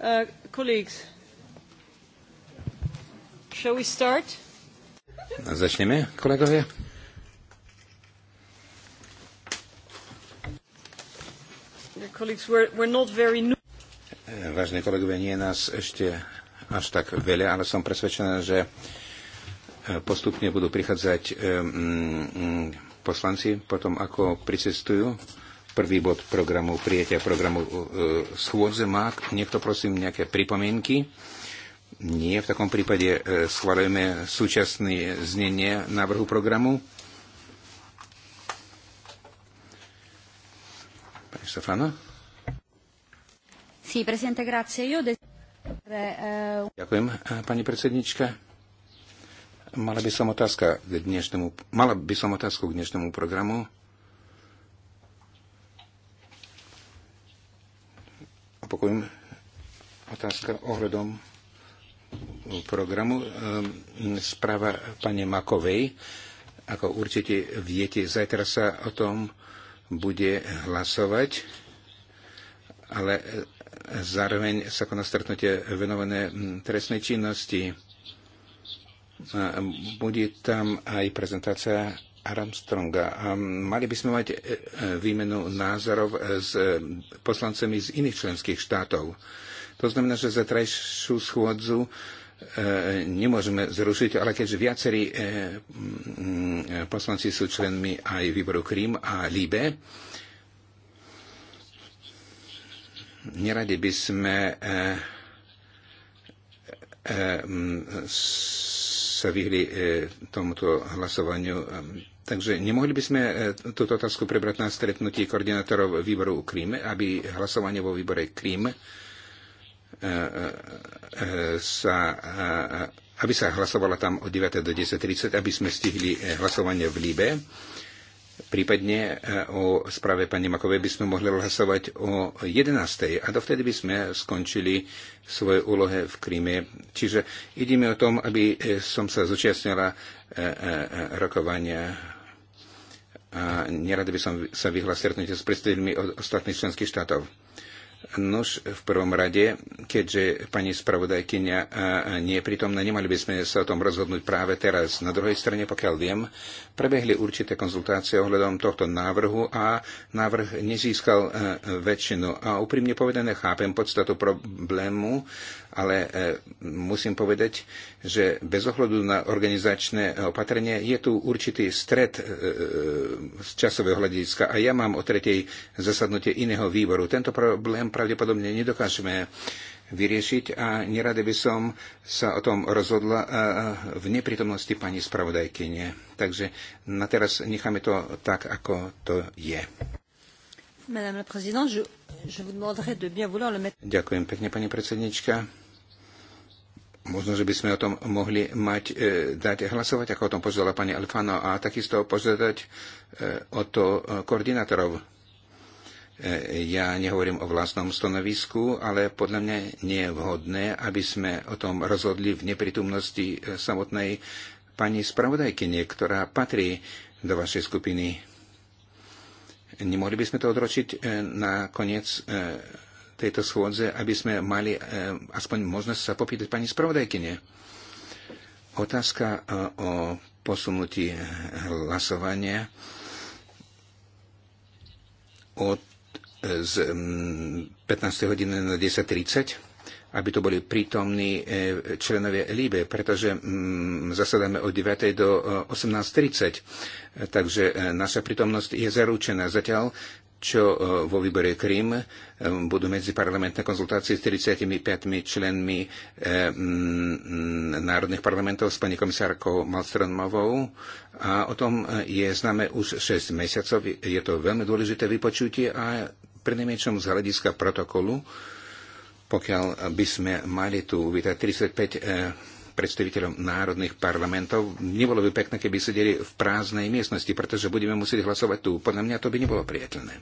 Uh, Začneme, kolegovia. Colleagues, eh, Vážne kolegovia, nie je nás ešte až tak veľa, ale som presvedčená, že eh, postupne budú prichádzať um, um, poslanci potom, ako pricestujú prvý bod programu prijatia programu e, schôdze. Má niekto prosím nejaké pripomienky? Nie, v takom prípade e, schváľujeme súčasné znenie návrhu programu. Pani Stefano? Sí, presidente, grazie. Io de... Eh, uh... Ďakujem, e, pani predsednička. Mala by som otázka k dnešnému, mala by som otázku k dnešnému programu. napokon otázka ohľadom programu. Ehm, správa pani Makovej. Ako určite viete, zajtra sa o tom bude hlasovať, ale zároveň sa koná stretnutie venované hm, trestnej činnosti. Bude tam aj prezentácia Armstronga. A mali by sme mať e, e, výmenu názorov e, s poslancami z iných členských štátov. To znamená, že za trajšiu schôdzu nemôžeme zrušiť, ale keďže viacerí poslanci sú členmi aj výboru Krím a Líbe, neradi by sme sa vyhli tomuto hlasovaniu Takže nemohli by sme e, túto otázku prebrať na stretnutí koordinátorov výboru Krím, aby hlasovanie vo výbore Krím e, e, sa, aby sa hlasovala tam od 9. do 10.30, aby sme stihli hlasovanie v Líbe. Prípadne o správe pani Makovej by sme mohli hlasovať o 11. a dovtedy by sme skončili svoje úlohe v Kríme. Čiže ideme o tom, aby som sa zúčastnila rokovania a nerada by som sa vyhla stretnutie s predstaviteľmi ostatných členských štátov. Nož v prvom rade, keďže pani spravodajkynia nie je prítomná, nemali by sme sa o tom rozhodnúť práve teraz. Na druhej strane, pokiaľ viem, prebehli určité konzultácie ohľadom tohto návrhu a návrh nezískal väčšinu. A úprimne povedané, chápem podstatu problému, ale e, musím povedať, že bez ohľadu na organizačné opatrenie je tu určitý stred e, e, z časového hľadiska a ja mám o tretej zasadnutie iného výboru. Tento problém pravdepodobne nedokážeme vyriešiť a nerade by som sa o tom rozhodla v neprítomnosti pani spravodajkyne. Takže na teraz necháme to tak, ako to je. Ďakujem pekne, pani predsednička. Možno, že by sme o tom mohli mať, e, dať hlasovať, ako o tom požiadala pani Alfano, a takisto požiadať e, o to e, koordinátorov. E, ja nehovorím o vlastnom stanovisku, ale podľa mňa nie je vhodné, aby sme o tom rozhodli v neprítomnosti e, samotnej pani spravodajkyne, ktorá patrí do vašej skupiny Nemohli by sme to odročiť e, na koniec e, tejto schôdze, aby sme mali e, aspoň možnosť sa popýtať pani spravodajkyne. Otázka o posunutí hlasovania od z 15. hodiny na 10.30 aby to boli prítomní e, členovia Líbe, pretože mm, zasadáme od 9. do 18.30, e, e, takže naša prítomnosť je zaručená. Zatiaľ čo vo výbore Krím budú medzi parlamentné konzultácie s 35 členmi mm, národných parlamentov s pani komisárkou Malstronmovou. a o tom je známe už 6 mesiacov. Je to veľmi dôležité vypočutie a pri najmenšom z hľadiska protokolu pokiaľ by sme mali tu uvítať 35 eh, predstaviteľov národných parlamentov, nebolo by pekné, keby sedeli v prázdnej miestnosti, pretože budeme musieť hlasovať tu. Podľa mňa to by nebolo priateľné.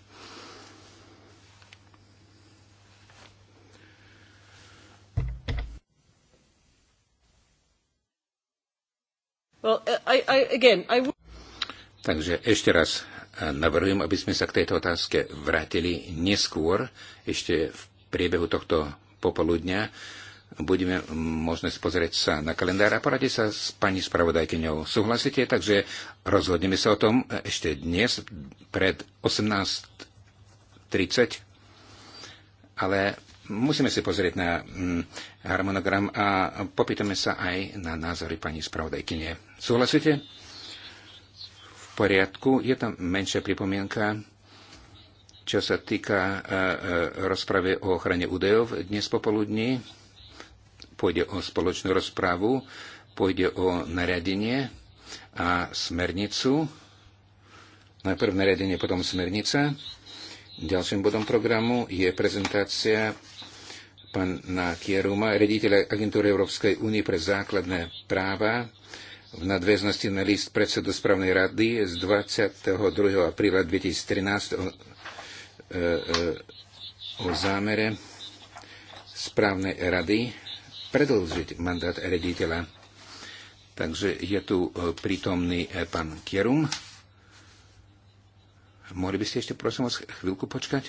Well, I, I, again, I... Takže ešte raz eh, navrhujem, aby sme sa k tejto otázke vrátili neskôr, ešte v priebehu tohto popoludňa budeme možné pozrieť sa na kalendár a poradiť sa s pani spravodajkyňou. Súhlasíte? Takže rozhodneme sa o tom ešte dnes pred 18.30, ale musíme si pozrieť na mm, harmonogram a popýtame sa aj na názory pani spravodajkyne. Súhlasíte? V poriadku, je tam menšia pripomienka. Čo sa týka e, e, rozpravy o ochrane údajov dnes popoludní, pôjde o spoločnú rozpravu, pôjde o nariadenie a smernicu. Najprv nariadenie, potom smernica. Ďalším bodom programu je prezentácia pána Kieruma, rediteľa agentúry Európskej únie pre základné práva v nadväznosti na list predsedu správnej rady z 22. apríla 2013 E, e, o zámere správnej rady predlžiť mandát rediteľa. Takže je tu e, prítomný pán Kierum. Mohli by ste ešte, prosím vás, chvíľku počkať?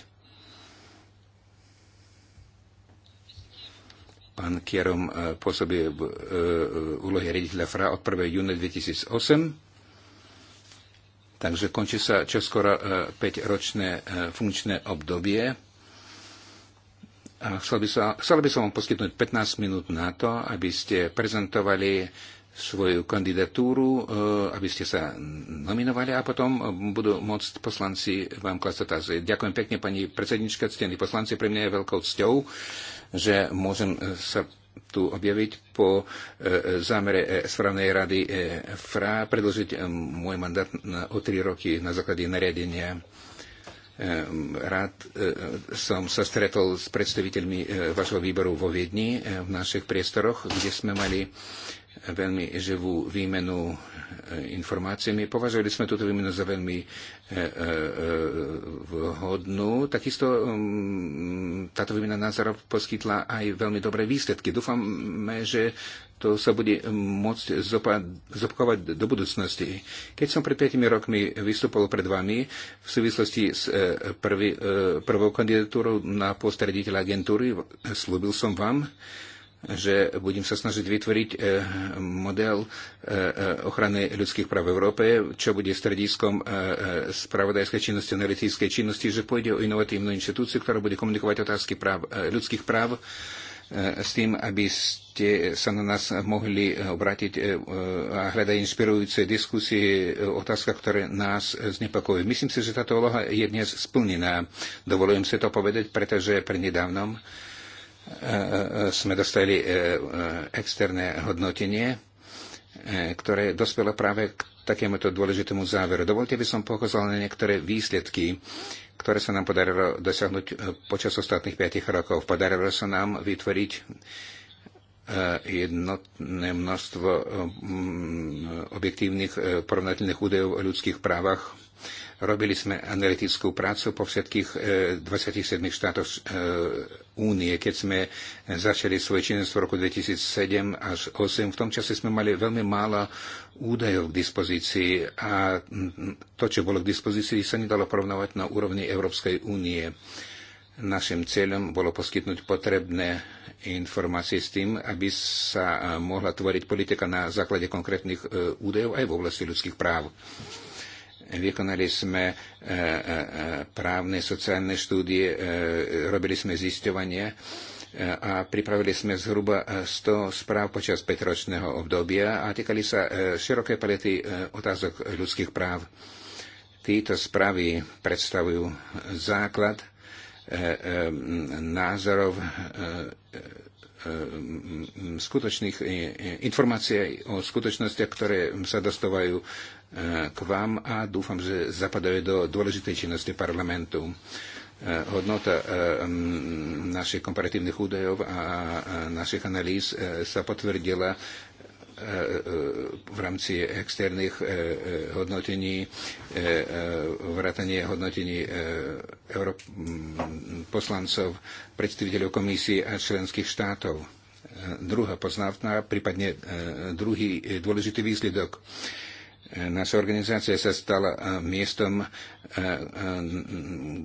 Pán Kierum pôsobí v úlohe rediteľa FRA od 1. júna 2008 Takže končí sa čoskoro 5-ročné e, e, funkčné obdobie. A chcel by, sa, chcel by som vám poskytnúť 15 minút na to, aby ste prezentovali svoju kandidatúru, e, aby ste sa nominovali a potom budú môcť poslanci vám klasť otázky. Ďakujem pekne, pani predsednička, ctení poslanci, pre mňa je veľkou cťou, že môžem sa tu objaviť po e, zámere e, správnej rady e, FRA, predlžiť môj mandát na, o tri roky na základe nariadenia. Rád som sa stretol s predstaviteľmi vašho výboru vo Viedni v našich priestoroch, kde sme mali veľmi živú výmenu informáciami. Považovali sme túto výmenu za veľmi e, e, e, vhodnú. Takisto mm, táto výmena názorov poskytla aj veľmi dobré výsledky. Dúfame, že to sa bude môcť zopakovať do budúcnosti. Keď som pred 5 rokmi vystúpil pred vami v súvislosti s prvý, prvou kandidatúrou na post agentúry, slúbil som vám, že budem sa snažiť vytvoriť e, model e, e, ochrany ľudských práv v Európe, čo bude strediskom spravodajskej činnosti, analytickej činnosti, že pôjde o inovatívnu inštitúciu, ktorá bude komunikovať otázky práv, ľudských práv s tým, aby ste sa na nás mohli obrátiť a hľadať inšpirujúce diskusie, otázka, ktoré nás znepokojujú. Myslím si, že táto úloha je dnes splnená. Dovolujem si to povedať, pretože pre nedávnom sme dostali e, e, externé hodnotenie, e, ktoré dospelo práve k takémuto dôležitému záveru. Dovolte by som pokazal na niektoré výsledky, ktoré sa nám podarilo dosiahnuť počas ostatných 5 rokov. Podarilo sa nám vytvoriť jednotné množstvo objektívnych porovnateľných údajov o ľudských právach Robili sme analytickú prácu po všetkých 27 e, štátoch e, únie. Keď sme začali svoje činnosť v roku 2007 až 2008, v tom čase sme mali veľmi málo údajov k dispozícii a to, čo bolo k dispozícii, sa nedalo porovnávať na úrovni Európskej únie. Našim cieľom bolo poskytnúť potrebné informácie s tým, aby sa mohla tvoriť politika na základe konkrétnych e, údajov aj v oblasti ľudských práv. Vykonali sme e, e, e, právne, sociálne štúdie, robili sme zisťovanie a pripravili sme zhruba 100 správ počas 5-ročného obdobia a týkali sa široké palety otázok ľudských práv. Títo správy predstavujú základ názorov skutočných informácií o skutočnostiach, ktoré sa dostávajú Eh, k vám a dúfam, že zapadajú do dôležitej činnosti parlamentu. Eh, hodnota eh, našich komparatívnych údajov a našich analýz sa potvrdila v rámci externých hodnotení, vrátanie hodnotení poslancov, predstaviteľov komisie a členských štátov. Druhá poznávna, prípadne druhý dôležitý výsledok Naša organizácia sa stala eh, miestom, eh, eh,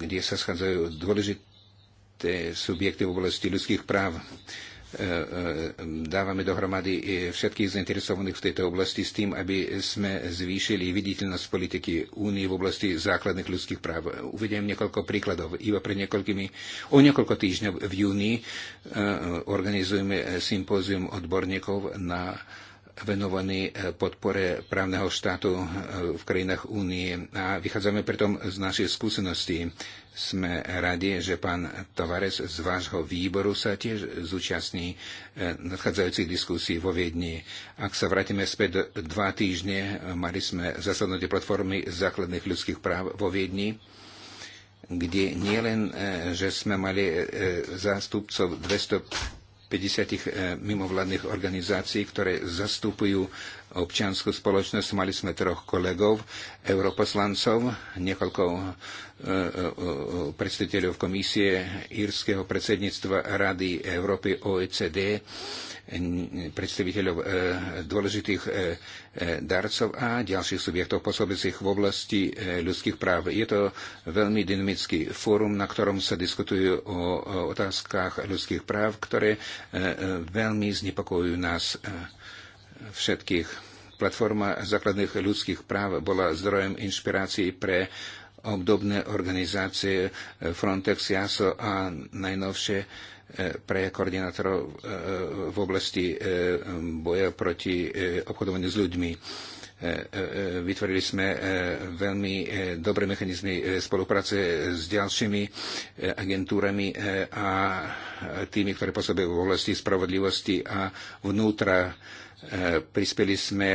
kde sa schádzajú dôležité subjekty v oblasti ľudských práv. Dávame dohromady všetkých zainteresovaných v tejto oblasti s tým, aby sme zvýšili viditeľnosť politiky únie v oblasti základných ľudských práv. Uvediem niekoľko príkladov. Iba pre niekoľkými, o niekoľko týždňov v júni organizujeme sympózium odborníkov na venovaný eh, podpore právneho štátu eh, v krajinách únie a vychádzame pritom z našich skúseností. Sme radi, že pán Tavares z vášho výboru sa tiež zúčastní eh, nadchádzajúcich diskusí vo Viedni. Ak sa vrátime späť dva týždne, mali sme zasadnutie platformy základných ľudských práv vo Viedni kde nielen, že sme mali zástupcov 200 50 eh, mimovládnych organizácií, ktoré zastupujú občianskú spoločnosť. Mali sme troch kolegov, europoslancov, niekoľko eh, eh, predstaviteľov komisie Írskeho predsedníctva Rady Európy OECD predstaviteľov e, dôležitých e, e, darcov a ďalších subjektov pôsobiacich v oblasti ľudských práv. Je to veľmi dynamický fórum, na ktorom sa diskutujú o otázkach ľudských práv, ktoré veľmi znepokojujú nás všetkých. Platforma základných ľudských práv bola zdrojem inšpirácií pre obdobné organizácie Frontex, JASO a najnovšie pre koordinátorov e, v oblasti e, boja proti e, obchodovaniu s ľuďmi. Vytvorili sme veľmi dobré mechanizmy spolupráce s ďalšími agentúrami a tými, ktoré pôsobia v oblasti spravodlivosti a vnútra. Prispeli sme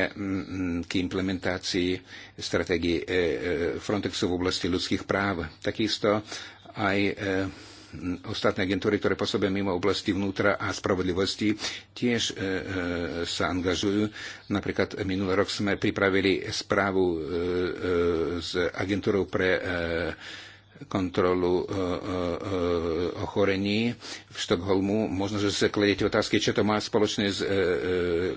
k implementácii stratégie Frontexu v oblasti ľudských práv. Takisto aj ostatné agentúry, ktoré pôsobia mimo oblasti vnútra a spravodlivosti, tiež e, e, sa angažujú. Napríklad minulý rok sme pripravili správu e, s agentúrou pre kontrolu e, e, e, ochorení v Štokholmu. Možno, že sa kladete otázky, čo to má spoločné s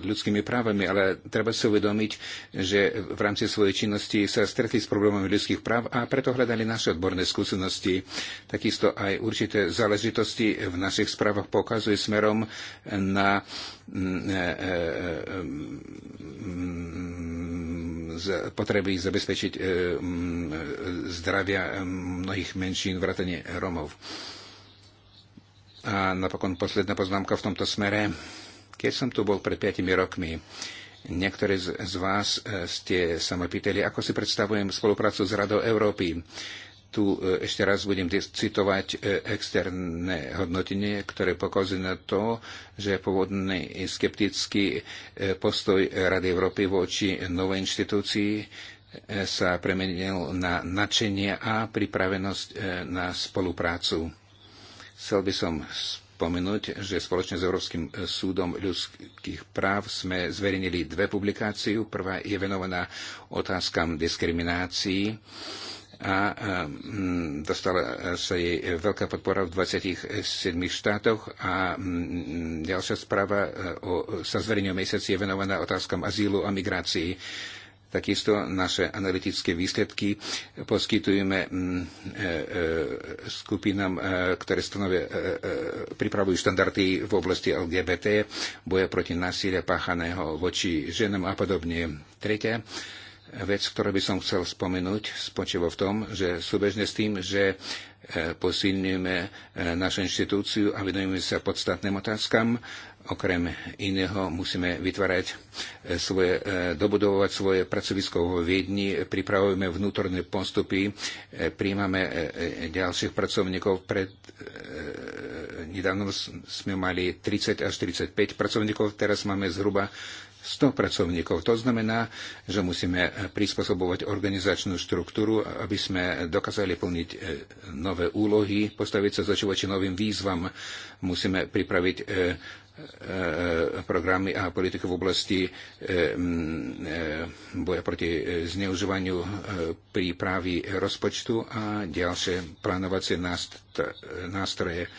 ľudskými právami, ale treba si uvedomiť, že v rámci svojej činnosti sa stretli s problémami ľudských práv a preto hľadali naše odborné skúsenosti. Takisto aj určité záležitosti v našich správach pokazuje smerom na mm, mm, potreby zabezpečiť e, zdravia e, mnohých menšín, vrátane Romov. A napokon posledná poznámka v tomto smere. Keď som tu bol pred 5 rokmi, niektorí z vás e, ste sa ma pýtali, ako si predstavujem spoluprácu s Radou Európy tu e, ešte raz budem citovať e, externé hodnotenie, ktoré pokazuje na to, že pôvodný skeptický e, postoj Rady Európy voči novej inštitúcii sa premenil na nadšenie a pripravenosť na spoluprácu. Chcel by som spomenúť, že spoločne s Európskym súdom ľudských práv sme zverejnili dve publikácie. Prvá je venovaná otázkam diskriminácií a ehm, dostala sa jej veľká podpora v 27 štátoch a mm, ďalšia správa e, o, sa zverejňuje mesiaci je venovaná otázkam azylu a migrácii. Takisto naše analytické výsledky poskytujeme mm, e, e, skupinám, ktoré stanovia, pripravujú štandardy v oblasti LGBT, boja proti násilia páchaného voči ženám a podobne. Tretia Vec, ktorú by som chcel spomenúť, spočíva v tom, že súbežne s tým, že e, posilňujeme e, našu inštitúciu a venujeme sa podstatným otázkam, okrem iného musíme vytvárať e, svoje, dobudovať svoje pracovisko vo Viedni, pripravujeme vnútorné postupy, príjmame ďalších pracovníkov. Pred nedávno sme mali 30 až 35 pracovníkov, teraz máme zhruba 100 pracovníkov. To znamená, že musíme prispôsobovať organizačnú štruktúru, aby sme dokázali plniť e, nové úlohy, postaviť sa za novým výzvam. Musíme pripraviť e, e, programy a politiky v oblasti boja proti zneužívaniu prípravy rozpočtu a ďalšie plánovacie nástroje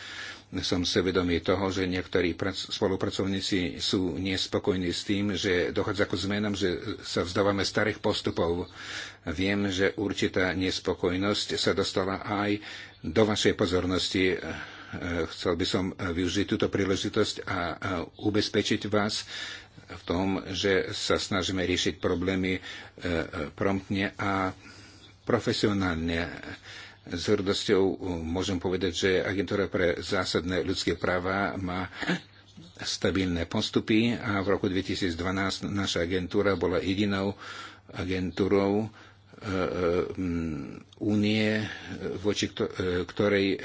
som sa vedomý toho, že niektorí spolupracovníci sú nespokojní s tým, že dochádza k zmenám, že sa vzdávame starých postupov. Viem, že určitá nespokojnosť sa dostala aj do vašej pozornosti. Chcel by som využiť túto príležitosť a ubezpečiť vás v tom, že sa snažíme riešiť problémy eh, promptne a profesionálne s hrdosťou uh, môžem povedať, že Agentúra pre zásadné ľudské práva má stabilné postupy a v roku 2012 naša agentúra bola jedinou agentúrou uh, uh, únie, voči ktorej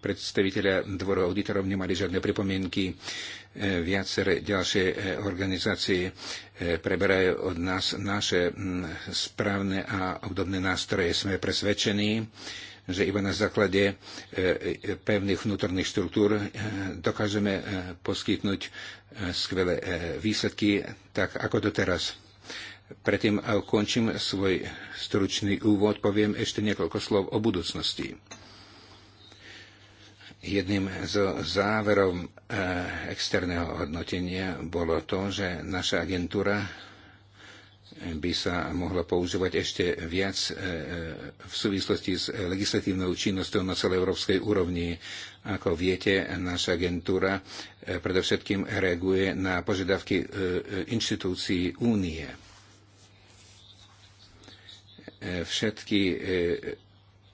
predstaviteľa dvora auditorov nemali žiadne pripomienky. viacere ďalšie organizácie preberajú od nás naše mm, správne a obdobné nástroje. Sme presvedčení, že iba na základe e, e, pevných vnútorných štruktúr e, dokážeme poskytnúť skvelé výsledky, tak ako doteraz. Predtým, ukončím končím svoj stručný úvod, poviem ešte niekoľko slov o budúcnosti. Jedným z záverov externého hodnotenia bolo to, že naša agentúra by sa mohla používať ešte viac e, e, v súvislosti s legislatívnou činnosťou na celej európskej úrovni. Ako viete, naša agentúra e, predovšetkým reaguje na požiadavky inštitúcií únie. Všetky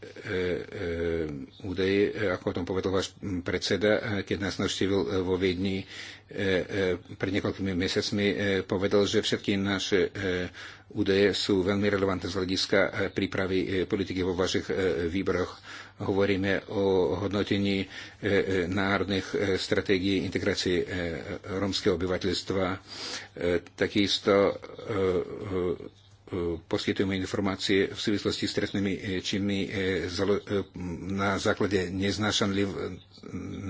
E, e, údaje, e, ako o tom povedal váš predseda, keď nás navštívil vo Viedni pred niekoľkými mesiacmi, povedal, že všetky naše údaje sú veľmi relevantné z hľadiska prípravy politiky vo vašich výboroch. Hovoríme o hodnotení národných stratégií integrácie romského obyvateľstva, takisto E, poskytujeme informácie v súvislosti s trestnými e, činmi e, na základe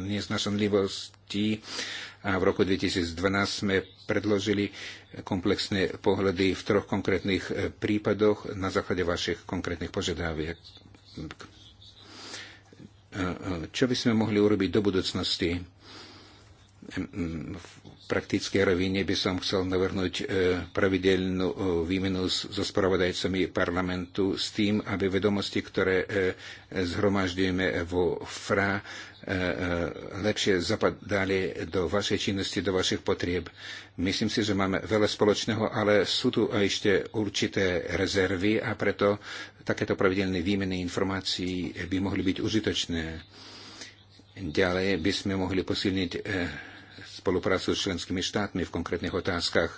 neznášanlivosti a v roku 2012 sme predložili komplexné pohľady v troch konkrétnych prípadoch na základe vašich konkrétnych požiadaviek. Čo by sme mohli urobiť do budúcnosti? praktickej rovine by som chcel navrhnúť e, pravidelnú e, výmenu so spravodajcami parlamentu s tým, aby vedomosti, ktoré e, zhromažďujeme vo FRA, lepšie zapadali do vašej činnosti, do vašich potrieb. Myslím si, že máme veľa spoločného, ale sú tu ešte určité rezervy a preto takéto pravidelné výmeny informácií by mohli byť užitočné. Ďalej by sme mohli posilniť spoluprácu s členskými štátmi v konkrétnych otázkach.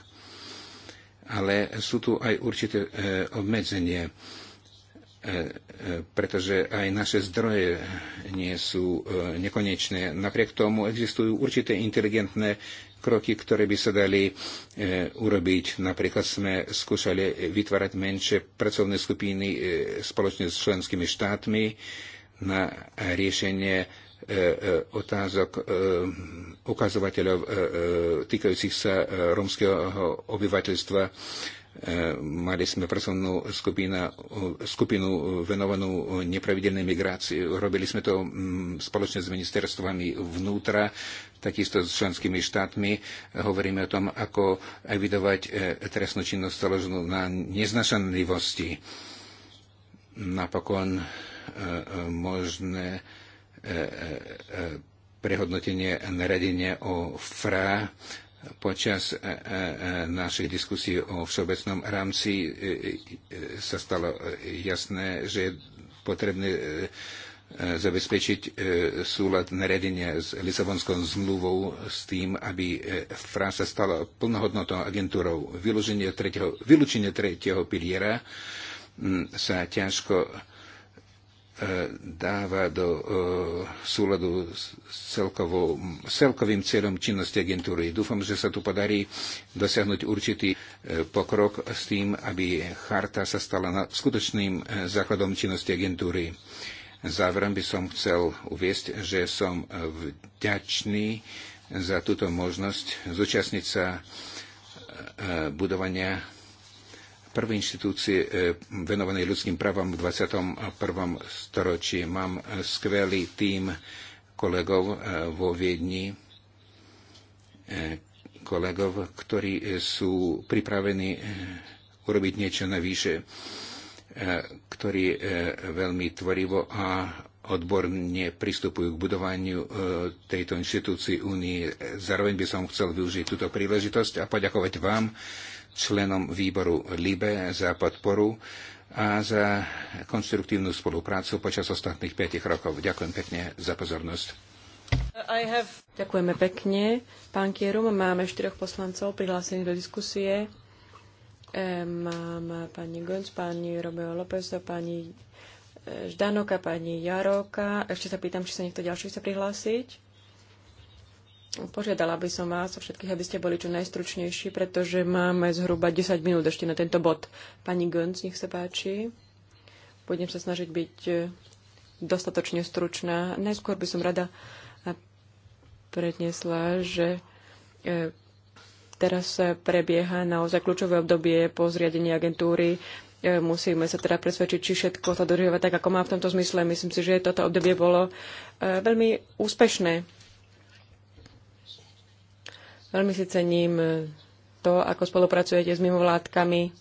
Ale sú tu aj určité e, obmedzenie, e, e, pretože aj naše zdroje nie sú nekonečné. Napriek tomu existujú určité inteligentné kroky, ktoré by sa dali e, urobiť. Napríklad sme skúšali vytvárať menšie pracovné skupiny e, spoločne s členskými štátmi na riešenie E, e, otázok e, ukazovateľov týkajúcich sa romského obyvateľstva. Mali sme pracovnú skupina, skupinu venovanú nepravidelnej migrácii. Robili sme to spoločne s ministerstvami vnútra, takisto s členskými štátmi. Hovoríme o tom, ako evidovať trestnú činnosť založenú na neznašanlivosti. Napokon možné E, e, e, prehodnotenie naradenia o FRA počas našich diskusí o všeobecnom rámci sa stalo jasné, že je potrebné zabezpečiť súlad naredenia s Lisabonskou zmluvou s tým, aby sa stala plnohodnotnou agentúrou. Vylúčenie tretieho, vylúčenie tretieho piliera sa ťažko E, dáva do e, súladu s celkovou, celkovým cieľom činnosti agentúry. Dúfam, že sa tu podarí dosiahnuť určitý e, pokrok s tým, aby charta sa stala skutočným základom činnosti agentúry. Záverom by som chcel uviesť, že som vďačný za túto možnosť zúčastniť sa budovania prvé inštitúcie e, venovanej ľudským právam v 21. storočí. Mám e, skvelý tím kolegov e, vo Viedni, kolegov, ktorí sú pripravení urobiť niečo navyše, ktorí veľmi tvorivo a odborne pristupujú k budovaniu tejto inštitúcii únie. Zároveň by som chcel využiť túto príležitosť a poďakovať vám členom výboru LIBE za podporu a za konstruktívnu spoluprácu počas ostatných 5 rokov. Ďakujem pekne za pozornosť. Have... Ďakujeme pekne. Pán Kierum, máme štyroch poslancov prihlásených do diskusie. E, mám pani Gönc, pani Romeo López, pani e, Ždanoka, pani Jaroka. Ešte sa pýtam, či sa niekto ďalší chce prihlásiť. Požiadala by som vás všetkých, aby ste boli čo najstručnejší, pretože máme zhruba 10 minút ešte na tento bod. Pani Gönc, nech sa páči. Budem sa snažiť byť e, dostatočne stručná. Najskôr by som rada e, predniesla, že e, teraz prebieha naozaj kľúčové obdobie po zriadení agentúry musíme sa teda presvedčiť, či všetko sa dodržiava tak, ako má v tomto zmysle. Myslím si, že toto obdobie bolo veľmi úspešné. Veľmi si cením e, to, ako spolupracujete s mimovládkami.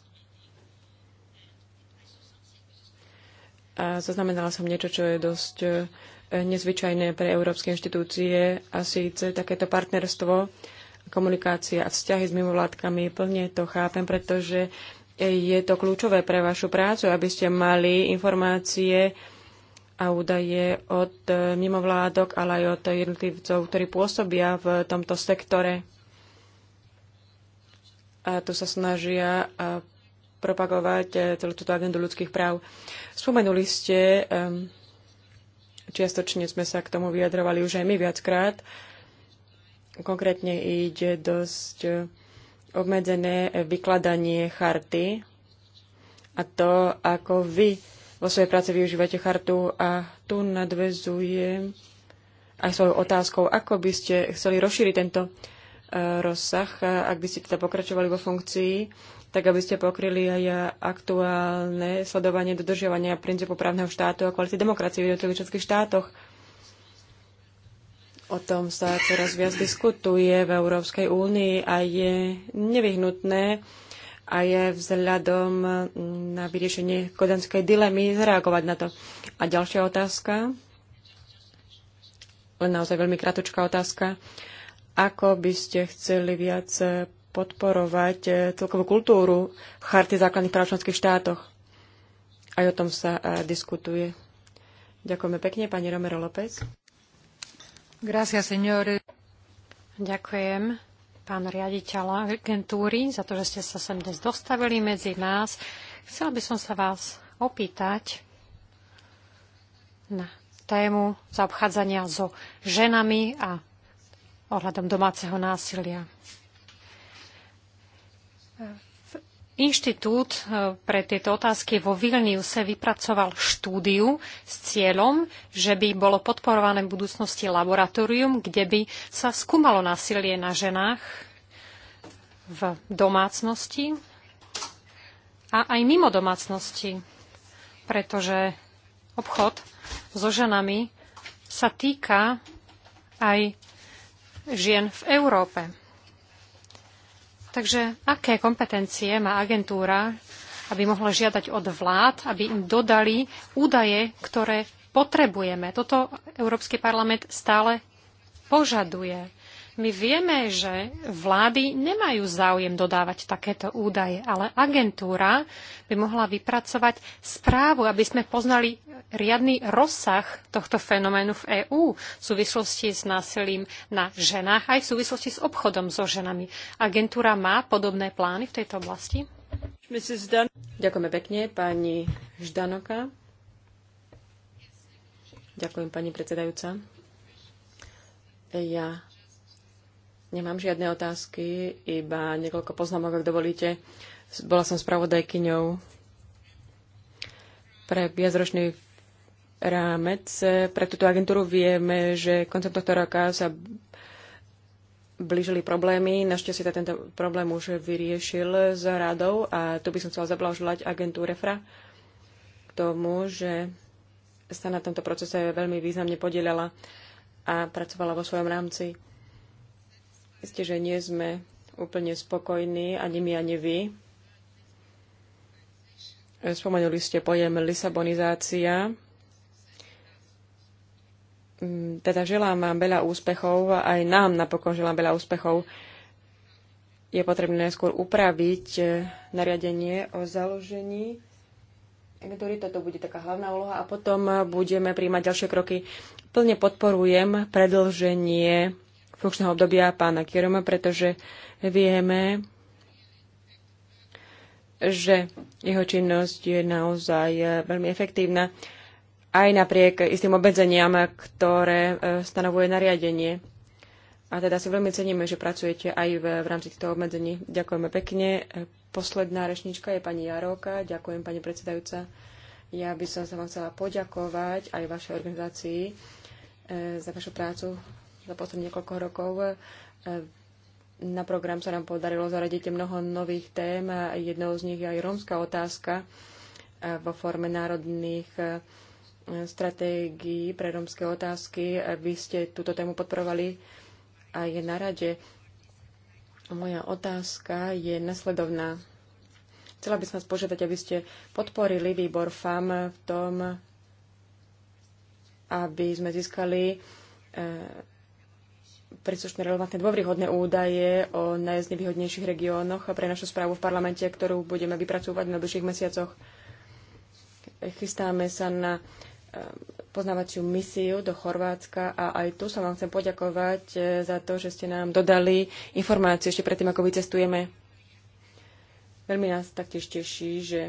A zaznamenala som niečo, čo je dosť e, nezvyčajné pre európske inštitúcie a síce takéto partnerstvo, komunikácia a vzťahy s mimovládkami. Plne to chápem, pretože je to kľúčové pre vašu prácu, aby ste mali informácie a údaje od e, mimovládok, ale aj od jednotlivcov, ktorí pôsobia v tomto sektore a tu sa snažia propagovať e, celú túto agendu ľudských práv. Spomenuli ste, čiastočne sme sa k tomu vyjadrovali už aj my viackrát, konkrétne ide dosť e, obmedzené vykladanie charty a to, ako vy vo svojej práci využívate chartu a tu nadvezujem aj svojou otázkou, ako by ste chceli rozšíriť tento rozsah, ak by ste teda pokračovali vo funkcii, tak aby ste pokryli aj aktuálne sledovanie dodržiavania princípu právneho štátu a kvality demokracie v jednotlivých členských štátoch. O tom sa teraz viac diskutuje v Európskej únii a je nevyhnutné a je vzhľadom na vyriešenie kodanskej dilemy zareagovať na to. A ďalšia otázka, len naozaj veľmi kratočká otázka. Ako by ste chceli viac podporovať eh, celkovú kultúru v charty základných práv členských štátoch? Aj o tom sa eh, diskutuje. Ďakujeme pekne, pani Romero López. Gracias, señor. Ďakujem, pán riaditeľ agentúry, za to, že ste sa sem dnes dostavili medzi nás. Chcela by som sa vás opýtať na tému zaobchádzania so ženami a ohľadom domáceho násilia. Inštitút e, pre tieto otázky vo Vilniuse vypracoval štúdiu s cieľom, že by bolo podporované v budúcnosti laboratórium, kde by sa skúmalo násilie na ženách v domácnosti a aj mimo domácnosti, pretože obchod so ženami sa týka aj žien v Európe. Takže aké kompetencie má agentúra, aby mohla žiadať od vlád, aby im dodali údaje, ktoré potrebujeme? Toto Európsky parlament stále požaduje. My vieme, že vlády nemajú záujem dodávať takéto údaje, ale agentúra by mohla vypracovať správu, aby sme poznali riadny rozsah tohto fenoménu v EÚ v súvislosti s násilím na ženách aj v súvislosti s obchodom so ženami. Agentúra má podobné plány v tejto oblasti? Ďakujeme pekne, pani Ždanoka. Ďakujem, pani predsedajúca. Ja Nemám žiadne otázky, iba niekoľko poznámok, ak dovolíte. Bola som spravodajkyňou pre viacročný rámec. Pre túto agentúru vieme, že koncem tohto roka sa blížili problémy. Našťastie sa tento problém už vyriešil s radou a tu by som chcela zablažovať agentúre FRA k tomu, že sa na tomto procese veľmi významne podielala a pracovala vo svojom rámci ste, že nie sme úplne spokojní, ani my, ani vy. Spomenuli ste pojem Lisabonizácia. Mm, teda želám vám veľa úspechov, aj nám napokon želám veľa úspechov. Je potrebné skôr upraviť eh, nariadenie o založení ktorý toto bude taká hlavná úloha a potom eh, budeme príjmať ďalšie kroky. Plne podporujem predlženie funkčného obdobia pána Kieroma, pretože vieme, že jeho činnosť je naozaj eh, veľmi efektívna aj napriek istým obmedzeniam, ktoré eh, stanovuje nariadenie. A teda si veľmi ceníme, že pracujete aj v, v rámci týchto obmedzení. Ďakujeme pekne. Posledná rečnička je pani Jaroka. Ďakujem, pani predsedajúca. Ja by som sa vám chcela poďakovať aj vašej organizácii eh, za vašu prácu za posledných niekoľko rokov e, na program sa nám podarilo zaradiť mnoho nových tém. Jednou z nich je aj rómska otázka e, vo forme národných e, stratégií pre rómske otázky. Vy ste túto tému podporovali a je na rade. Moja otázka je nasledovná. Chcela by som vás požiadať, aby ste podporili výbor FAM v tom, aby sme získali príslušné relevantné dôvryhodné údaje o najznevýhodnejších regiónoch pre našu správu v parlamente, ktorú budeme vypracovať v najbližších mesiacoch. Chystáme sa na eh, poznávaciu misiu do Chorvátska a aj tu sa vám chcem poďakovať eh, za to, že ste nám dodali informácie ešte predtým, ako vycestujeme. Veľmi nás taktiež teší, že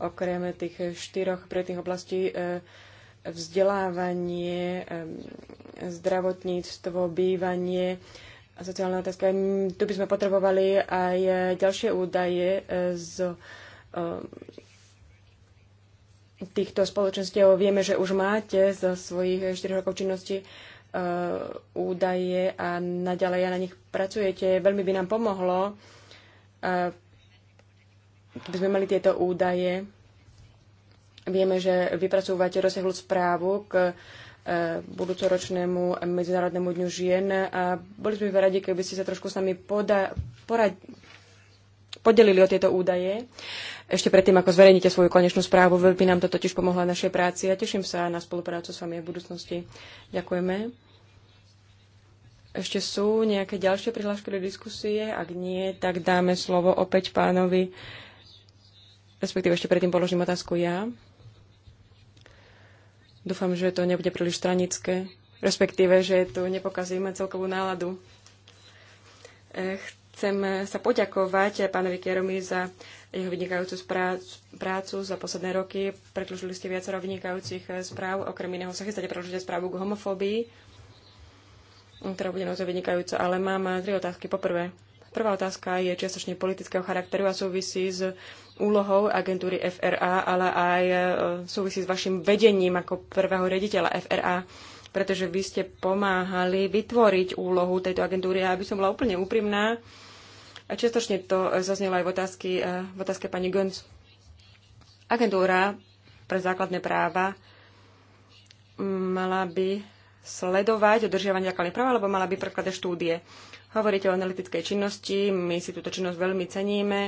okrem tých štyroch predtých oblastí eh, vzdelávanie, zdravotníctvo, bývanie a sociálna otázka. Tu by sme potrebovali aj e, ďalšie údaje e, z e, týchto spoločenstiev. Vieme, že už máte zo svojich 4 rokov činnosti údaje a naďalej na nich pracujete. Veľmi by nám pomohlo, keby sme mali tieto údaje Vieme, že vypracúvate rozsiahlu správu k e, budúcoročnému Medzinárodnému dňu žien a boli sme radi, keby ste sa trošku s nami poda- porad- podelili o tieto údaje. Ešte predtým, ako zverejníte svoju konečnú správu, veľmi nám to totiž pomohla našej práci a teším sa na spoluprácu s vami v budúcnosti. Ďakujeme. Ešte sú nejaké ďalšie prihlášky do diskusie? Ak nie, tak dáme slovo opäť pánovi, respektíve ešte predtým položím otázku ja. Dúfam, že to nebude príliš stranické, respektíve, že tu nepokazíme celkovú náladu. E, chcem sa poďakovať pánovi Kieromi za jeho vynikajúcu prácu za posledné roky. Predložili ste viacero vynikajúcich e, správ, okrem iného sa chystáte predložiť správu k homofóbii, ktorá bude naozaj vynikajúca, ale mám e, tri otázky. Poprvé, Prvá otázka je čiastočne politického charakteru a súvisí s úlohou agentúry FRA, ale aj e, súvisí s vašim vedením ako prvého rediteľa FRA, pretože vy ste pomáhali vytvoriť úlohu tejto agentúry. A aby som bola úplne úprimná, a čiastočne to zaznelo aj v, otázky, e, v otázke pani Gönc. Agentúra pre základné práva mala by sledovať dodržiavanie základných práv, alebo mala by predkladať štúdie. Hovoríte o analytickej činnosti, my si túto činnosť veľmi ceníme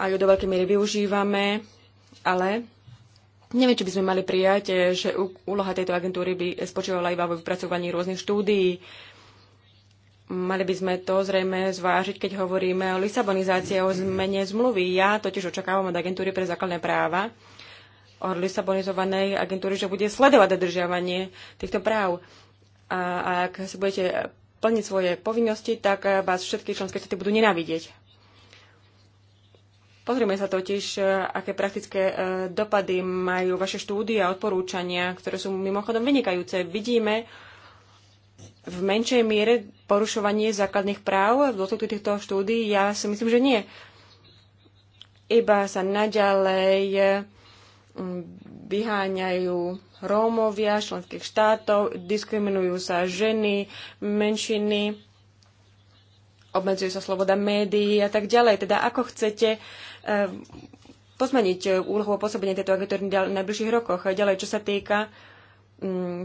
a ju do veľkej miery využívame, ale neviem, či by sme mali prijať, že úloha tejto agentúry by spočívala iba vo vypracovaní rôznych štúdií. Mali by sme to zrejme zvážiť, keď hovoríme o Lisabonizácii a o zmene zmluvy. Ja totiž očakávam od agentúry pre základné práva, od Lisabonizovanej agentúry, že bude sledovať dodržiavanie týchto práv. A ak si budete plniť svoje povinnosti, tak eh, vás všetky členské štáty budú nenávidieť. Pozrieme sa totiž, eh, aké praktické eh, dopady majú vaše štúdie a odporúčania, ktoré sú mimochodom vynikajúce. Vidíme v menšej miere porušovanie základných práv v dôsledku týchto štúdií? Ja si myslím, že nie iba sa naďalej vyháňajú Rómovia členských štátov, diskriminujú sa ženy, menšiny, obmedzuje sa sloboda médií a tak ďalej. Teda ako chcete eh, pozmeniť úlohu a pôsobenie tejto agentúry v najbližších rokoch. A ďalej, čo sa týka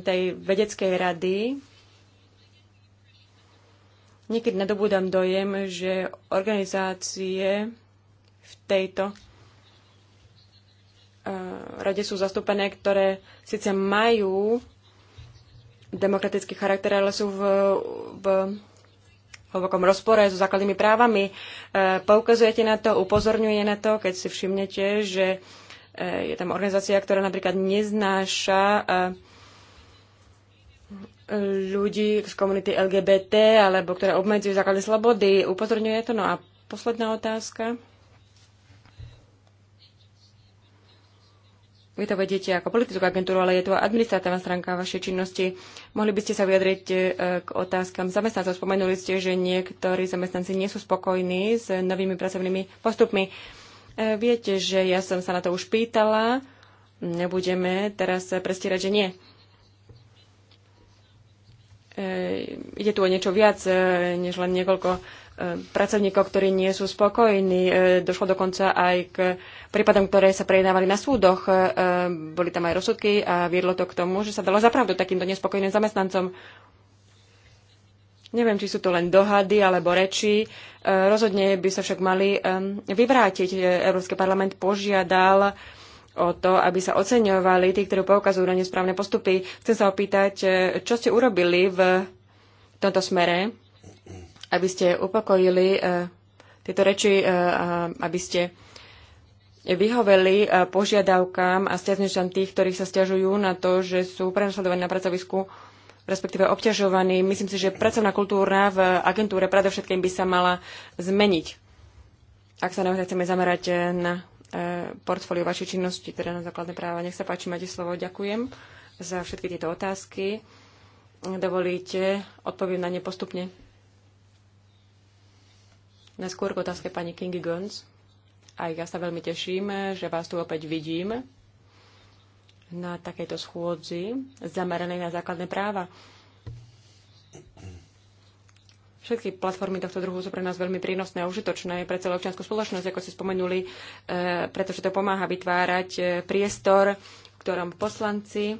tej vedeckej rady, niekedy nadobúdam dojem, že organizácie v tejto Eh, rade sú zastúpené, ktoré síce majú demokratický charakter, ale sú v, v hlbokom rozpore so základnými právami. Eh, poukazujete na to, upozorňuje na to, keď si všimnete, že eh, je tam organizácia, ktorá napríklad neznáša ľudí z komunity LGBT, alebo ktoré obmedzujú základné slobody. Upozorňuje to. No a posledná otázka. Vy to vedete ako politickú agentúru, ale je to administratívna stránka vašej činnosti. Mohli by ste sa vyjadriť e, k otázkam zamestnancov. Spomenuli ste, že niektorí zamestnanci nie sú spokojní s novými pracovnými postupmi. E, viete, že ja som sa na to už pýtala. Nebudeme teraz prestierať, že nie. E, ide tu o niečo viac, než len niekoľko pracovníkov, ktorí nie sú spokojní. E, došlo dokonca aj k prípadom, ktoré sa prejednávali na súdoch. E, boli tam aj rozsudky a viedlo to k tomu, že sa dalo zapravdu takýmto nespokojným zamestnancom. Neviem, či sú to len dohady alebo reči. E, rozhodne by sa však mali vyvrátiť. Európsky parlament požiadal o to, aby sa oceňovali tí, ktorí poukazujú na nesprávne postupy. Chcem sa opýtať, čo ste urobili v tomto smere? aby ste upokojili e, tieto reči, e, aby ste vyhoveli e, požiadavkám a stiazničám tých, ktorí sa stiažujú na to, že sú prenasledovaní na pracovisku, respektíve obťažovaní. Myslím si, že pracovná kultúra v agentúre predovšetkým by sa mala zmeniť, ak sa naozaj chceme zamerať na portfóliu vašej činnosti, teda na základné práva. Nech sa páči, máte slovo. Ďakujem za všetky tieto otázky. Dovolíte, odpoviem na ne postupne. Neskôr k otázke pani Kingy Guns. Aj ja sa veľmi teším, že vás tu opäť vidím na takejto schôdzi zameranej na základné práva. Všetky platformy tohto druhu sú pre nás veľmi prínosné a užitočné pre celú občianskú spoločnosť, ako ste spomenuli, e, pretože to pomáha vytvárať e, priestor, v ktorom poslanci,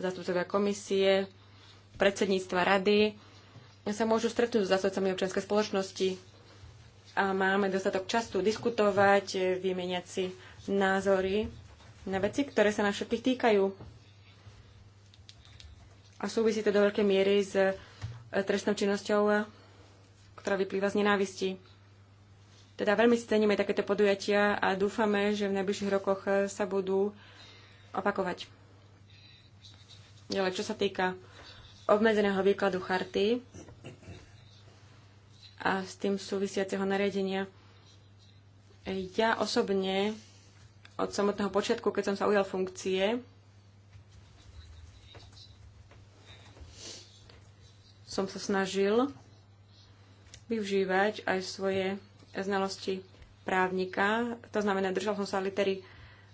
zastupcovia komisie, predsedníctva rady, sa môžu stretnúť s zástupcami občianskej spoločnosti a máme dostatok času diskutovať, e, vymeniať si názory na veci, ktoré sa nás všetkých týkajú. A súvisí to do veľkej miery s e, trestnou činnosťou, e, ktorá vyplýva z nenávisti. Teda veľmi si ceníme takéto podujatia a dúfame, že v najbližších rokoch sa budú opakovať. Ďalej, čo sa týka obmedzeného výkladu charty, a s tým súvisiaceho nariadenia. Ja osobne od samotného počiatku, keď som sa ujal funkcie, som sa snažil využívať aj svoje znalosti právnika. To znamená, držal som sa litery e,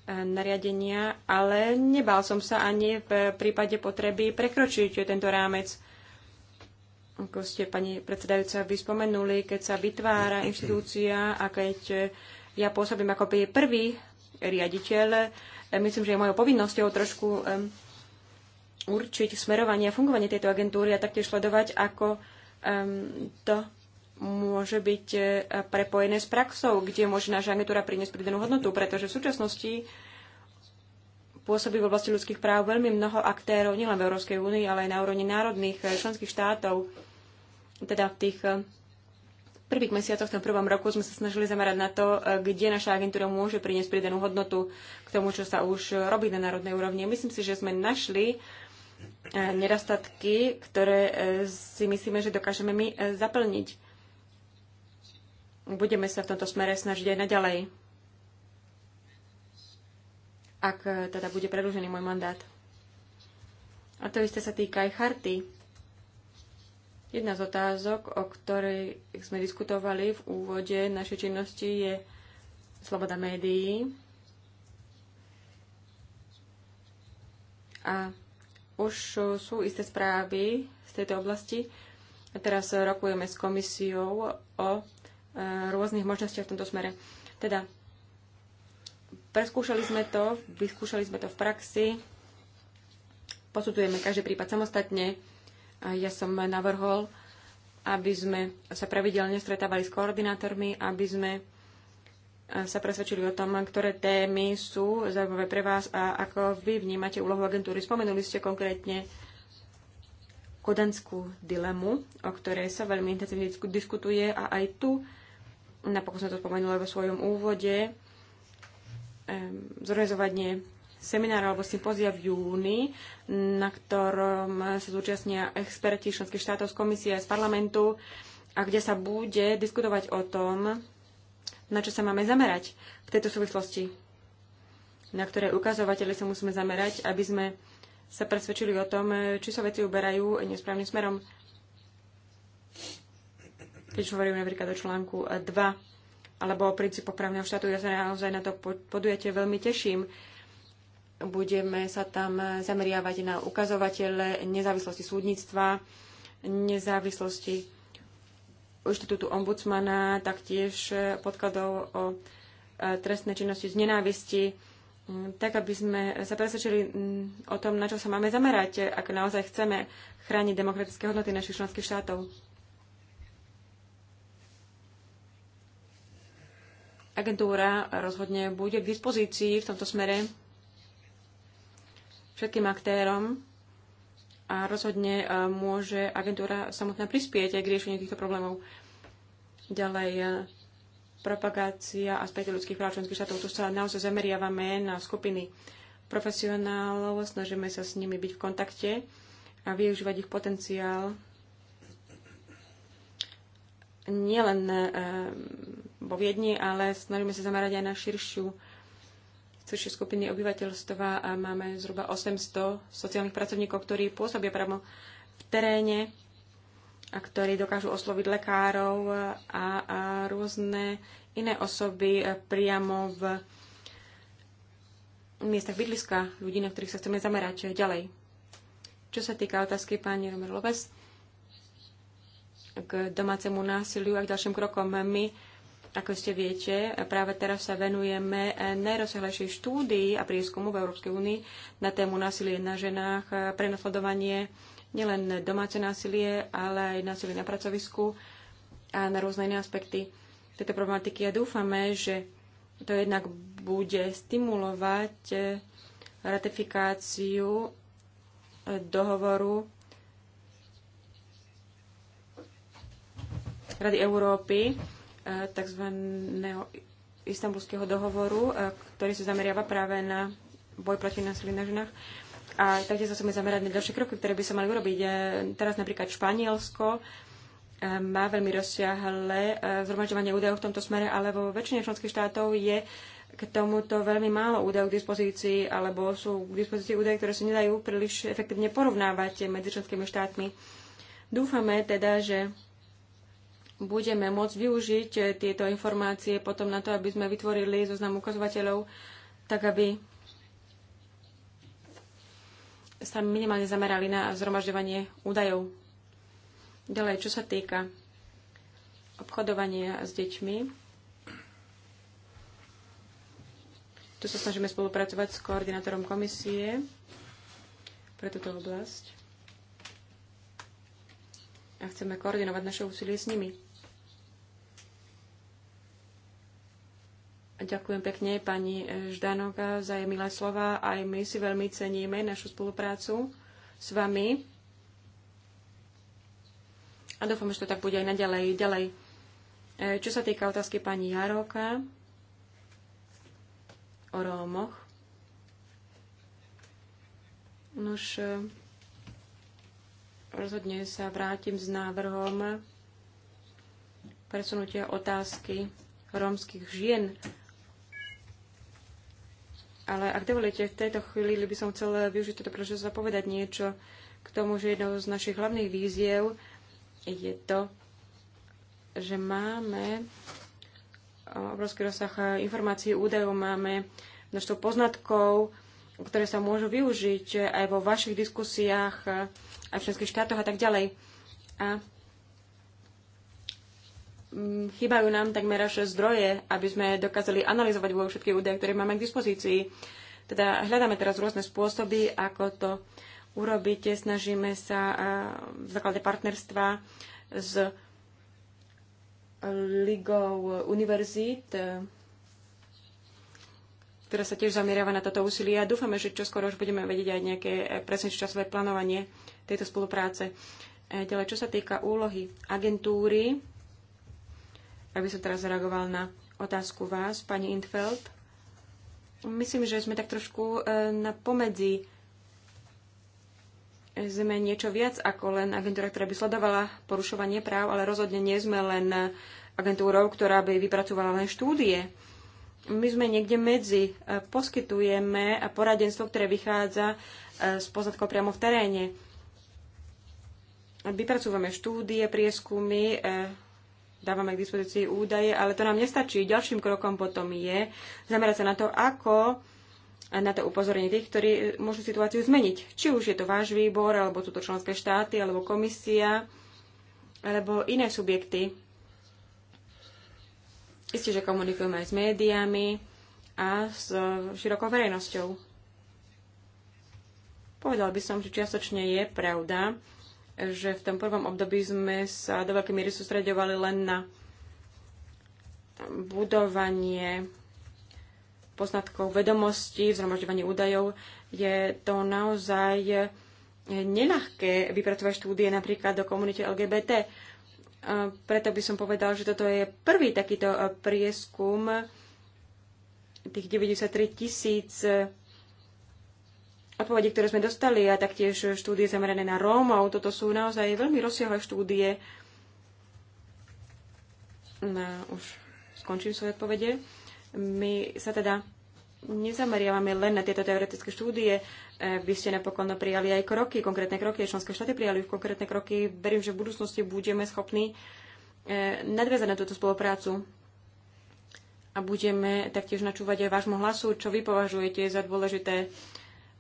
nariadenia, ale nebal som sa ani v prípade potreby prekročiť tento rámec ako ste, pani predsedajúca, vy spomenuli, keď sa vytvára inštitúcia a keď ja pôsobím ako prvý riaditeľ, eh, myslím, že je mojou povinnosťou trošku eh, určiť smerovanie a fungovanie tejto agentúry a taktiež sledovať, ako to môže byť eh, prepojené s praxou, kde môže naša agentúra priniesť pridanú hodnotu, pretože v súčasnosti pôsobí v oblasti ľudských práv veľmi mnoho aktérov, nielen v Európskej únii, ale aj na úrovni národných členských štátov. Teda v tých eh, prvých mesiacoch, v tom prvom roku sme sa snažili zamerať na to, eh, kde naša agentúra môže priniesť pridanú hodnotu k tomu, čo sa už robí na národnej úrovni. Myslím si, že sme našli eh, nedostatky, ktoré si myslíme, že dokážeme my zaplniť. Budeme sa v tomto smere snažiť aj naďalej, ak teda bude predlžený môj mandát. A to isté sa týka aj charty Jedna z otázok, o ktorej sme diskutovali v úvode našej činnosti, je sloboda médií. A už sú isté správy z tejto oblasti. A teraz rokujeme s komisiou o e, rôznych možnostiach v tomto smere. Teda preskúšali sme to, vyskúšali sme to v praxi, posudzujeme každý prípad samostatne ja som navrhol, aby sme sa pravidelne stretávali s koordinátormi, aby sme sa presvedčili o tom, ktoré témy sú zaujímavé pre vás a ako vy vnímate úlohu agentúry. Spomenuli ste konkrétne kodanskú dilemu, o ktorej sa veľmi intenzívne diskutuje a aj tu, napokon som to spomenula vo svojom úvode, zorganizovanie seminár alebo sympózia v júni, na ktorom sa zúčastnia experti členských štátov z komisie a z parlamentu a kde sa bude diskutovať o tom, na čo sa máme zamerať v tejto súvislosti, na ktoré ukazovatele sa musíme zamerať, aby sme sa presvedčili o tom, či sa veci uberajú nesprávnym smerom. Keď hovorím napríklad o článku 2 alebo o princípoch právneho štátu, ja sa naozaj na to podujete veľmi teším. Budeme sa tam zameriavať na ukazovatele nezávislosti súdnictva, nezávislosti inštitútu ombudsmana, taktiež podkladov o e, trestnej činnosti z nenávisti, tak aby sme sa presvedčili o tom, na čo sa máme zamerať, ak naozaj chceme chrániť demokratické hodnoty našich členských štátov. Agentúra rozhodne bude k dispozícii v tomto smere všetkým aktérom a rozhodne e, môže agentúra samotná prispieť aj k riešeniu týchto problémov. Ďalej, e, propagácia a späť ľudských práv členských štátov. Tu sa naozaj zameriavame na skupiny profesionálov, snažíme sa s nimi byť v kontakte a využívať ich potenciál nielen e, vo Viedni, ale snažíme sa zamerať aj na širšiu širšej skupiny obyvateľstva a máme zhruba 800 sociálnych pracovníkov, ktorí pôsobia priamo v teréne a ktorí dokážu osloviť lekárov a, a rôzne iné osoby priamo v miestach bydliska ľudí, na ktorých sa chceme zamerať ďalej. Čo sa týka otázky pani Romero López k domácemu násiliu a k ďalším krokom, my ako ste viete, práve teraz sa venujeme najrozsiahlejšej štúdii a prieskumu v Európskej únii na tému násilie na ženách, prenasledovanie nielen domáce násilie, ale aj násilie na pracovisku a na rôzne iné aspekty tejto problematiky. A dúfame, že to jednak bude stimulovať eh, ratifikáciu eh, dohovoru Rady Európy Eh, tzv. istambulského dohovoru, eh, ktorý sa zameriava práve na boj proti násiliu na ženách. A taktiež sa chceme zamerať na ďalšie kroky, ktoré by sa mali urobiť. Eh, teraz napríklad Španielsko má veľmi rozsiahle zhromažďovanie údajov v tomto smere, ale vo väčšine členských štátov je k tomuto veľmi málo údajov k dispozícii, alebo sú k dispozícii údaje, ktoré sa nedajú príliš efektívne porovnávať medzi členskými štátmi. Dúfame teda, že budeme môcť využiť eh, tieto informácie potom na to, aby sme vytvorili zoznam ukazovateľov, tak aby sa minimálne zamerali na zhromažďovanie údajov. Ďalej, čo sa týka obchodovania s deťmi, tu sa snažíme spolupracovať s koordinátorom komisie pre túto oblasť a chceme koordinovať naše úsilie s nimi. Ďakujem pekne pani Ždanoka za jej milé slova. Aj my si veľmi ceníme našu spoluprácu s vami. A dúfam, že to tak bude aj naďalej. Ďalej. E, čo sa týka otázky pani Jaroka o Rómoch. Nož, e, rozhodne sa vrátim s návrhom presunutia otázky rómskych žien ale ak dovolíte, v tejto chvíli by som chcel využiť toto prečo a povedať niečo k tomu, že jednou z našich hlavných víziev je to, že máme e, obrovský rozsah e, informácií, údajov, máme množstvo poznatkov, ktoré sa môžu využiť e, aj vo vašich diskusiách, aj v členských štátoch a tak ďalej. A chýbajú nám takmer až zdroje, aby sme dokázali analyzovať vo všetky údaje, ktoré máme k dispozícii. Teda hľadáme teraz rôzne spôsoby, ako to urobiť. Snažíme sa v základe partnerstva s ligou univerzít, e, ktorá sa tiež zameriava na toto úsilie. A dúfame, že čoskoro už budeme vedieť aj nejaké e, presne časové plánovanie tejto spolupráce. E, ďalej, čo sa týka úlohy agentúry, by som teraz reagoval na otázku vás, pani Intfeld. Myslím, že sme tak trošku e, na pomedzi. Sme niečo viac ako len agentúra, ktorá by sledovala porušovanie práv, ale rozhodne nie sme len agentúrou, ktorá by vypracovala len štúdie. My sme niekde medzi. E, poskytujeme poradenstvo, ktoré vychádza e, z poznatkov priamo v teréne. Vypracúvame štúdie, prieskumy, dávame k dispozícii údaje, ale to nám nestačí. Ďalším krokom potom je zamerať sa na to, ako na to upozorenie tých, ktorí môžu situáciu zmeniť. Či už je to váš výbor, alebo sú to členské štáty, alebo komisia, alebo iné subjekty. Isté, že komunikujeme aj s médiami a s širokou verejnosťou. Povedal by som, že čiastočne je pravda, že v tom prvom období sme sa do veľkej miery sústredovali len na budovanie poznatkov vedomostí, zhromažďovanie údajov. Je to naozaj nelahké vypracovať štúdie napríklad do komunity LGBT. E, preto by som povedal, že toto je prvý takýto e, prieskum tých 93 tisíc 000 odpovede, ktoré sme dostali a taktiež štúdie zamerané na Rómov. Toto sú naozaj veľmi rozsiahle štúdie. No, už skončím svoje odpovede. My sa teda nezameriavame len na tieto teoretické štúdie. E, vy ste napokon prijali aj kroky, konkrétne kroky, členské štáty prijali už konkrétne kroky. Verím, že v budúcnosti budeme schopní e, nadviazať na túto spoluprácu a budeme taktiež načúvať aj vášmu hlasu, čo vy považujete za dôležité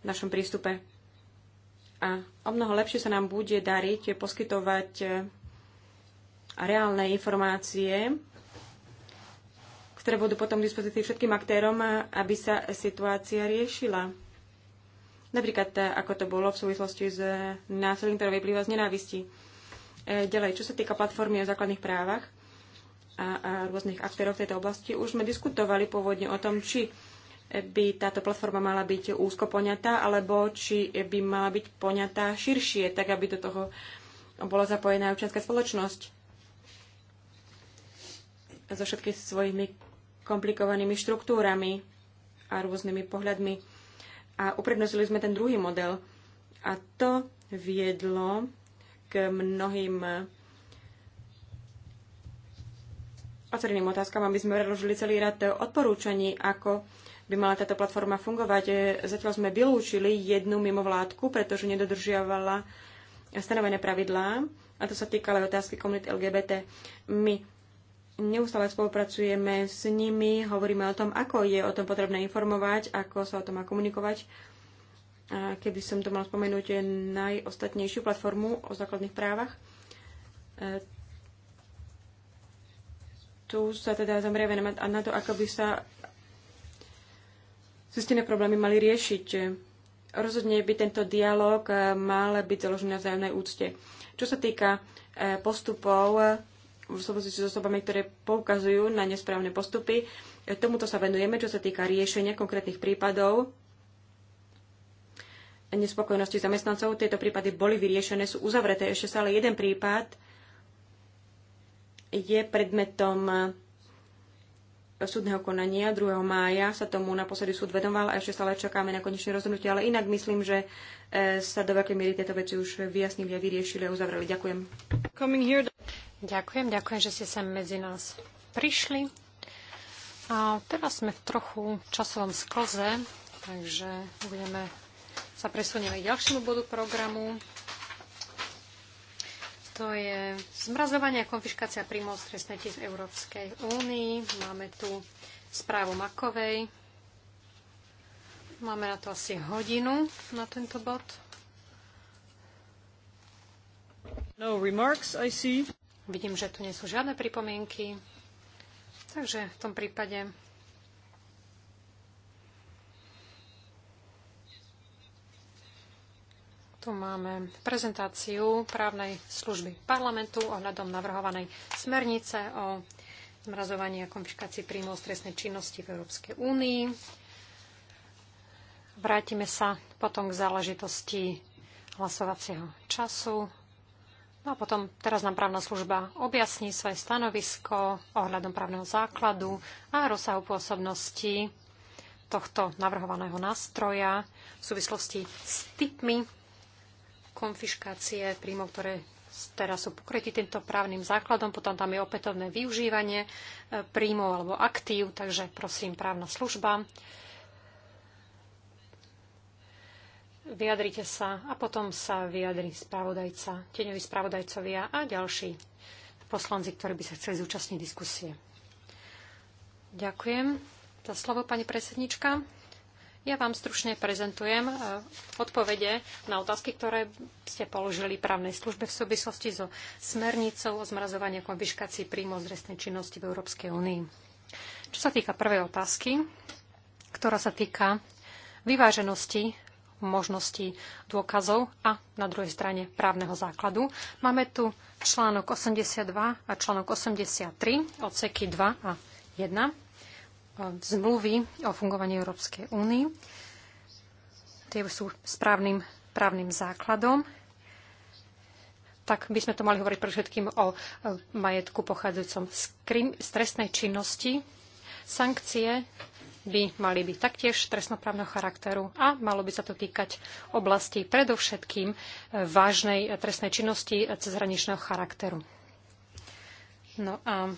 našom prístupe. A o mnoho lepšie sa nám bude dariť poskytovať e, reálne informácie, ktoré budú potom k dispozícii všetkým aktérom, e, aby sa situácia riešila. Napríklad, e, ako to bolo v súvislosti s násilím, ktoré vyplýva z nenávisti. Ďalej, čo sa týka platformy o základných právach a, a rôznych aktérov v tejto oblasti, už sme diskutovali pôvodne o tom, či by táto platforma mala byť úzko poňatá, alebo či by mala byť poňatá širšie, tak aby do toho bola zapojená občianská spoločnosť so všetkými svojimi komplikovanými štruktúrami a rôznymi pohľadmi. A uprednosili sme ten druhý model. A to viedlo k mnohým otvoreným otázkam, aby sme predložili celý rad odporúčaní, ako by mala táto platforma fungovať. E, Zatiaľ sme vylúčili jednu mimovládku, pretože nedodržiavala stanovené pravidlá, a to sa týka aj otázky komunit LGBT. My neustále spolupracujeme s nimi, hovoríme o tom, ako je o tom potrebné informovať, ako sa o tom má komunikovať. A keby som to mal spomenúť, je najostatnejšiu platformu o základných právach. E, tu sa teda zamrieme na to, ako by sa zistené problémy mali riešiť. Rozhodne by tento dialog eh, mal byť založený na vzájomnej úcte. Čo sa týka eh, postupov eh, v súvislosti s osobami, ktoré poukazujú na nesprávne postupy, tomuto sa venujeme, čo sa týka riešenia konkrétnych prípadov nespokojnosti zamestnancov. Tieto prípady boli vyriešené, sú uzavreté. Ešte stále jeden prípad je predmetom súdneho konania 2. mája sa tomu naposledy súd vedoval a ešte stále čakáme na konečné rozhodnutie, ale inak myslím, že e, sa do veľkej miery tieto veci už vyjasnili a vyriešili a uzavreli. Ďakujem. Ďakujem, ďakujem, že ste sem medzi nás prišli. A teraz sme v trochu časovom skloze, takže budeme sa presunieme k ďalšiemu bodu programu to je zmrazovanie a konfiškácia príjmov z trestnej v Európskej únii. Máme tu správu Makovej. Máme na to asi hodinu na tento bod. No remarks, I see. Vidím, že tu nie sú žiadne pripomienky. Takže v tom prípade Tu máme prezentáciu právnej služby parlamentu ohľadom navrhovanej smernice o zmrazovaní a príjmu príjmov stresnej činnosti v Európskej únii. Vrátime sa potom k záležitosti hlasovacieho času. No a potom teraz nám právna služba objasní svoje stanovisko ohľadom právneho základu a rozsahu pôsobnosti tohto navrhovaného nástroja v súvislosti s typmi konfiškácie príjmov, ktoré teraz sú pokrytí týmto právnym základom, potom tam je opätovné využívanie e, príjmov alebo aktív, takže prosím právna služba. Vyjadrite sa a potom sa vyjadri spravodajca, tieňoví spravodajcovia a ďalší poslanci, ktorí by sa chceli zúčastniť diskusie. Ďakujem za slovo, pani predsednička. Ja vám stručne prezentujem e, odpovede na otázky, ktoré ste položili právnej službe v súvislosti so smernicou o zmrazovaní a konfiškácii príjmov z trestnej činnosti v Európskej únii. Čo sa týka prvej otázky, ktorá sa týka vyváženosti možností dôkazov a na druhej strane právneho základu. Máme tu článok 82 a článok 83, odseky 2 a 1 zmluvy o fungovaní Európskej únie. Tie sú správnym právnym základom tak by sme to mali hovoriť pre všetkým o e, majetku pochádzajúcom z, krim, z trestnej činnosti. Sankcie by mali byť taktiež trestnoprávneho charakteru a malo by sa to týkať oblasti predovšetkým e, vážnej e, trestnej činnosti cezhraničného charakteru. No a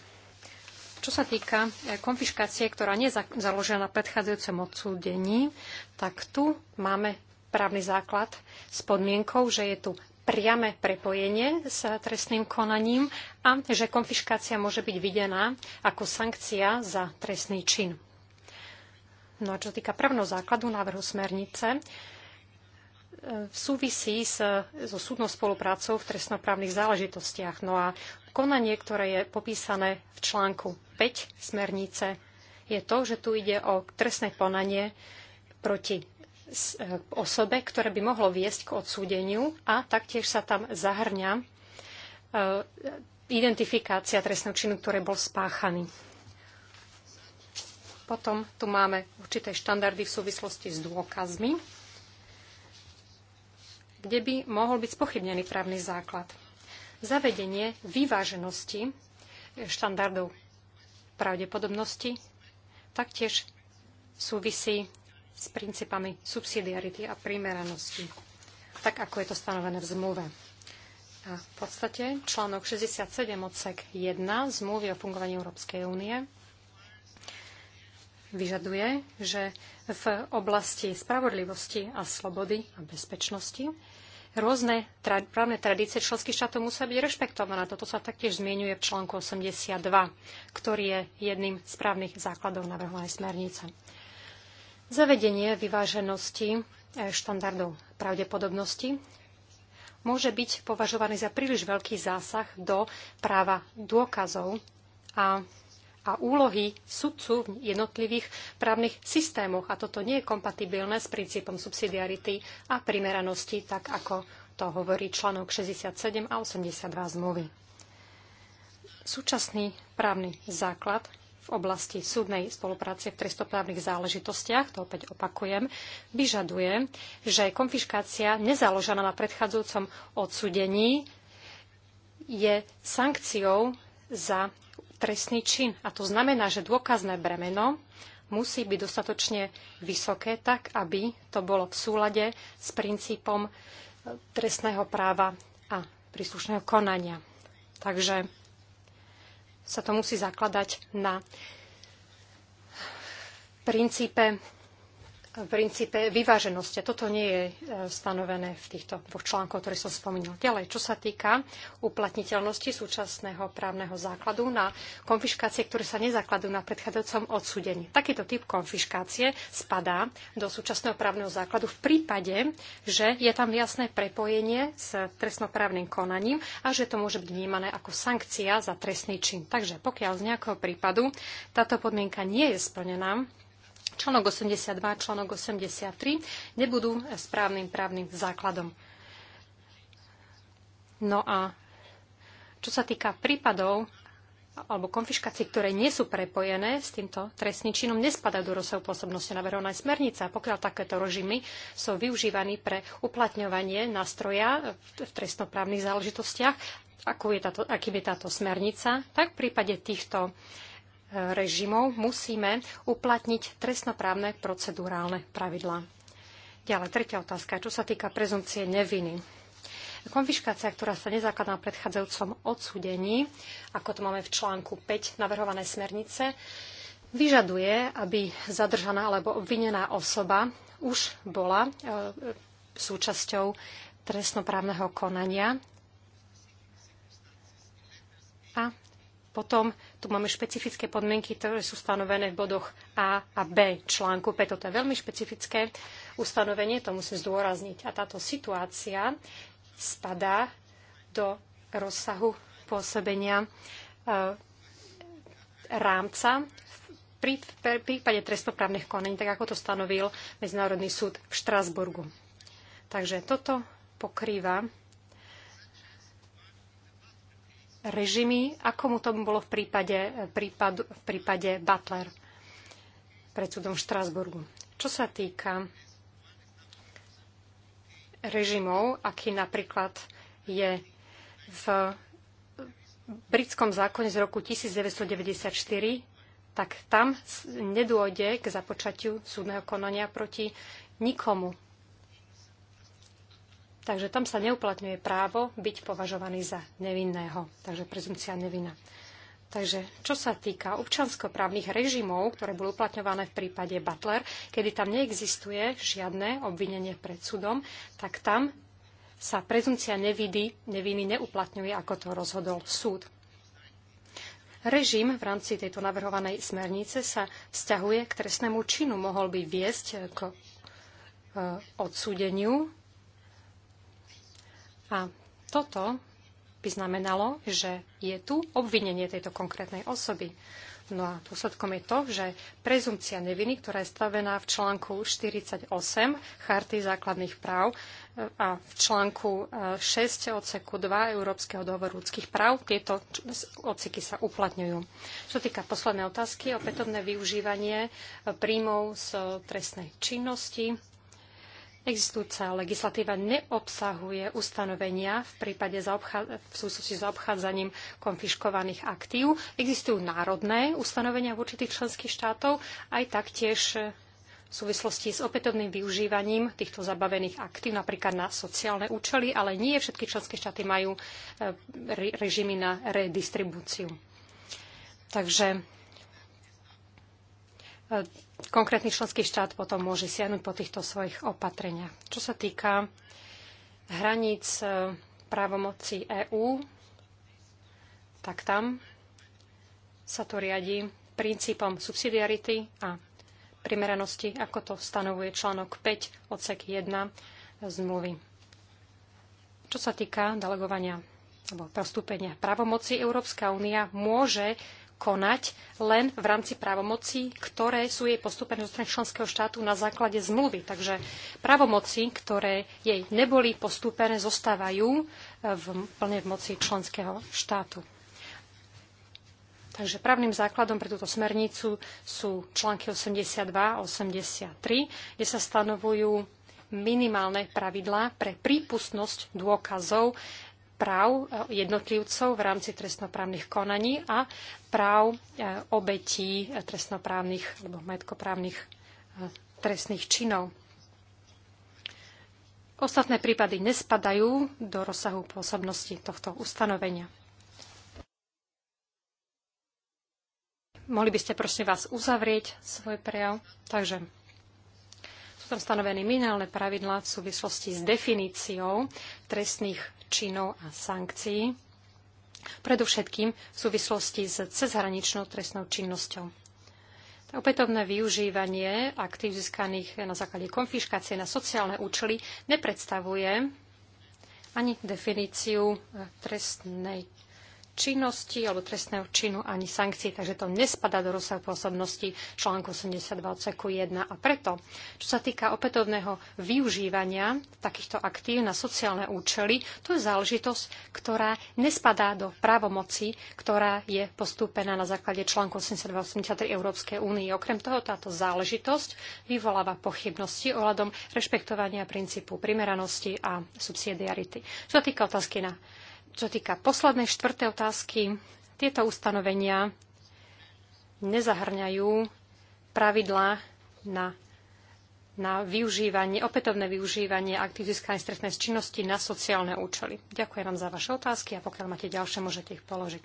čo sa týka e, konfiškácie, ktorá nie je založená na predchádzajúcom odsúdení, tak tu máme právny základ s podmienkou, že je tu priame prepojenie s trestným konaním a že konfiškácia môže byť videná ako sankcia za trestný čin. No a čo týka právneho základu návrhu smernice, v e, súvisí s, so súdnou spoluprácou v trestnoprávnych záležitostiach. No a konanie, ktoré je popísané v článku 5 smernice, je to, že tu ide o trestné konanie proti e, osobe, ktoré by mohlo viesť k odsúdeniu a taktiež sa tam zahrňa e, identifikácia trestného činu, ktorý bol spáchaný. Potom tu máme určité štandardy v súvislosti s dôkazmi, kde by mohol byť spochybnený právny základ. Zavedenie vyváženosti štandardov pravdepodobnosti taktiež súvisí s princípami subsidiarity a primeranosti, tak ako je to stanovené v zmluve. A v podstate článok 67 odsek 1 zmluvy o fungovaní Európskej únie vyžaduje, že v oblasti spravodlivosti a slobody a bezpečnosti rôzne tra- právne tradície členských štátov musia byť rešpektované. Toto sa taktiež zmienuje v článku 82, ktorý je jedným z právnych základov navrhovanej smernice. Zavedenie vyváženosti e, štandardov pravdepodobnosti môže byť považovaný za príliš veľký zásah do práva dôkazov a a úlohy sudcu v jednotlivých právnych systémoch. A toto nie je kompatibilné s princípom subsidiarity a primeranosti, tak ako to hovorí článok 67 a 82 zmluvy. Súčasný právny základ v oblasti súdnej spolupráce v trestoprávnych záležitostiach, to opäť opakujem, vyžaduje, že konfiškácia nezaložená na predchádzajúcom odsudení je sankciou za trestný čin. A to znamená, že dôkazné bremeno musí byť dostatočne vysoké, tak aby to bolo v súlade s princípom e, trestného práva a príslušného konania. Takže sa to musí zakladať na princípe v princípe vyváženosti. Toto nie je e, stanovené v týchto dvoch článkoch, ktoré som spomínal. Ďalej, čo sa týka uplatniteľnosti súčasného právneho základu na konfiškácie, ktoré sa nezakladujú na predchádzajúcom odsúdení. Takýto typ konfiškácie spadá do súčasného právneho základu v prípade, že je tam jasné prepojenie s trestnoprávnym konaním a že to môže byť vnímané ako sankcia za trestný čin. Takže pokiaľ z nejakého prípadu táto podmienka nie je splnená, článok 82, článok 83 nebudú správnym právnym základom. No a čo sa týka prípadov alebo konfiškácií, ktoré nie sú prepojené s týmto trestným činom, nespadajú do rozsahu pôsobnosti navrhovaná smernica. Pokiaľ takéto režimy sú využívaní pre uplatňovanie nástroja v trestnoprávnych záležitostiach, ako je akým je táto smernica, tak v prípade týchto uh, režimov musíme uplatniť trestnoprávne procedurálne pravidlá. Ďalej, tretia otázka, čo sa týka prezumcie neviny. Konfiškácia, ktorá sa nezakladá na predchádzajúcom odsúdení, ako to máme v článku 5 navrhovanej smernice, vyžaduje, aby zadržaná alebo obvinená osoba už bola e, súčasťou trestnoprávneho konania a potom tu máme špecifické podmienky, ktoré sú stanovené v bodoch A a B článku 5. Toto je veľmi špecifické ustanovenie, to musím zdôrazniť. A táto situácia spadá do rozsahu pôsobenia e, rámca pri prípade trestnoprávnych konaní, tak ako to stanovil Medzinárodný súd v Štrásburgu. Takže toto pokrýva režimy, ako mu tomu bolo v prípade, prípadu, v prípade Butler pred súdom v Štrásburgu. Čo sa týka režimov, aký napríklad je v britskom zákone z roku 1994, tak tam nedôjde k započatiu súdneho konania proti nikomu. Takže tam sa neuplatňuje právo byť považovaný za nevinného, takže prezumcia nevina. Takže čo sa týka občanskoprávnych režimov, ktoré boli uplatňované v prípade Butler, kedy tam neexistuje žiadne obvinenie pred súdom, tak tam sa prezumcia nevidy, neviny neuplatňuje, ako to rozhodol súd. Režim v rámci tejto navrhovanej smernice sa vzťahuje k trestnému činu. Mohol by viesť k e, odsúdeniu a toto by znamenalo, že je tu obvinenie tejto konkrétnej osoby. No a dôsledkom je to, že prezumcia neviny, ktorá je stavená v článku 48 Charty základných práv a v článku 6 e, odseku 2 Európskeho dohovoru ľudských práv, tieto odseky sa uplatňujú. Čo týka poslednej otázky, opätovné využívanie e, príjmov z e, trestnej činnosti, Existujúca legislatíva neobsahuje ustanovenia v prípade v súvislosti s obchádzaním konfiškovaných aktív. Existujú národné ustanovenia v určitých členských štátov, aj taktiež v súvislosti s opätovným využívaním týchto zabavených aktív, napríklad na sociálne účely, ale nie všetky členské štáty majú e, režimy na redistribúciu. Takže konkrétny členský štát potom môže siahnuť po týchto svojich opatreniach. Čo sa týka hraníc e, právomoci EÚ, tak tam sa to riadi princípom subsidiarity a primeranosti, ako to stanovuje článok 5 odsek 1 e, zmluvy. Čo sa týka delegovania alebo postúpenia právomoci, Európska únia môže konať len v rámci právomocí, ktoré sú jej postupené zo strany členského štátu na základe zmluvy. Takže právomoci, ktoré jej neboli postúpené, zostávajú e, v, plne v moci členského štátu. Takže právnym základom pre túto smernicu sú články 82 a 83, kde sa stanovujú minimálne pravidlá pre prípustnosť dôkazov práv e, jednotlivcov v rámci trestnoprávnych konaní a práv e, obetí e, trestnoprávnych alebo majetkoprávnych trestných činov. Ostatné prípady nespadajú do rozsahu pôsobnosti tohto ustanovenia. Mohli by ste prosím vás uzavrieť svoj prejav. Takže sú tam stanovené minimálne pravidlá v súvislosti s definíciou trestných činov a sankcií, predovšetkým v súvislosti s cezhraničnou trestnou činnosťou. Opätovné využívanie aktív získaných na základe konfiškácie na sociálne účely nepredstavuje ani definíciu eh, trestnej činnosti alebo trestného činu ani sankcií, takže to nespadá do rozsahu pôsobnosti článku 82 odseku 1. A preto, čo sa týka opätovného využívania takýchto aktív na sociálne účely, to je záležitosť, ktorá nespadá do právomoci, ktorá je postúpená na základe článku 82-83 Európskej únie. Okrem toho táto záležitosť vyvoláva pochybnosti ohľadom rešpektovania princípu primeranosti a subsidiarity. Čo sa týka otázky na čo týka poslednej štvrtej otázky, tieto ustanovenia nezahrňajú pravidlá na, na využívanie, opätovné využívanie aktív získaných stretnej činnosti na sociálne účely. Ďakujem vám za vaše otázky a pokiaľ máte ďalšie, môžete ich položiť.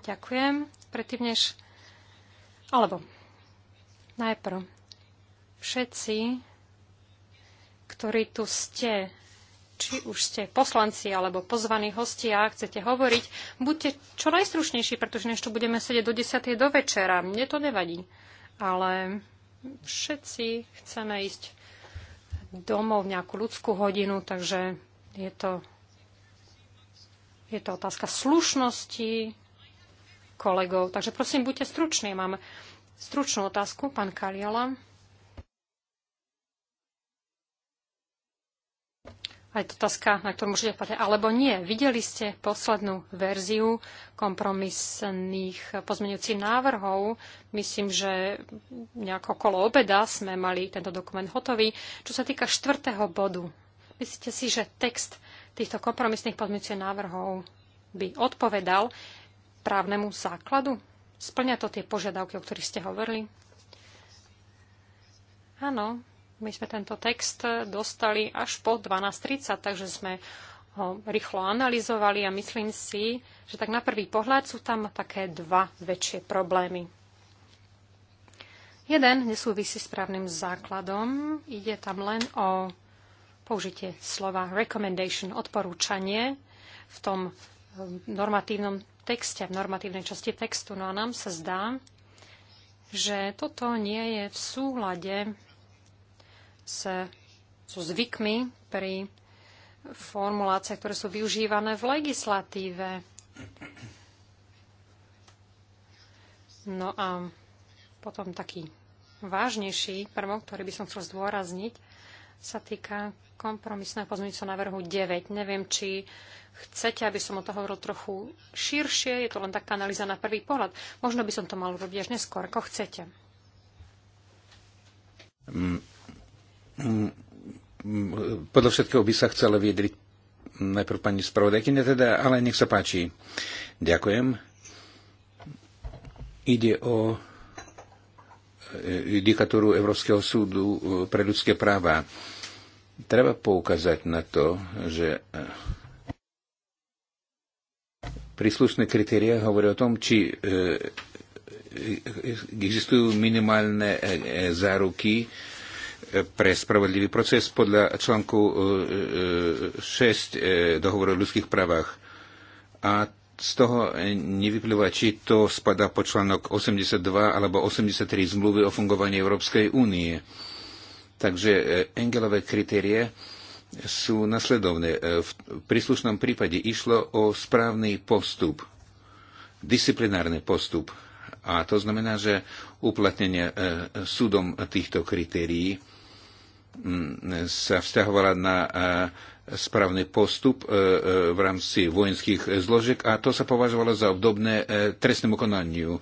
Ďakujem. Predtým než... Alebo najprv všetci, ktorí tu ste či už ste poslanci alebo pozvaní hostia a chcete hovoriť, buďte čo najstrušnejší, pretože než tu budeme sedieť do 10. do večera. Mne to nevadí. Ale všetci chceme ísť domov v nejakú ľudskú hodinu, takže je to, je to otázka slušnosti kolegov. Takže prosím, buďte struční. Mám stručnú otázku, pán Kariola. aj otázka, na ktorú môžete povedať, alebo nie. Videli ste poslednú verziu kompromisných pozmeňujúcich návrhov. Myslím, že nejako okolo obeda sme mali tento dokument hotový. Čo sa týka štvrtého bodu, myslíte si, že text týchto kompromisných pozmeňujúcich návrhov by odpovedal právnemu základu? Splňa to tie požiadavky, o ktorých ste hovorili? Áno, my sme tento text dostali až po 12.30, takže sme ho rýchlo analyzovali a myslím si, že tak na prvý pohľad sú tam také dva väčšie problémy. Jeden nesúvisí s právnym základom. Ide tam len o použitie slova recommendation, odporúčanie v tom eh, normatívnom texte, v normatívnej časti textu. No a nám sa zdá, že toto nie je v súlade sa so zvykmi pri formuláciách, ktoré sú využívané v legislatíve. No a potom taký vážnejší prvok, ktorý by som chcel zdôrazniť, sa týka kompromisného pozmeňujúceho návrhu 9. Neviem, či chcete, aby som o to hovoril trochu širšie. Je to len taká analýza na prvý pohľad. Možno by som to mal robiť až neskôr, ako chcete. Mm, podľa všetkého by sa chcela vyjadriť najprv pani spravodajkyňa teda, ale nech sa páči. Ďakujem. Ide o e, judikatúru Európskeho súdu e, pre ľudské práva. Treba poukázať na to, že e, príslušné kritéria hovoria o tom, či existujú minimálne záruky, pre spravodlivý proces podľa článku 6 e, e, e, dohovoru o ľudských právach. A z toho nevyplýva, či to spadá po článok 82 alebo 83 zmluvy o fungovaní Európskej únie. Takže Engelové kritérie sú nasledovné. V príslušnom prípade išlo o správny postup, disciplinárny postup. A to znamená, že uplatnenie súdom týchto kritérií Mm, sa vzťahovala na e, správny postup e, e, v rámci vojenských zložiek a to sa považovalo za obdobné trestnému konaniu.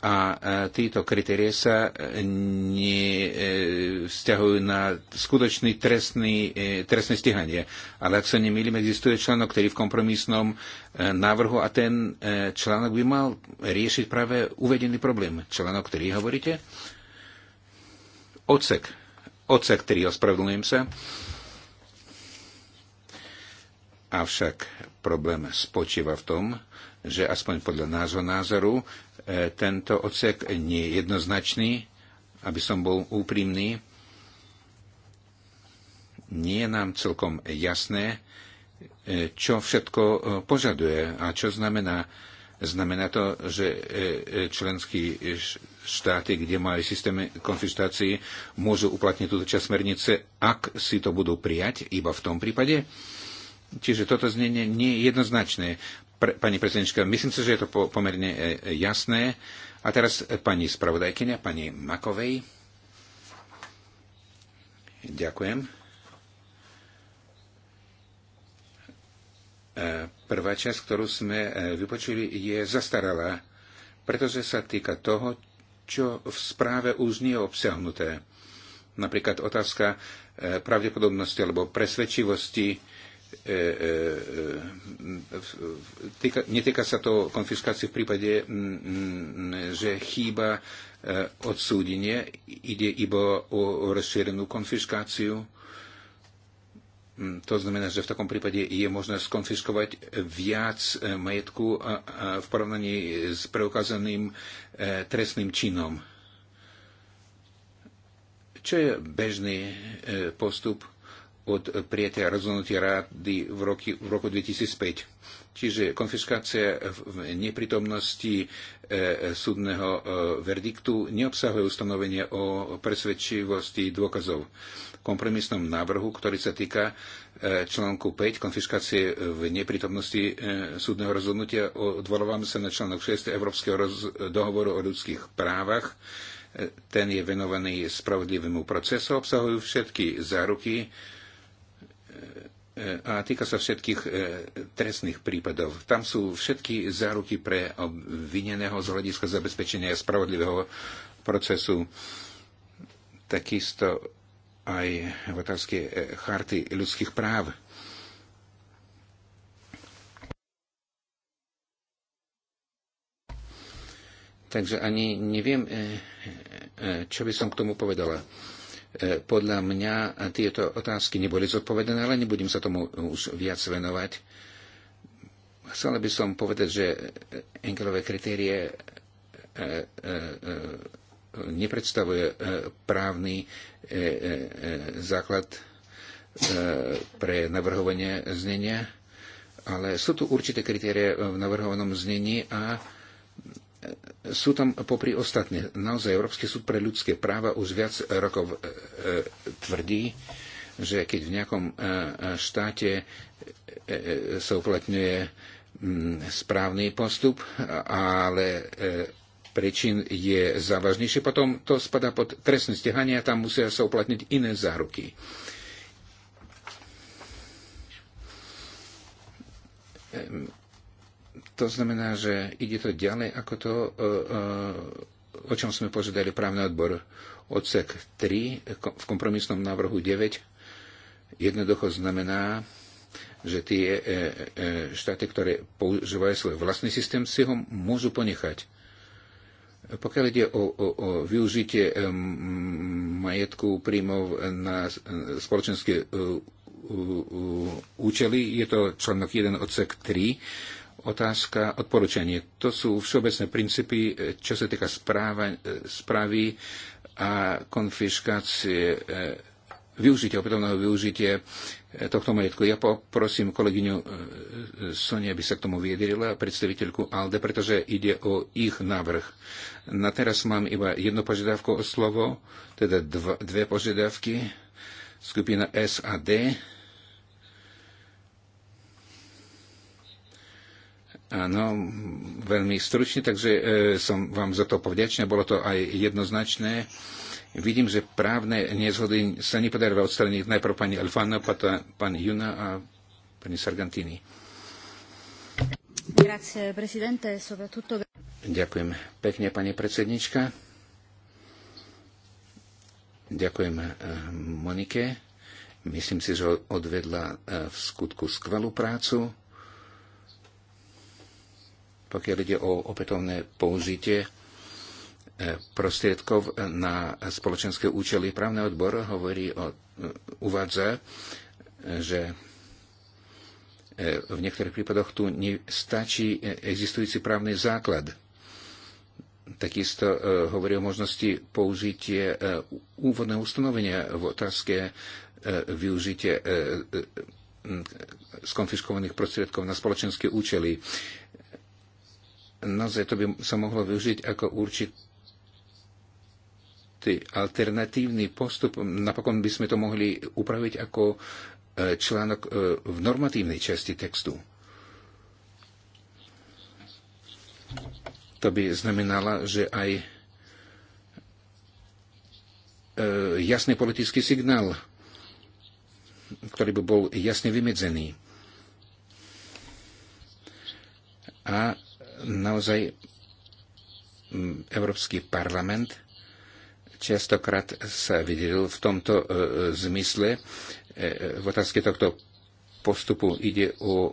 A títo kritérie sa nevzťahujú na skutočný trestný, trestné stíhanie. Ale ak sa nemýlim, existuje článok, ktorý v kompromisnom návrhu a ten článok by mal riešiť práve uvedený problém. Článok, ktorý hovoríte? Odsek odsek 3, ospravedlňujem sa. Avšak problém spočíva v tom, že aspoň podľa názvo názoru e, tento odsek nie je jednoznačný, aby som bol úprimný. Nie je nám celkom jasné, e, čo všetko e, požaduje a čo znamená. Znamená to, že členský štáty, kde majú systémy konfiskácií, môžu uplatniť túto časť smernice, ak si to budú prijať, iba v tom prípade. Čiže toto znenie nie je jednoznačné. Pre, pani prezidentka, myslím si, že je to po, pomerne e, jasné. A teraz pani spravodajkynia, pani Makovej. Ďakujem. E, prvá časť, ktorú sme e, vypočuli, je zastaralá, pretože sa týka toho, čo v správe už nie je obsiahnuté. Napríklad otázka e, pravdepodobnosti alebo presvedčivosti e, e, týka, netýka sa to konfiskácie v prípade, že chýba odsúdenie, ide iba o rozšírenú konfiskáciu Mm, to znamená, že v takom prípade je možné skonfiskovať viac eh, majetku v porovnaní s preukázaným eh, trestným činom. Čo je bežný eh, postup od prijatia rozhodnutia rady v, roky, v roku 2005? Čiže konfiskácia v neprítomnosti e, e, súdneho e, verdiktu neobsahuje ustanovenie o presvedčivosti dôkazov. V kompromisnom návrhu, ktorý sa týka článku 5, konfiskácie v neprítomnosti súdneho rozhodnutia, odvolávam sa na článok 6 Európskeho dohovoru o ľudských právach. Ten je venovaný spravodlivému procesu, obsahujú všetky záruky a týka sa všetkých e, trestných prípadov. Tam sú všetky záruky pre obvineného z hľadiska zabezpečenia spravodlivého procesu. Takisto aj v otázke e, charty ľudských práv. Takže ani neviem, e, čo by som k tomu povedala. E, podľa mňa tieto otázky neboli zodpovedané, ale nebudem sa tomu už viac venovať. Chcela by som povedať, že enkelové kritérie e, e, nepredstavuje právny základ pre navrhovanie znenia, ale sú tu určité kritérie v navrhovanom znení a sú tam popri ostatné. Naozaj Európsky súd pre ľudské práva už viac rokov e, e, tvrdí, že keď v nejakom e, e štáte e, e, sa uplatňuje m, mm, správny postup, ale e, príčin je závažnejšie, potom to spadá pod trestné stiehanie a tam musia sa uplatniť iné záruky. E, to znamená, že ide to ďalej ako to, e, e, o čom sme požiadali právny odbor. Odsek 3 v kompromisnom návrhu 9 jednoducho znamená, že tie e, štáty, ktoré používajú svoj vlastný systém, si ho môžu ponechať. Pokiaľ ide o, o, o využitie majetku príjmov na spoločenské účely, je to článok 1 odsek 3, otázka odporúčanie. To sú všeobecné princípy, čo sa týka správa, správy a konfiškácie e, využitia, opätovného využitia e, tohto majetku. Ja poprosím kolegyňu e, Sonia, aby sa k tomu vyjadrila, predstaviteľku ALDE, pretože ide o ich návrh. Na teraz mám iba jednu požiadavku o slovo, teda dva dve požiadavky. Skupina S a D. Áno, veľmi stručne, takže e, som vám za to povďačný, bolo to aj jednoznačné. Vidím, že právne nezhody sa nepodarilo odstraniť najprv pani Alfano, potom pani Juna a pani Sargantini. Grazie, presidente, soprattutto... Ďakujem pekne, pani predsednička. Ďakujem e, Monike. Myslím si, že odvedla e, v skutku skvelú prácu pokiaľ ide o opätovné použitie e, prostriedkov na spoločenské účely. Právny odbor hovorí o, e, uvádza, e, že v niektorých prípadoch tu nestačí existujúci právny základ. Takisto hovorí o možnosti použitie úvodné ustanovenia v otázke využitie skonfiškovaných prostriedkov na spoločenské účely naozaj to by sa mohlo využiť ako určitý alternatívny postup. Napokon by sme to mohli upraviť ako e, článok e, v normatívnej časti textu. To by znamenalo, že aj e, jasný politický signál, ktorý by bol jasne vymedzený. A naozaj mm, Európsky parlament častokrát sa vydelil v tomto e, e zmysle. E, e, v otázke tohto postupu ide o e,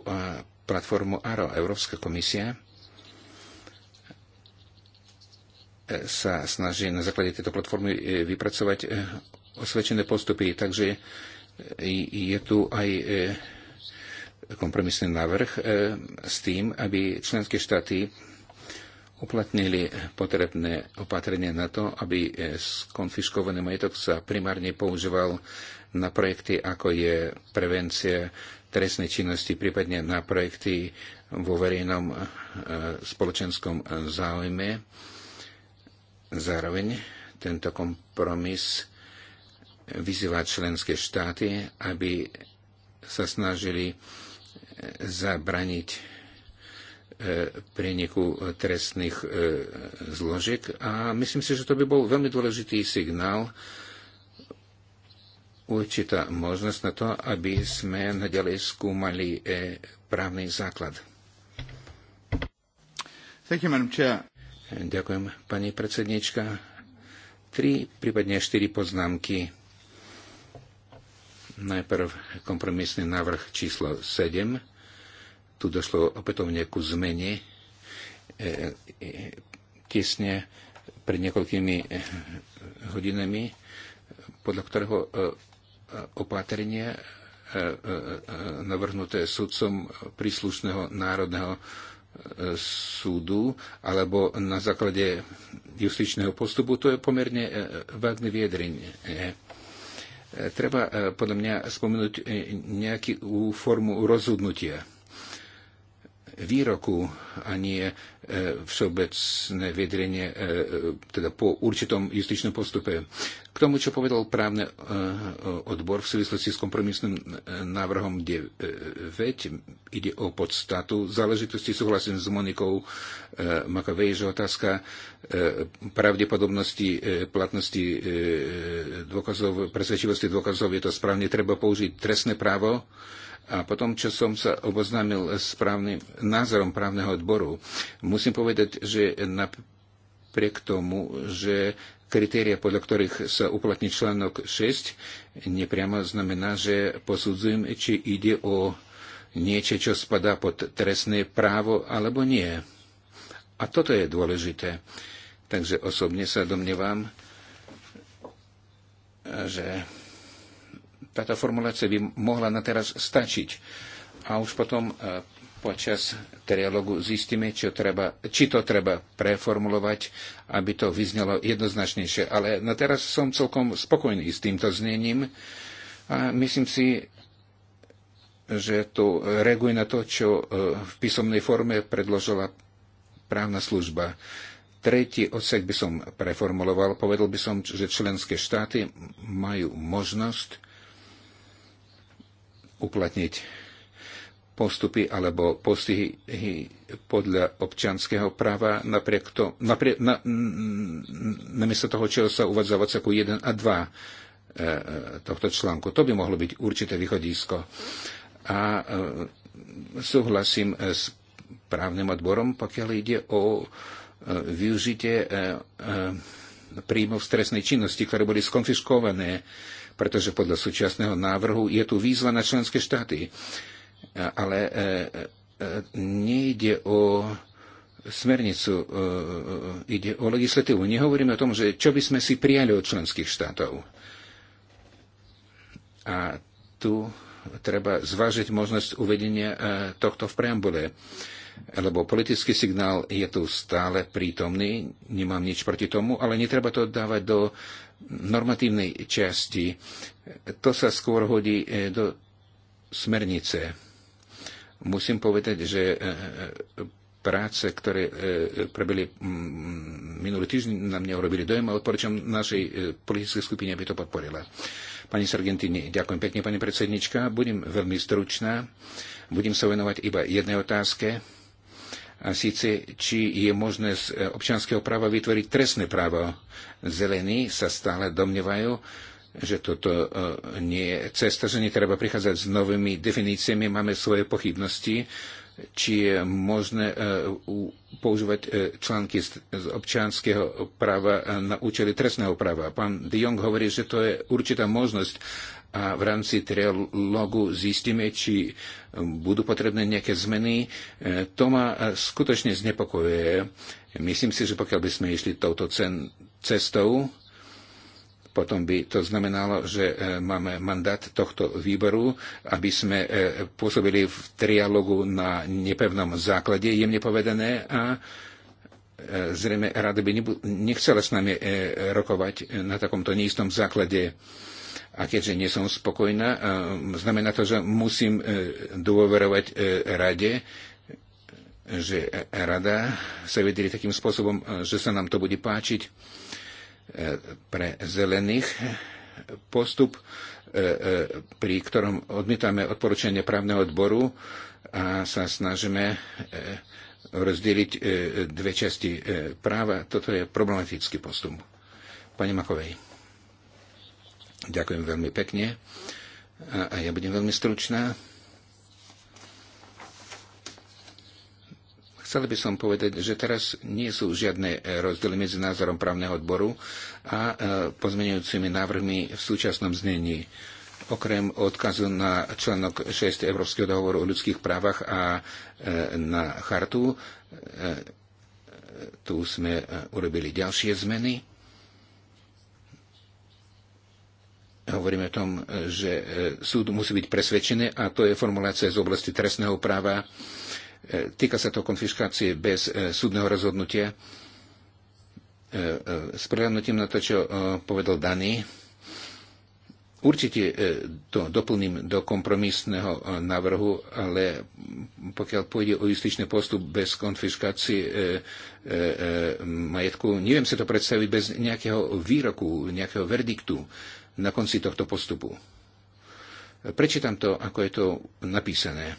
platformu ARO. Európska komisia e, sa snaží na základe tejto platformy vypracovať osvedčené postupy, takže je tu aj e, kompromisný návrh e, s tým, aby členské štáty uplatnili potrebné opatrenia na to, aby e, skonfiškovaný majetok sa primárne používal na projekty, ako je prevencia trestnej činnosti, prípadne na projekty vo verejnom e, spoločenskom záujme. Zároveň tento kompromis vyzýva členské štáty, aby sa snažili zabraniť e, preniku e, trestných e, zložiek a myslím si, že to by bol veľmi dôležitý signál, určitá možnosť na to, aby sme nadalej skúmali právny základ. Ďakujem, pani predsednička. Tri, prípadne štyri poznámky Najprv kompromisný návrh číslo 7. Tu došlo opätovne ku zmene e, tesne e, pred niekoľkými e, hodinami, podľa ktorého e, opatrenie navrhnuté sudcom príslušného národného súdu alebo na základe justičného postupu, to je pomerne vágne viedrenie. Treba eh, podľa mňa spomenúť eh, nejakú formu rozhodnutia výroku a nie e, všeobecné vedrenie, e, teda po určitom justičnom postupe. K tomu, čo povedal právny e, odbor v súvislosti s kompromisným návrhom 9, ide o podstatu záležitosti, súhlasím s Monikou Makovej, že otázka pravdepodobnosti platnosti dôkazov, presvedčivosti dôkazov, je to správne, treba použiť trestné právo, a potom, čo som sa oboznámil s právnym názorom právneho odboru, musím povedať, že napriek tomu, že kritéria, podľa ktorých sa uplatní článok 6, nepriamo znamená, že posudzujem, či ide o niečo, čo spadá pod trestné právo, alebo nie. A toto je dôležité. Takže osobne sa domnievam, že táto formulácia by mohla na teraz stačiť. A už potom e, počas trialogu zistíme, čo treba, či to treba preformulovať, aby to vyznelo jednoznačnejšie. Ale na no teraz som celkom spokojný s týmto znením a myslím si, že to reaguje na to, čo e, v písomnej forme predložila právna služba. Tretí odsek by som preformuloval. Povedal by som, že členské štáty majú možnosť uplatniť postupy alebo postihy podľa občianského práva napriek to, napriek, na, namiesto toho, čo sa uvádza v odseku 1 a 2 e, e, tohto článku. To by mohlo byť určité východisko. A e, súhlasím e, s právnym odborom, pokiaľ ide o e, využitie e, e, príjmov stresnej činnosti, ktoré boli skonfiškované e, pretože podľa súčasného návrhu je tu výzva na členské štáty. Ale e, e, e, nejde o smernicu, ide o legislatívu. Nehovoríme o tom, že čo by sme si prijali od členských štátov. A tu treba zvážiť možnosť uvedenia tohto v preambule lebo politický signál je tu stále prítomný, nemám nič proti tomu, ale netreba to dávať do normatívnej časti. To sa skôr hodí e, do smernice. Musím povedať, že e, e, práce, ktoré prebili minulý týždeň, na mňa urobili dojem a odporúčam našej politickej skupine, aby to podporila. Pani Sargentini, ďakujem pekne, pani predsednička. Budem veľmi stručná. Budem sa venovať iba jednej otázke a síce, či je možné z e, občianského práva vytvoriť trestné právo. Zelení sa stále domnievajú, že toto e, nie je cesta, že netreba prichádzať s novými definíciami. Máme svoje pochybnosti, či je možné e, používať články z občianského práva na účely trestného práva. Pán de Jong hovorí, že to je určitá možnosť, a v rámci trialogu zistíme, či um, budú potrebné nejaké zmeny. E, to ma e, skutočne znepokojuje. Myslím si, že pokiaľ by sme išli touto cen- cestou, potom by to znamenalo, že e, máme mandát tohto výboru, aby sme pôsobili v trialogu na nepevnom základe, jemne povedané, a zrejme rada by nechcela s nami rokovať na takomto neistom základe. A keďže nie som spokojná, e, znamená to, že musím e, dôverovať e, rade, že rada sa vedeli takým spôsobom, že sa nám to bude páčiť pre zelených postup, pri ktorom odmietame odporúčanie právneho odboru a sa snažíme rozdeliť dve časti práva. Toto je problematický postup. Pani Makovej. Ďakujem veľmi pekne. A, ja budem veľmi stručná. Chcel by som povedať, že teraz nie sú žiadne rozdiely medzi názorom právneho odboru a e, pozmenujúcimi návrhmi v súčasnom znení. Okrem odkazu na článok 6 Európskeho dohovoru o ľudských právach a e, na chartu, e, tu sme urobili ďalšie zmeny. Hovoríme o tom, že e, súd musí byť presvedčený a to je formulácia z oblasti trestného práva. E, týka sa to konfiškácie bez e, súdneho rozhodnutia. S prehľadnutím na to, čo povedal Daný. Určite to doplním do kompromisného návrhu, ale pokiaľ pôjde o justičný postup bez konfiškácie majetku, neviem si to predstaviť bez nejakého výroku, nejakého verdiktu na konci tohto postupu. Prečítam to, ako je to napísané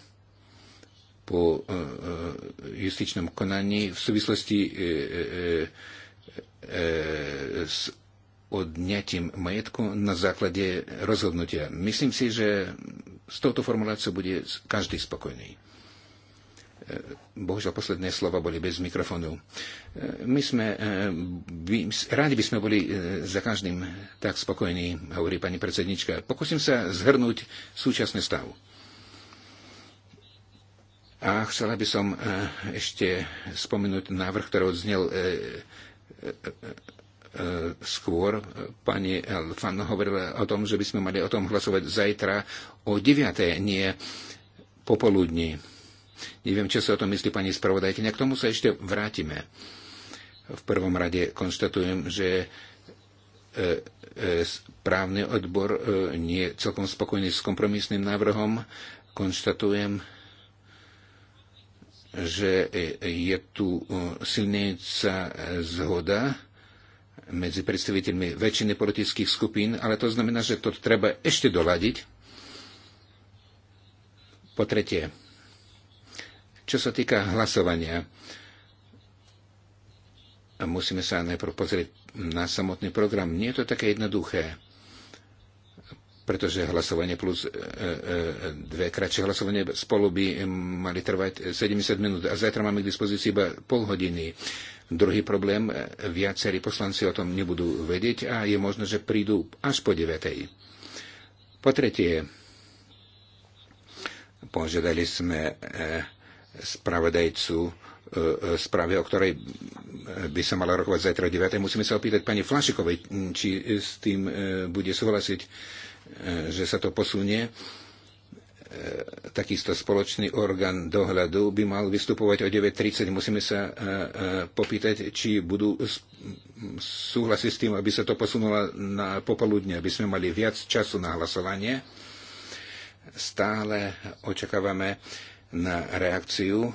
po e, e, justičnom konaní v súvislosti e, s odňatím majetku na základe rozhodnutia. Myslím si, že s touto formuláciou bude každý spokojný bohužiaľ posledné slova boli bez mikrofónu. My sme, by, e, rádi by sme boli e, za každým tak spokojní, hovorí pani predsednička. Pokúsim sa zhrnúť súčasný stav. A chcela by som e, ešte spomenúť návrh, ktorý odznel skôr. Pani Elfan hovorila o tom, že by sme mali o tom hlasovať zajtra o 9. nie popoludní. Neviem, čo sa o tom myslí pani spravodajkyňa. K tomu sa ešte vrátime. V prvom rade konštatujem, že e, e, právny odbor e, nie je celkom spokojný s kompromisným návrhom. Konštatujem, že je tu silnejúca zhoda medzi predstaviteľmi väčšiny politických skupín, ale to znamená, že to treba ešte doladiť. Po tretie, čo sa týka hlasovania, musíme sa najprv pozrieť na samotný program. Nie je to také jednoduché, pretože hlasovanie plus e, e, e dve kratšie hlasovanie spolu by mali trvať 70 minút a zajtra máme k dispozícii iba pol hodiny. Druhý problém, e, viacerí poslanci o tom nebudú vedieť a je možné, že prídu až po 9. Po tretie, požiadali sme e, spravodajcu e, e, správe, o ktorej by sa mala rokovať zajtra 9. Musíme sa opýtať pani Flašikovej, či s tým e, bude súhlasiť, že sa to posunie. Takisto spoločný orgán dohľadu by mal vystupovať o 9.30. Musíme sa popýtať, či budú súhlasiť s tým, aby sa to posunulo na popoludne, aby sme mali viac času na hlasovanie. Stále očakávame uh, na reakciu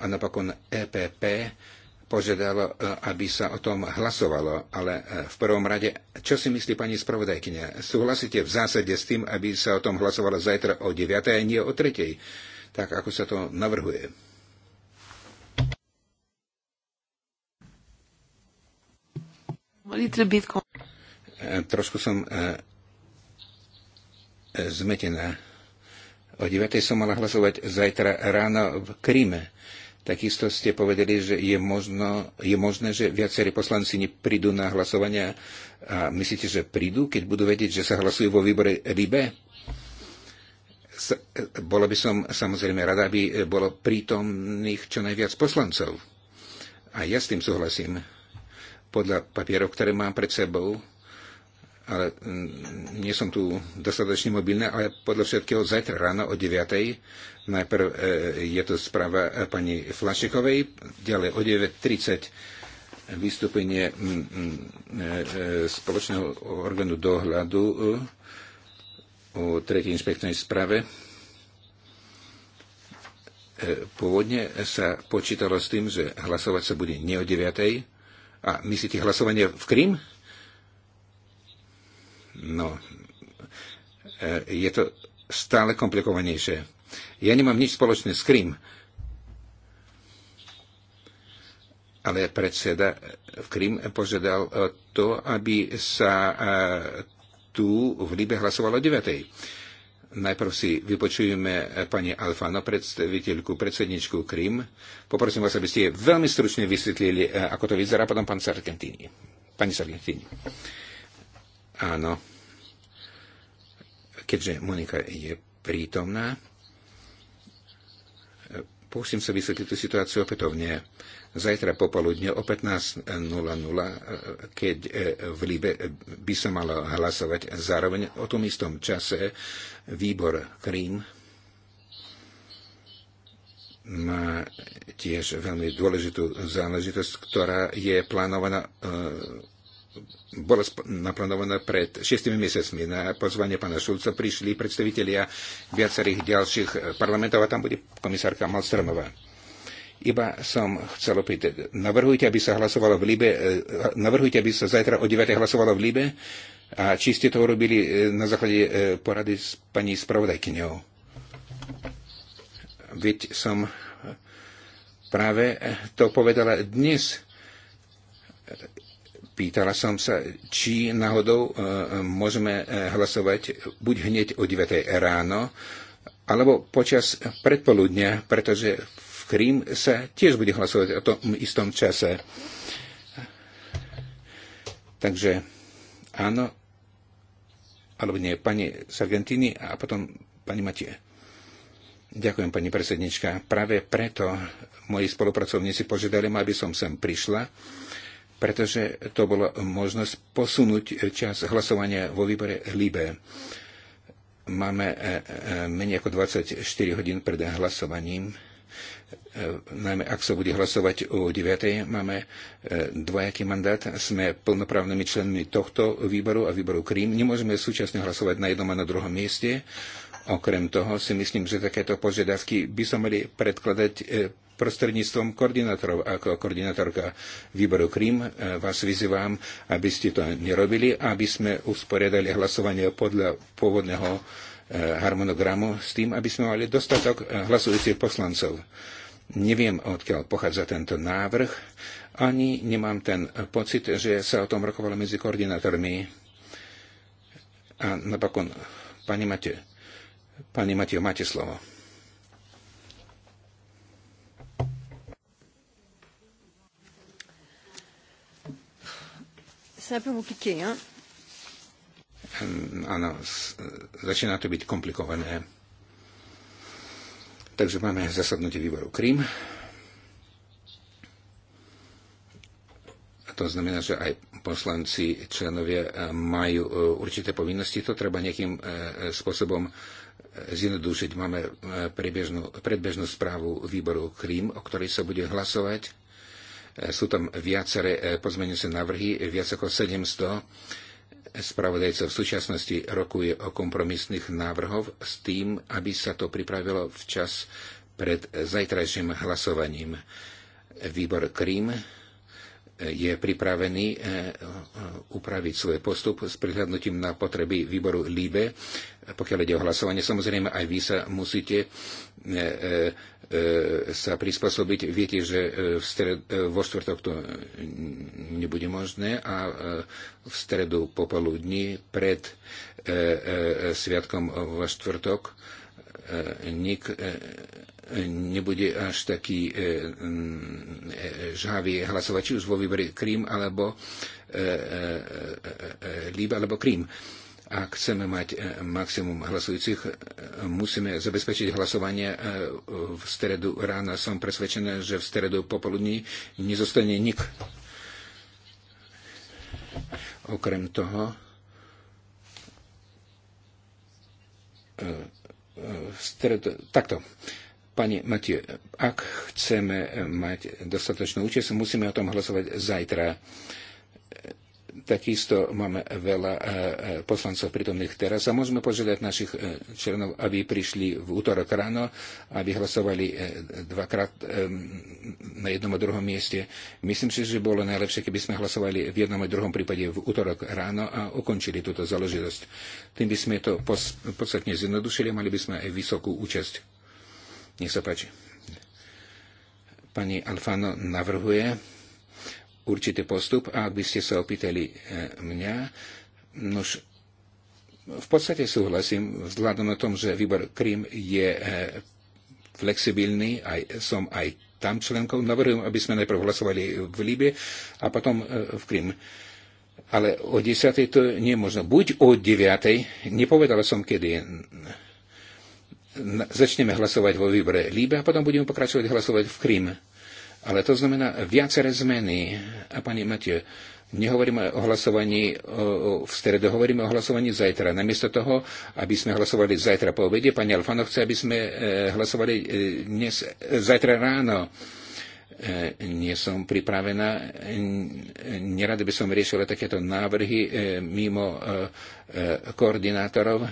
a napokon EPP požiadalo, e, aby sa o tom hlasovalo, ale e, v prvom rade, čo si myslí pani spravodajkynia? Súhlasíte v zásade s tým, aby sa o tom hlasovalo zajtra o 9. a nie o 3. tak ako sa to navrhuje? E, trošku som zmetená O 9. som mala hlasovať zajtra ráno v Kryme. Takisto ste povedali, že je, možno, je možné, že viacerí poslanci neprídu na hlasovania. A myslíte, že prídu, keď budú vedieť, že sa hlasujú vo výbore RIBE? Bola by som samozrejme rada, aby bolo prítomných čo najviac poslancov. A ja s tým súhlasím. Podľa papierov, ktoré mám pred sebou, ale mm, nie som tu dostatočne mobilná, ale podľa všetkého zajtra ráno o 9. Najprv e, je to správa e, pani Flašikovej, ďalej o 9.30 vystúpenie mm, mm, e, spoločného orgánu dohľadu o tretej inšpekčnej správe. Pôvodne sa počítalo s tým, že hlasovať sa bude nie o 9. A myslíte hlasovanie v Krym? No, e, je to stále komplikovanejšie. Ja nemám nič spoločné s Krym, ale predseda v Krym požiadal to, aby sa e, tu v Libe hlasovalo 9. Najprv si vypočujeme e, pani Alfano, predstaviteľku, predsedničku Krym. Poprosím vás, aby ste veľmi stručne vysvetlili, ako to vyzerá, potom pán Sargentini. Pani Sargentini. Áno. Keďže Monika je prítomná, pokúsim sa vysvetliť tú situáciu opätovne. Zajtra popoludne o 15.00, keď e, v Libe by sa malo hlasovať zároveň o tom istom čase výbor Krím má tiež veľmi dôležitú záležitosť, ktorá je plánovaná e, bolo naplánované pred šestimi mesiacmi. Na pozvanie pána Šulca prišli predstavitelia viacerých ďalších eh, parlamentov a tam bude komisárka Malstromová. Iba som chcel opýtať, navrhujte, aby sa hlasovalo v Libe, eh, navrhujte, aby sa zajtra o 9. hlasovalo v Libe a či ste to urobili eh, na základe porady s pani spravodajkyňou. Veď som práve to povedala dnes Pýtala som sa, či náhodou e, e, môžeme e, hlasovať buď hneď o 9 ráno, alebo počas predpoludnia, pretože v Krím sa tiež bude hlasovať o tom istom čase. Takže áno, alebo nie, pani Sargentini a potom pani Matie. Ďakujem, pani predsednička. Práve preto moji spolupracovníci požiadali ma, aby som sem prišla pretože to bola možnosť posunúť čas hlasovania vo výbore LIBE. Máme e, e, menej ako 24 hodín pred hlasovaním e, najmä ak sa bude hlasovať o 9. máme dvojaký mandát, sme plnoprávnymi členmi tohto výboru a výboru Krím. Nemôžeme súčasne hlasovať na jednom a na druhom mieste Okrem toho si myslím, že takéto požiadavky by sa mali predkladať e, prostredníctvom koordinátorov ako koordinátorka výboru Krím. E, vás vyzývam, aby ste to nerobili, aby sme usporiadali hlasovanie podľa pôvodného e, harmonogramu s tým, aby sme mali dostatok hlasujúcich poslancov. Neviem, odkiaľ pochádza tento návrh, ani nemám ten pocit, že sa o tom rokovalo medzi koordinátormi. A napokon, pani Mate, Pani Matio, máte slovo. Hm, áno, e, začína to byť komplikované. Takže máme zasadnutie výboru Krím. A to znamená, že aj poslanci, členovia e, majú e, určité povinnosti. To treba nejakým spôsobom zjednodušiť. Máme e, predbežnú správu výboru Krím, o ktorej sa bude hlasovať. E, sú tam viaceré sa e, návrhy, viac ako 700. Spravodajca v súčasnosti rokuje o kompromisných návrhov s tým, aby sa to pripravilo včas pred zajtrajším hlasovaním. Výbor Krím je pripravený eh, eh, upraviť svoj postup s prihľadnutím na potreby výboru LIBE. Pokiaľ ide o hlasovanie, samozrejme aj vy sa musíte eh, sa prispôsobiť. Viete, že v stred, vo štvrtok to nebude možné a v stredu popoludní pred sviatkom vo štvrtok nik nebude až taký e, e, žhavý hlasovať, či už vo výbere Krím alebo e, Líba alebo Krím. Ak chceme mať maximum hlasujúcich, musíme zabezpečiť hlasovanie v stredu rána. Som presvedčený, že v stredu popoludní nezostane nik. Okrem toho, v stredu, takto Pani Matiu, ak chceme mať dostatočnú účasť, musíme o tom hlasovať zajtra. Takisto máme veľa e, e, poslancov prítomných teraz a môžeme požiadať našich e, členov, aby prišli v útorok ráno, aby hlasovali dvakrát na jednom a druhom mieste. Myslím si, že bolo najlepšie, keby sme hlasovali v jednom a druhom prípade v útorok ráno a ukončili túto záležitosť. Tým by sme to podstatne zjednodušili a mali by sme aj vysokú účasť nech sa páči. Pani Alfano navrhuje určitý postup a ak by ste sa opýtali e, mňa, nož v podstate súhlasím vzhľadom na tom, že výbor Krím je e, flexibilný, aj, som aj tam členkou. Navrhujem, aby sme najprv hlasovali v Líbe a potom e, v Krím. Ale o 10. to nie je možno. Buď o 9. nepovedala som kedy začneme hlasovať vo výbore Líbe a potom budeme pokračovať hlasovať v Krím. Ale to znamená viaceré zmeny. A pani Matie, nehovoríme o hlasovaní v stredu, hovoríme o hlasovaní zajtra. Namiesto toho, aby sme hlasovali zajtra po obede, pani Alfano chce, aby sme e, hlasovali e, dnes, e, zajtra ráno. Nie som pripravená, nerada by som riešila takéto návrhy mimo koordinátorov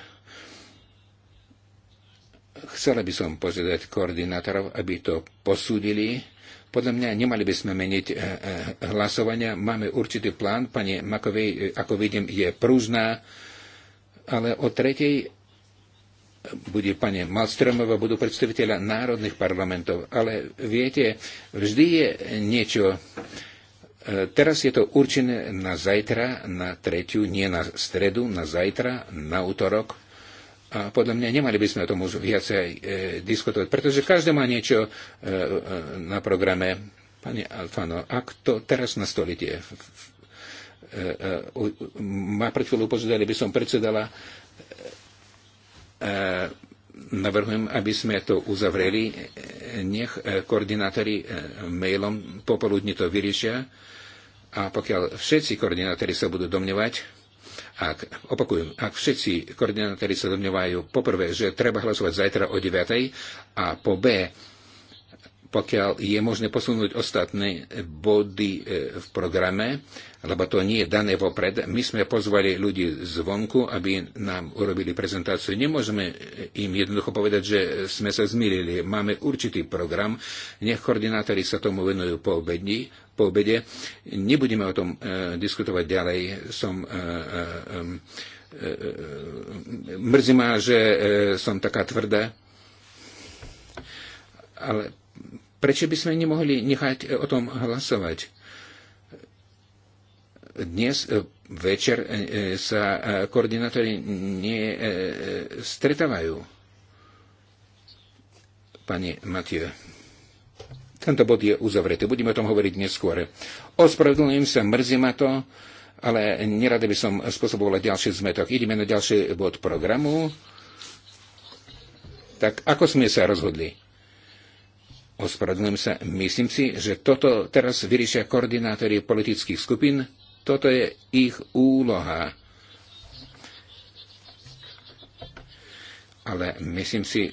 Chcela by som požiadať koordinátorov, aby to posúdili. Podľa mňa nemali by sme meniť e, e, hlasovania. Máme určitý plán. Pani Makovej, e, ako vidím, je prúzná, ale o tretej bude pani Malstromová, budú predstaviteľa národných parlamentov. Ale viete, vždy je niečo. Teraz je to určené na zajtra, na tretiu, nie na stredu, na zajtra, na útorok. A podľa mňa nemali by sme o tom už viacej e, diskutovať, pretože každý má niečo e, e, na programe. Pani Alfano, ak to teraz nastolíte, stolite, e, e ma pred chvíľou požiadali, by som predsedala, e, navrhujem, aby sme to uzavreli, nech e, koordinátori e, mailom popoludne to vyriešia a pokiaľ všetci koordinátori sa budú domnievať, ak, opakujem, ak všetci koordinátori sa domňovajú poprvé, že treba hlasovať zajtra o 9. a po B, pokiaľ je možné posunúť ostatné body e, v programe, lebo to nie je dané vopred. My sme pozvali ľudí zvonku, aby nám urobili prezentáciu. Nemôžeme im jednoducho povedať, že sme sa zmýlili. Máme určitý program, nech koordinátori sa tomu venujú po obedni, po obede. Nebudeme o tom e, diskutovať ďalej. Som e, e, e, e mrzí ma, že e, som taká tvrdá, ale prečo by sme nemohli nechať o tom hlasovať? Dnes e, večer e, e, sa koordinátori nie stretávajú. Pani Matiu. Tento bod je uzavretý. Budeme o tom hovoriť neskôr. Ospravedlňujem sa, mrzí ma to, ale nerada by som spôsobovala ďalší zmetok. Ideme na ďalší bod programu. Tak ako sme sa rozhodli? Ospravedlňujem sa. Myslím si, že toto teraz vyriešia koordinátori politických skupín. Toto je ich úloha. Ale myslím si,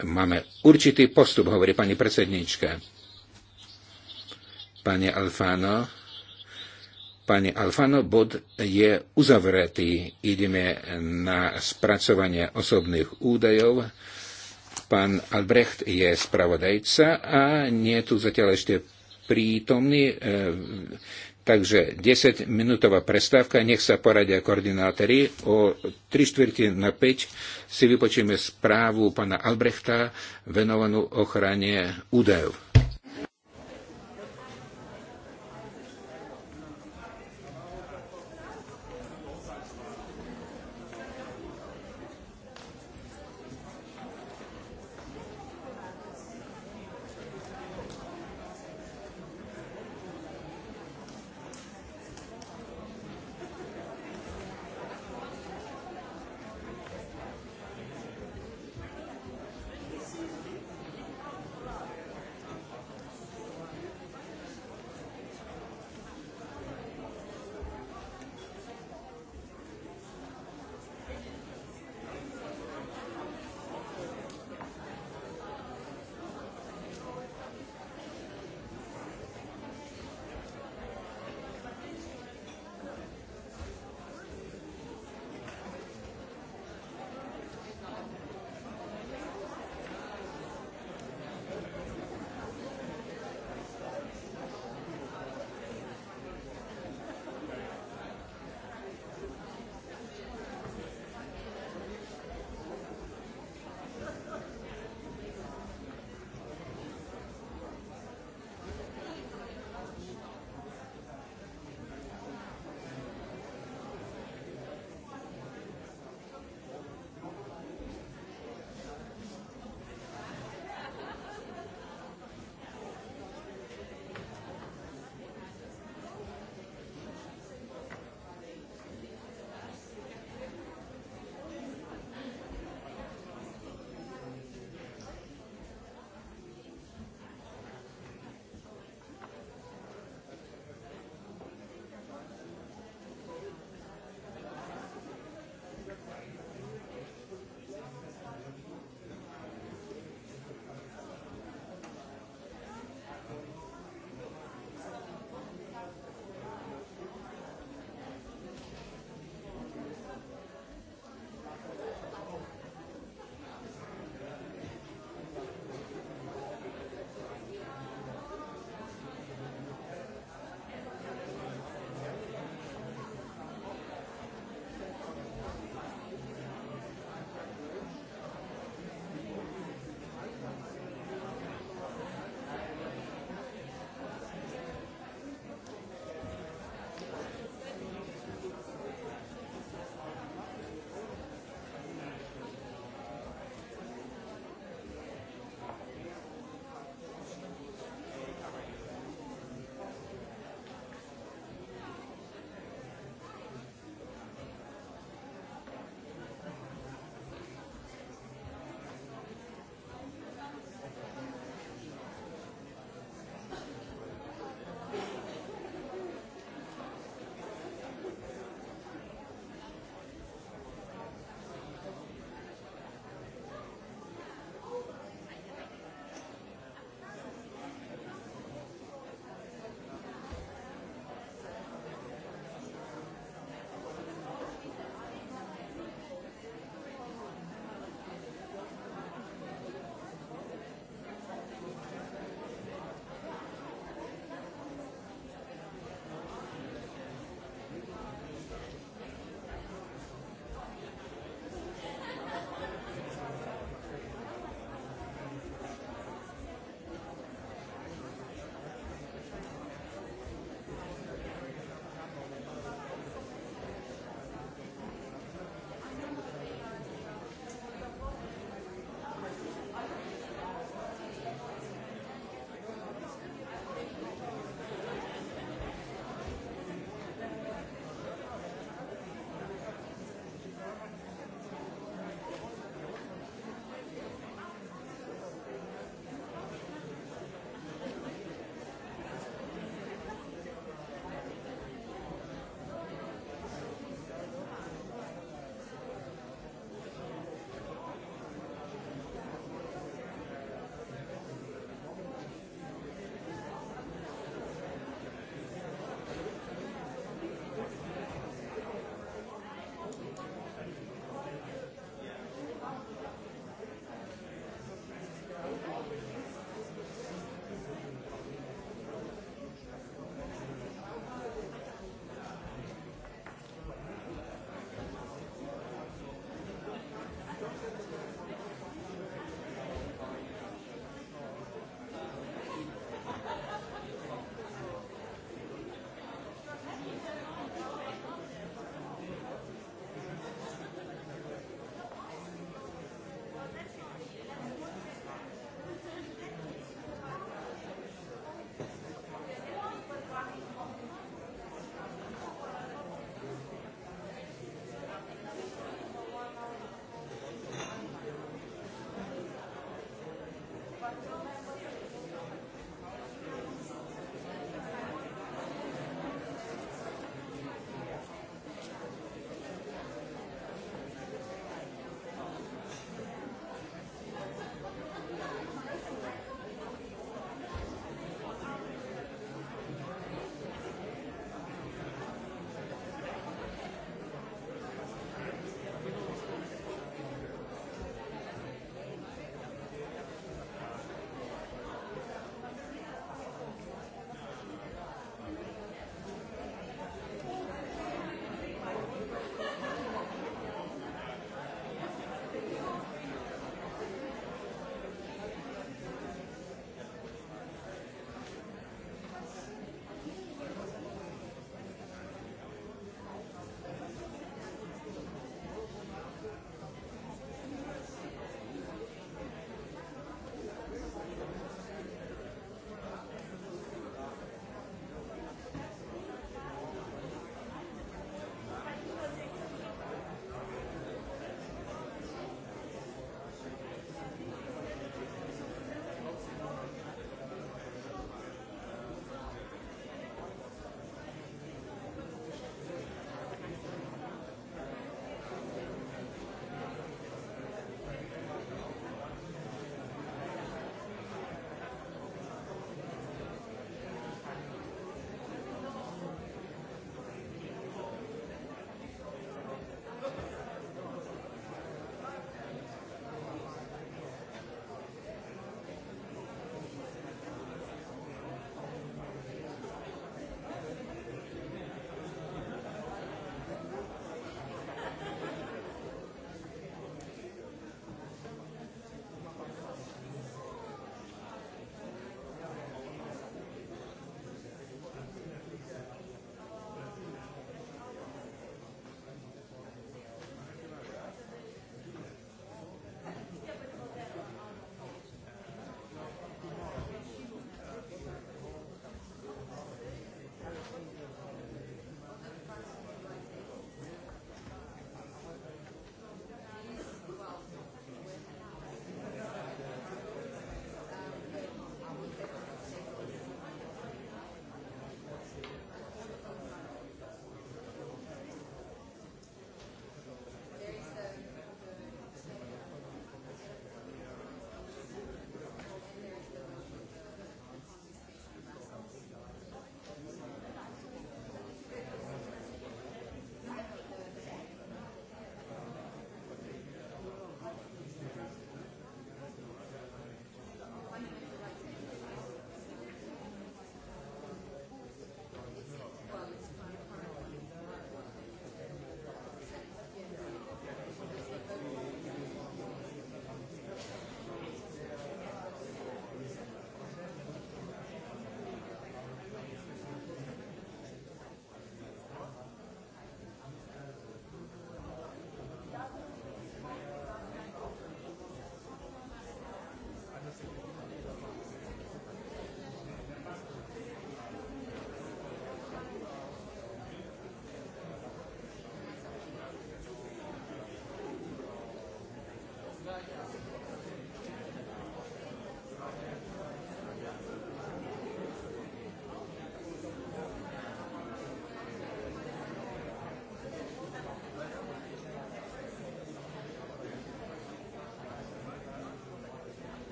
máme určitý postup, hovorí pani predsednička. Pani Alfano, pani Alfano, bod je uzavretý. Ideme na spracovanie osobných údajov. Pán Albrecht je spravodajca a nie je tu zatiaľ ešte prítomný. Takže 10-minútová prestávka, nech sa poradia koordinátori. O 3 čtvrti na 5 si vypočíme správu pana Albrechta venovanú ochrane údajov.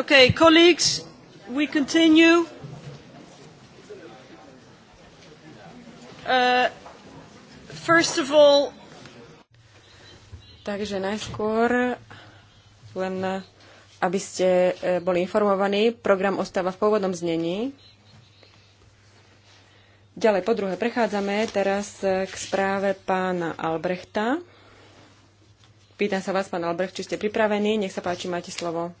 Okay, colleagues, we continue. Uh, first of all... Takže najskôr len aby ste eh, boli informovaní, program ostáva v pôvodnom znení. Ďalej, po druhé, prechádzame teraz eh, k správe pána Albrechta. Pýtam sa vás, pán Albrecht, či ste pripravení. Nech sa páči, máte slovo.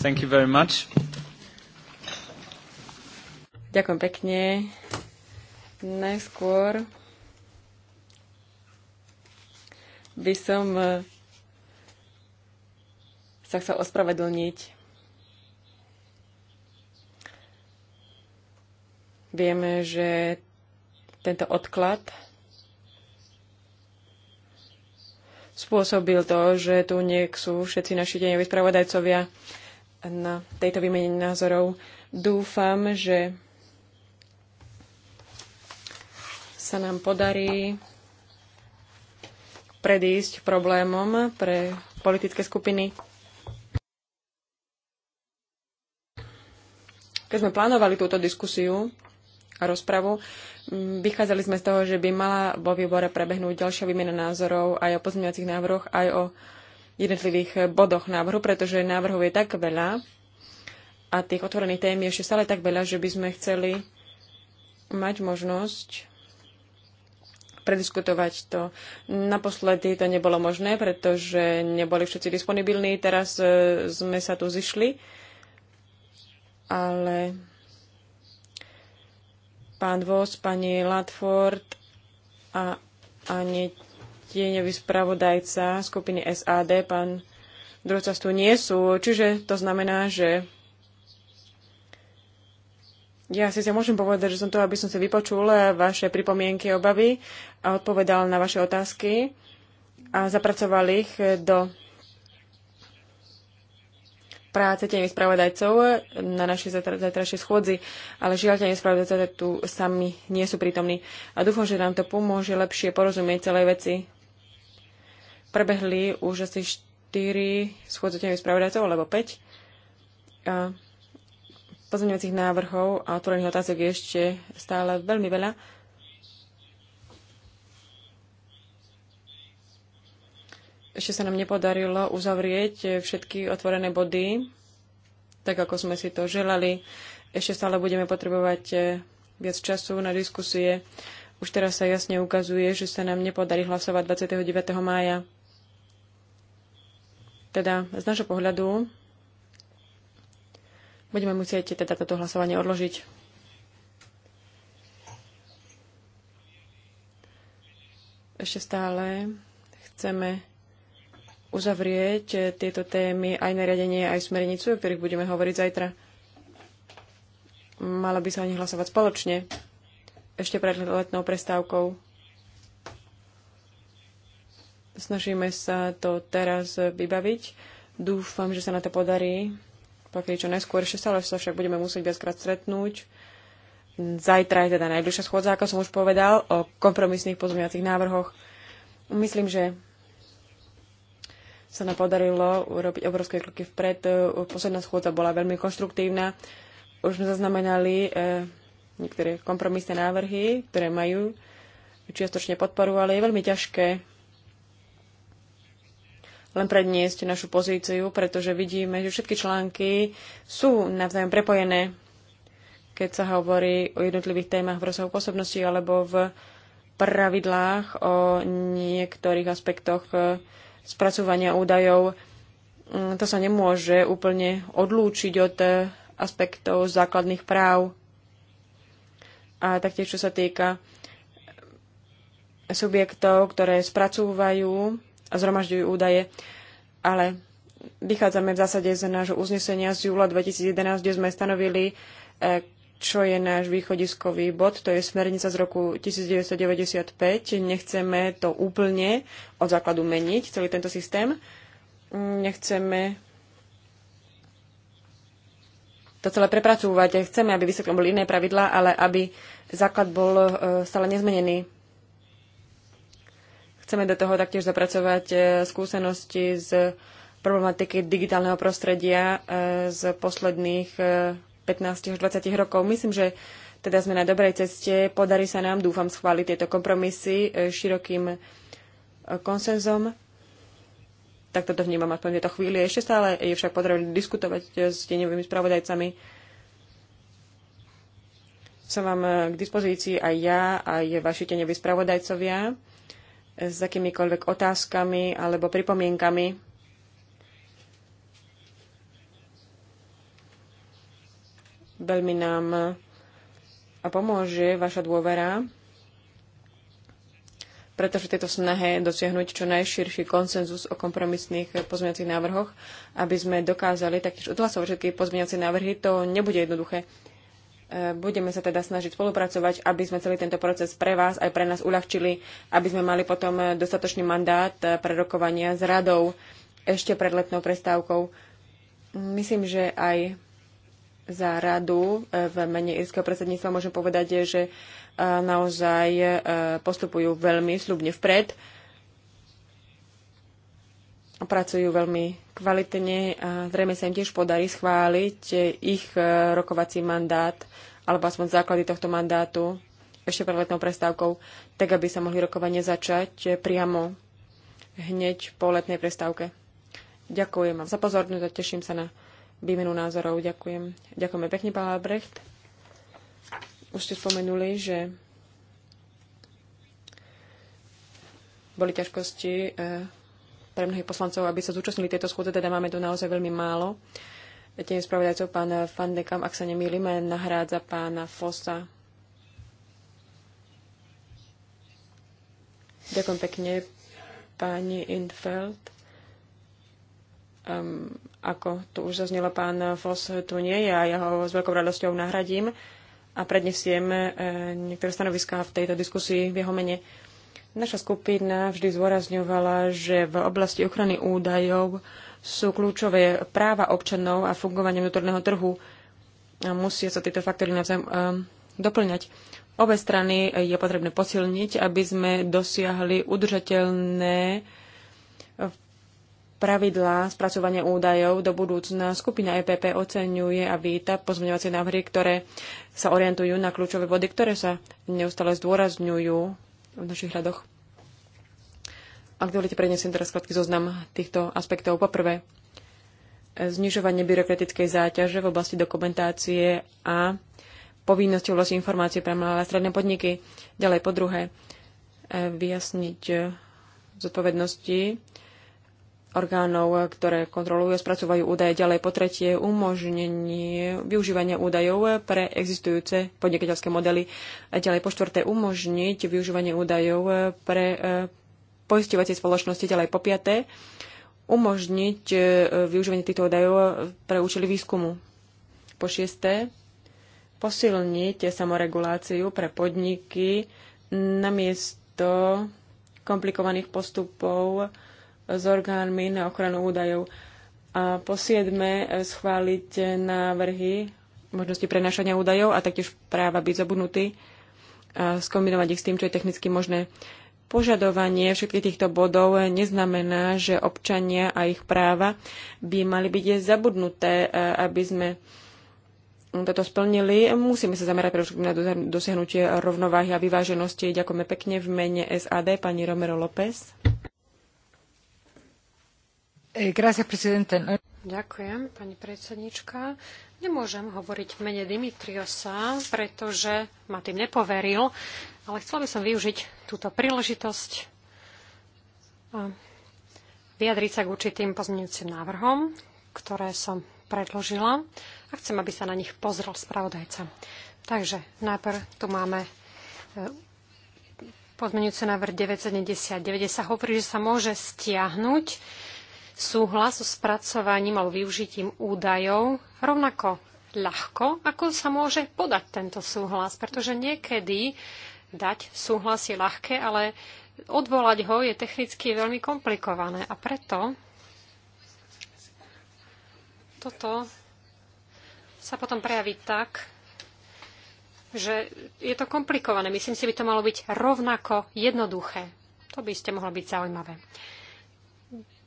Thank you very much. Ďakujem pekne. Najskôr by som eh, sa chcel ospravedlniť. Vieme, že tento odklad spôsobil to, že tu nie sú všetci naši deňoví spravodajcovia na tejto výmene názorov. Dúfam, že sa nám podarí predísť problémom pre politické skupiny. Keď sme plánovali túto diskusiu a rozpravu, vychádzali sme z toho, že by mala vo výbore prebehnúť ďalšia výmena názorov aj o pozmeňovacích návrhoch, aj o jednotlivých eh, bodoch návrhu, pretože návrhov je tak veľa a tých otvorených tém je ešte stále tak veľa, že by sme chceli mať možnosť prediskutovať to. Naposledy to nebolo možné, pretože neboli všetci disponibilní. Teraz eh, sme sa tu zišli, ale pán Vos, pani Latford a ani tieňový spravodajca skupiny SAD, pán Drocas tu nie sú, čiže to znamená, že ja si sa môžem povedať, že som to, aby som si vypočul vaše pripomienky, obavy a odpovedal na vaše otázky a zapracoval ich do práce tieňový spravodajcov na našej zajtrajšej schôdzi, ale žiaľ tieňový spravodajcov tu sami nie sú prítomní. A dúfam, že nám to pomôže lepšie porozumieť celej veci prebehli už asi 4 schôdze spravodajcov, alebo 5 pozmeňovacích návrhov a otvorených otázok je ešte stále veľmi veľa. Ešte sa nám nepodarilo uzavrieť všetky otvorené body, tak ako sme si to želali. Ešte stále budeme potrebovať eh, viac času na diskusie. Už teraz sa jasne ukazuje, že sa nám nepodarí hlasovať 29. mája. Teda z nášho pohľadu budeme musieť teda toto hlasovanie odložiť. Ešte stále chceme uzavrieť tieto témy aj nariadenie, aj smernicu, o ktorých budeme hovoriť zajtra. Mala by sa o nich hlasovať spoločne, ešte pred letnou prestávkou. Snažíme sa to teraz vybaviť. Dúfam, že sa na to podarí. Pokiaľ čo neskôr, ešte stále sa však budeme musieť viackrát stretnúť. Zajtra je teda najbližšia schôdza, ako som už povedal, o kompromisných pozmeňovacích návrhoch. Myslím, že sa nám podarilo urobiť obrovské kroky vpred. Posledná schôdza bola veľmi konštruktívna. Už sme zaznamenali eh, niektoré kompromisné návrhy, ktoré majú čiastočne podporu, ale je veľmi ťažké len predniesť našu pozíciu, pretože vidíme, že všetky články sú navzájom prepojené, keď sa hovorí o jednotlivých témach v rozsahu pôsobnosti alebo v pravidlách o niektorých aspektoch eh, spracovania údajov. Mm, to sa nemôže úplne odlúčiť od eh, aspektov základných práv a taktiež čo sa týka subjektov, ktoré spracúvajú a zhromažďujú údaje, ale vychádzame v zásade z nášho uznesenia z júla 2011, kde sme stanovili, e, čo je náš východiskový bod, to je smernica z roku 1995. Nechceme to úplne od základu meniť, celý tento systém. Nechceme to celé prepracúvať. Chceme, aby vysokom boli iné pravidlá, ale aby základ bol e, stále nezmenený Chceme do toho taktiež zapracovať e, skúsenosti z problematiky digitálneho prostredia e, z posledných 15 e, až 20 rokov. Myslím, že teda sme na dobrej ceste. Podarí sa nám, dúfam, schváliť tieto kompromisy širokým konsenzom. Tak toto vnímam aspoň v tejto chvíli. Ešte stále je však potrebné diskutovať s tieňovými spravodajcami. Som vám k dispozícii aj ja, aj vaši tieňoví spravodajcovia s akýmikoľvek otázkami alebo pripomienkami. Veľmi nám a pomôže vaša dôvera, pretože tieto snahe dosiahnuť čo najširší konsenzus o kompromisných pozmeňacích návrhoch, aby sme dokázali taktiež odhlasovať všetky pozmeňacie návrhy, to nebude jednoduché. Budeme sa teda snažiť spolupracovať, aby sme celý tento proces pre vás aj pre nás uľahčili, aby sme mali potom e, dostatočný mandát e, pre rokovania s radou ešte pred letnou prestávkou. Myslím, že aj za radu e, v mene írskeho predsedníctva môžem povedať, že naozaj postupujú veľmi slubne vpred a pracujú veľmi kvalitne a zrejme sa im tiež podarí schváliť ich e, rokovací mandát alebo aspoň základy tohto mandátu ešte pred letnou prestávkou, tak aby sa mohli rokovanie začať e, priamo hneď po letnej prestávke. Ďakujem vám za pozornosť a teším sa na výmenu názorov. Ďakujem. Ďakujeme pekne, pán Albrecht. Už ste spomenuli, že boli ťažkosti e, pre mnohých poslancov, aby sa zúčastnili tejto schôdze, teda máme tu naozaj veľmi málo. Tým spravodajcov pán Fandekam, ak sa nemýlime, nahrádza pána Fosa. Ďakujem pekne, pani Infeld. Um, ako tu už zaznelo, pán Fos tu nie je a ja ho s veľkou radosťou nahradím a prednesiem eh, niektoré stanoviská v tejto diskusii v jeho mene. Naša skupina vždy zdôrazňovala, že v oblasti ochrany údajov sú kľúčové práva občanov a fungovanie vnútorného trhu. A musia sa tieto faktory navzájom um, doplňať. Obe strany je potrebné posilniť, aby sme dosiahli udržateľné eh, pravidlá spracovania údajov do budúcna. Skupina EPP oceňuje a víta pozmeňovacie návrhy, ktoré sa orientujú na kľúčové body, ktoré sa neustále zdôrazňujú v našich hradoch. Ak dovolíte, prednesiem teraz krátky zoznam týchto aspektov. Poprvé, znižovanie byrokratickej záťaže v oblasti dokumentácie a povinnosti vlastne informácie pre malé a stredné podniky. Ďalej, po druhé, e, vyjasniť e, zodpovednosti orgánov, ktoré kontrolujú a spracovajú údaje ďalej. Po tretie, umožnenie využívania údajov pre existujúce podnikateľské modely. A ďalej po štvrté, umožniť využívanie údajov pre eh, poistovacie spoločnosti. Ďalej po piaté, umožniť eh, využívanie týchto údajov pre účely výskumu. Po šiesté, posilniť samoreguláciu pre podniky namiesto komplikovaných postupov s orgánmi na ochranu údajov. A po siedme eh, schváliť návrhy možnosti prenašania údajov a taktiež práva byť zabudnutý a skombinovať ich s tým, čo je technicky možné. Požadovanie všetkých týchto bodov neznamená, že občania a ich práva by mali byť zabudnuté, eh, aby sme toto splnili. Musíme sa zamerať pre na dosiahnutie rovnováhy a vyváženosti. Ďakujeme pekne v mene SAD pani Romero López. Eh, Ďakujem, pani predsednička. Nemôžem hovoriť v mene Dimitriosa, pretože ma tým nepoveril, ale chcela by som využiť túto príležitosť a vyjadriť sa k určitým pozmeňujúcim návrhom, ktoré som predložila a chcem, aby sa na nich pozrel spravodajca. Takže najprv tu máme eh, pozmeňujúci návrh 979, kde sa hovorí, že sa môže stiahnuť súhlas s spracovaním alebo využitím údajov rovnako ľahko, ako sa môže podať tento súhlas, pretože niekedy dať súhlas je ľahké, ale odvolať ho je technicky veľmi komplikované a preto toto sa potom prejaví tak, že je to komplikované. Myslím si, by to malo byť rovnako jednoduché. To by ste mohlo byť zaujímavé.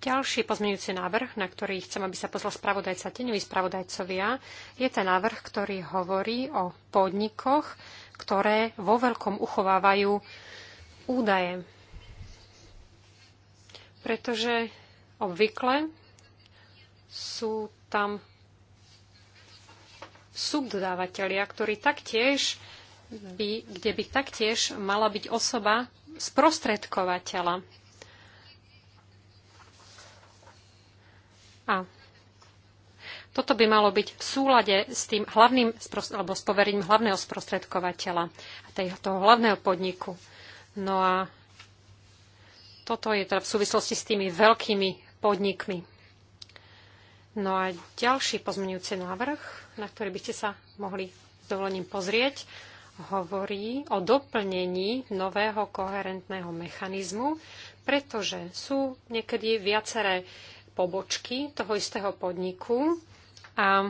Ďalší pozmeňujúci návrh, na ktorý chcem, aby sa pozval spravodajca Teňový spravodajcovia, je ten návrh, ktorý hovorí o podnikoch, ktoré vo veľkom uchovávajú údaje. Pretože obvykle sú tam subdodávateľia, ktorí taktiež by, kde by taktiež mala byť osoba sprostredkovateľa A toto by malo byť v súlade s tým hlavným, alebo s poverením hlavného sprostredkovateľa a toho hlavného podniku. No a toto je teda v súvislosti s tými veľkými podnikmi. No a ďalší pozmenujúci návrh, na ktorý by ste sa mohli s dovolením pozrieť, hovorí o doplnení nového koherentného mechanizmu, pretože sú niekedy viaceré pobočky toho istého podniku a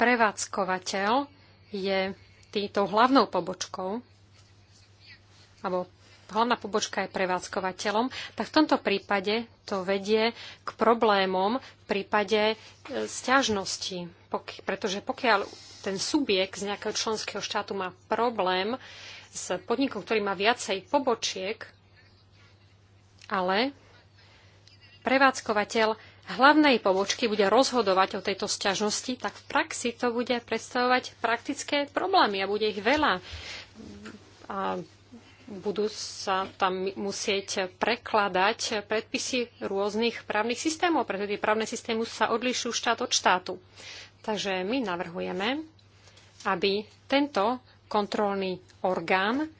prevádzkovateľ je tou hlavnou pobočkou, alebo hlavná pobočka je prevádzkovateľom, tak v tomto prípade to vedie k problémom v prípade e, sťažnosti. pretože pokiaľ ten subjekt z nejakého členského štátu má problém s podnikom, ktorý má viacej pobočiek, ale prevádzkovateľ hlavnej pobočky bude rozhodovať o tejto sťažnosti, tak v praxi to bude predstavovať praktické problémy a bude ich veľa. A budú sa tam musieť prekladať predpisy rôznych právnych systémov, pretože tie právne systémy sa odlišujú štát od štátu. Takže my navrhujeme, aby tento kontrolný orgán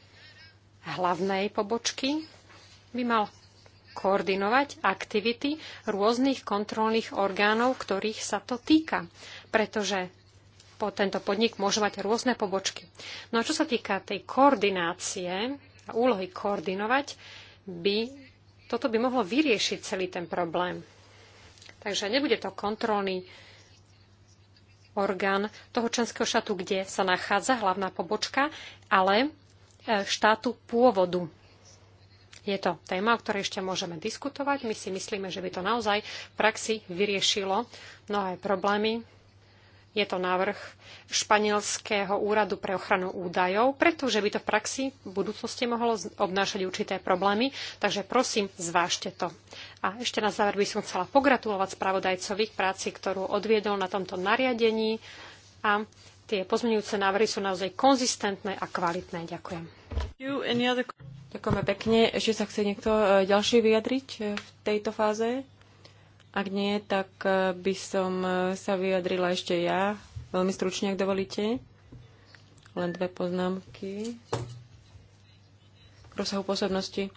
hlavnej pobočky by mal koordinovať aktivity rôznych kontrolných orgánov, ktorých sa to týka, pretože po tento podnik môže mať rôzne pobočky. No a čo sa týka tej koordinácie a úlohy koordinovať, by, toto by mohlo vyriešiť celý ten problém. Takže nebude to kontrolný orgán toho členského štátu, kde sa nachádza hlavná pobočka, ale e, štátu pôvodu je to téma, o ktorej ešte môžeme diskutovať. My si myslíme, že by to naozaj v praxi vyriešilo mnohé problémy. Je to návrh Španielského úradu pre ochranu údajov, pretože by to v praxi v budúcnosti mohlo obnášať určité problémy, takže prosím, zvážte to. A ešte na záver by som chcela pogratulovať spravodajcovi k práci, ktorú odviedol na tomto nariadení a tie pozmeňujúce návrhy sú naozaj konzistentné a kvalitné. Ďakujem. Ďakujeme pekne. Ešte sa chce niekto e, ďalší vyjadriť e, v tejto fáze? Ak nie, tak e, by som sa vyjadrila ešte ja. Veľmi stručne, ak dovolíte. Len dve poznámky. K rozsahu pôsobnosti.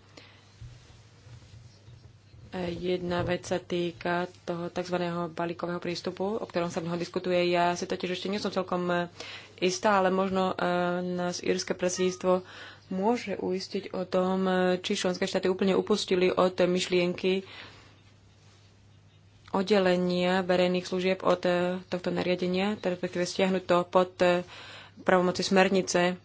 Jedna vec sa týka toho tzv. balíkového prístupu, o ktorom sa mnoho diskutuje. Ja si totiž ešte nie som celkom istá, ale možno nás írske predsedníctvo môže uistiť o tom, e, či členské štáty úplne upustili od myšlienky oddelenia verejných služieb od e, tohto nariadenia, teda respektíve stiahnuť to pod e, pravomoci smernice,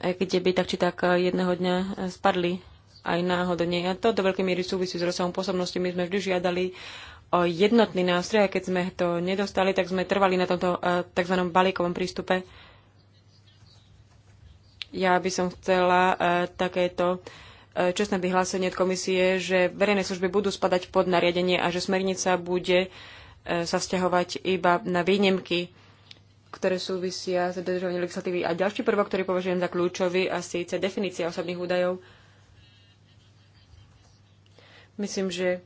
kde by tak či tak jedného dňa spadli aj náhodne. A to do veľkej miery súvisí s rozsahom pôsobnosti. My sme vždy žiadali o jednotný nástroj a keď sme to nedostali, tak sme trvali na tomto tzv. balíkovom prístupe ja by som chcela e, takéto e, čestné vyhlásenie od komisie, že verejné služby budú spadať pod nariadenie a že smernica bude e, sa vzťahovať iba na výnimky ktoré súvisia s dodržovaním legislatívy. A ďalší prvok, ktorý považujem za kľúčový, a síce definícia osobných údajov. Myslím, že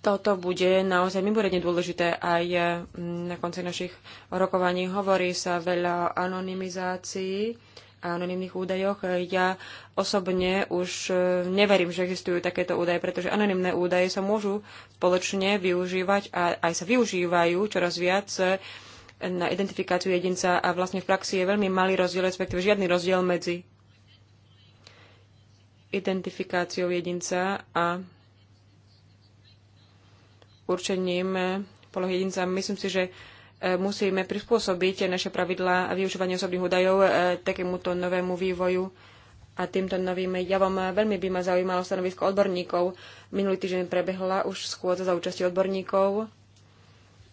toto bude naozaj mimoriadne dôležité aj eh, na konci našich rokovaní. Hovorí sa veľa o anonymizácii a anonimných údajoch. Ja osobne už eh, neverím, že existujú takéto údaje, pretože anonimné údaje sa môžu spoločne využívať a aj sa využívajú čoraz viac eh, na identifikáciu jedinca a vlastne v praxi je veľmi malý rozdiel, respektíve žiadny rozdiel medzi identifikáciou jedinca a určením e, polohy jedinca. Myslím si, že e, musíme prispôsobiť naše pravidlá a využívanie osobných údajov e, takémuto novému vývoju a týmto novým javom. Veľmi by ma zaujímalo stanovisko odborníkov. Minulý týždeň prebehla už skôr za účasti odborníkov.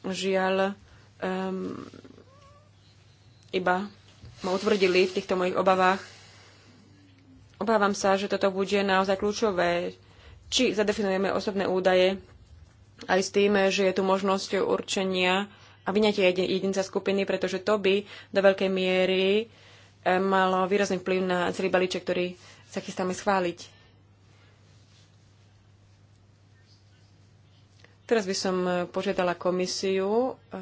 Žiaľ, um, iba ma utvrdili v týchto mojich obavách. Obávam sa, že toto bude naozaj kľúčové. Či zadefinujeme osobné údaje aj s tým, že je tu možnosť určenia a vyňatia jedinca skupiny, pretože to by do veľkej miery eh, malo výrazný vplyv na celý balíček, ktorý sa chystáme schváliť. Teraz by som eh, požiadala komisiu, eh,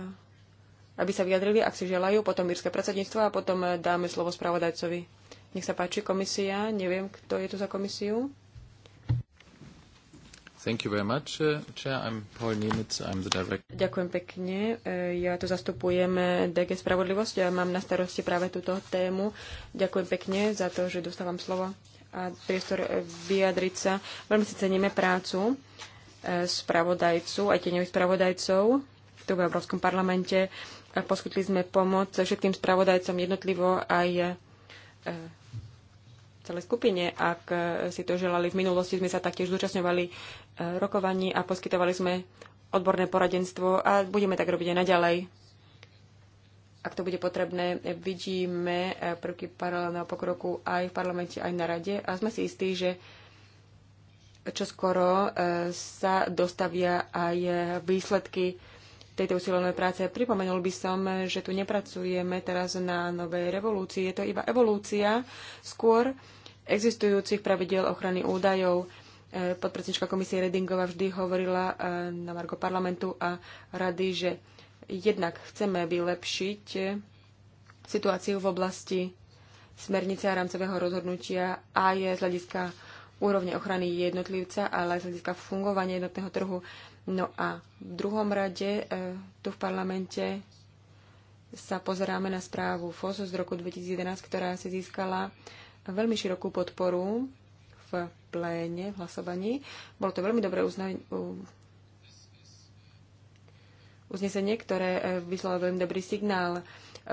aby sa vyjadrili, ak si želajú, potom írske predsedníctvo a potom dáme slovo spravodajcovi. Nech sa páči komisia, neviem, kto je tu za komisiu. Much, uh, Chair, Ďakujem pekne. E, ja tu zastupujem e, DG Spravodlivosť a mám na starosti práve túto tému. Ďakujem pekne za to, že dostávam slovo a priestor e, vyjadriť sa. Veľmi si ceníme prácu spravodajcu, aj tieňových spravodajcov tu v Európskom parlamente. Poskytli sme pomoc všetkým spravodajcom jednotlivo aj celej skupine. Ak si to želali v minulosti, sme sa taktiež zúčastňovali rokovaní a poskytovali sme odborné poradenstvo a budeme tak robiť aj naďalej. Ak to bude potrebné, vidíme eh, prvky paralelného pokroku aj v parlamente, aj na rade a sme si istí, že skoro eh, sa dostavia aj eh, výsledky tejto usilovnej práce. Pripomenul by som, že tu nepracujeme teraz na novej revolúcii. Je to iba evolúcia skôr existujúcich pravidel ochrany údajov. Podpredsednička komisie Redingova vždy hovorila eh, na Margo parlamentu a rady, že jednak chceme vylepšiť eh, situáciu v oblasti smernice a rámcového rozhodnutia a je z hľadiska úrovne ochrany jednotlivca, ale aj z hľadiska fungovania jednotného trhu. No a v druhom rade eh, tu v parlamente sa pozeráme na správu FOSO z roku 2011, ktorá si získala veľmi širokú podporu v pléne, v hlasovaní. Bolo to veľmi dobré uzna- uznesenie, ktoré e, vyslalo veľmi dobrý signál.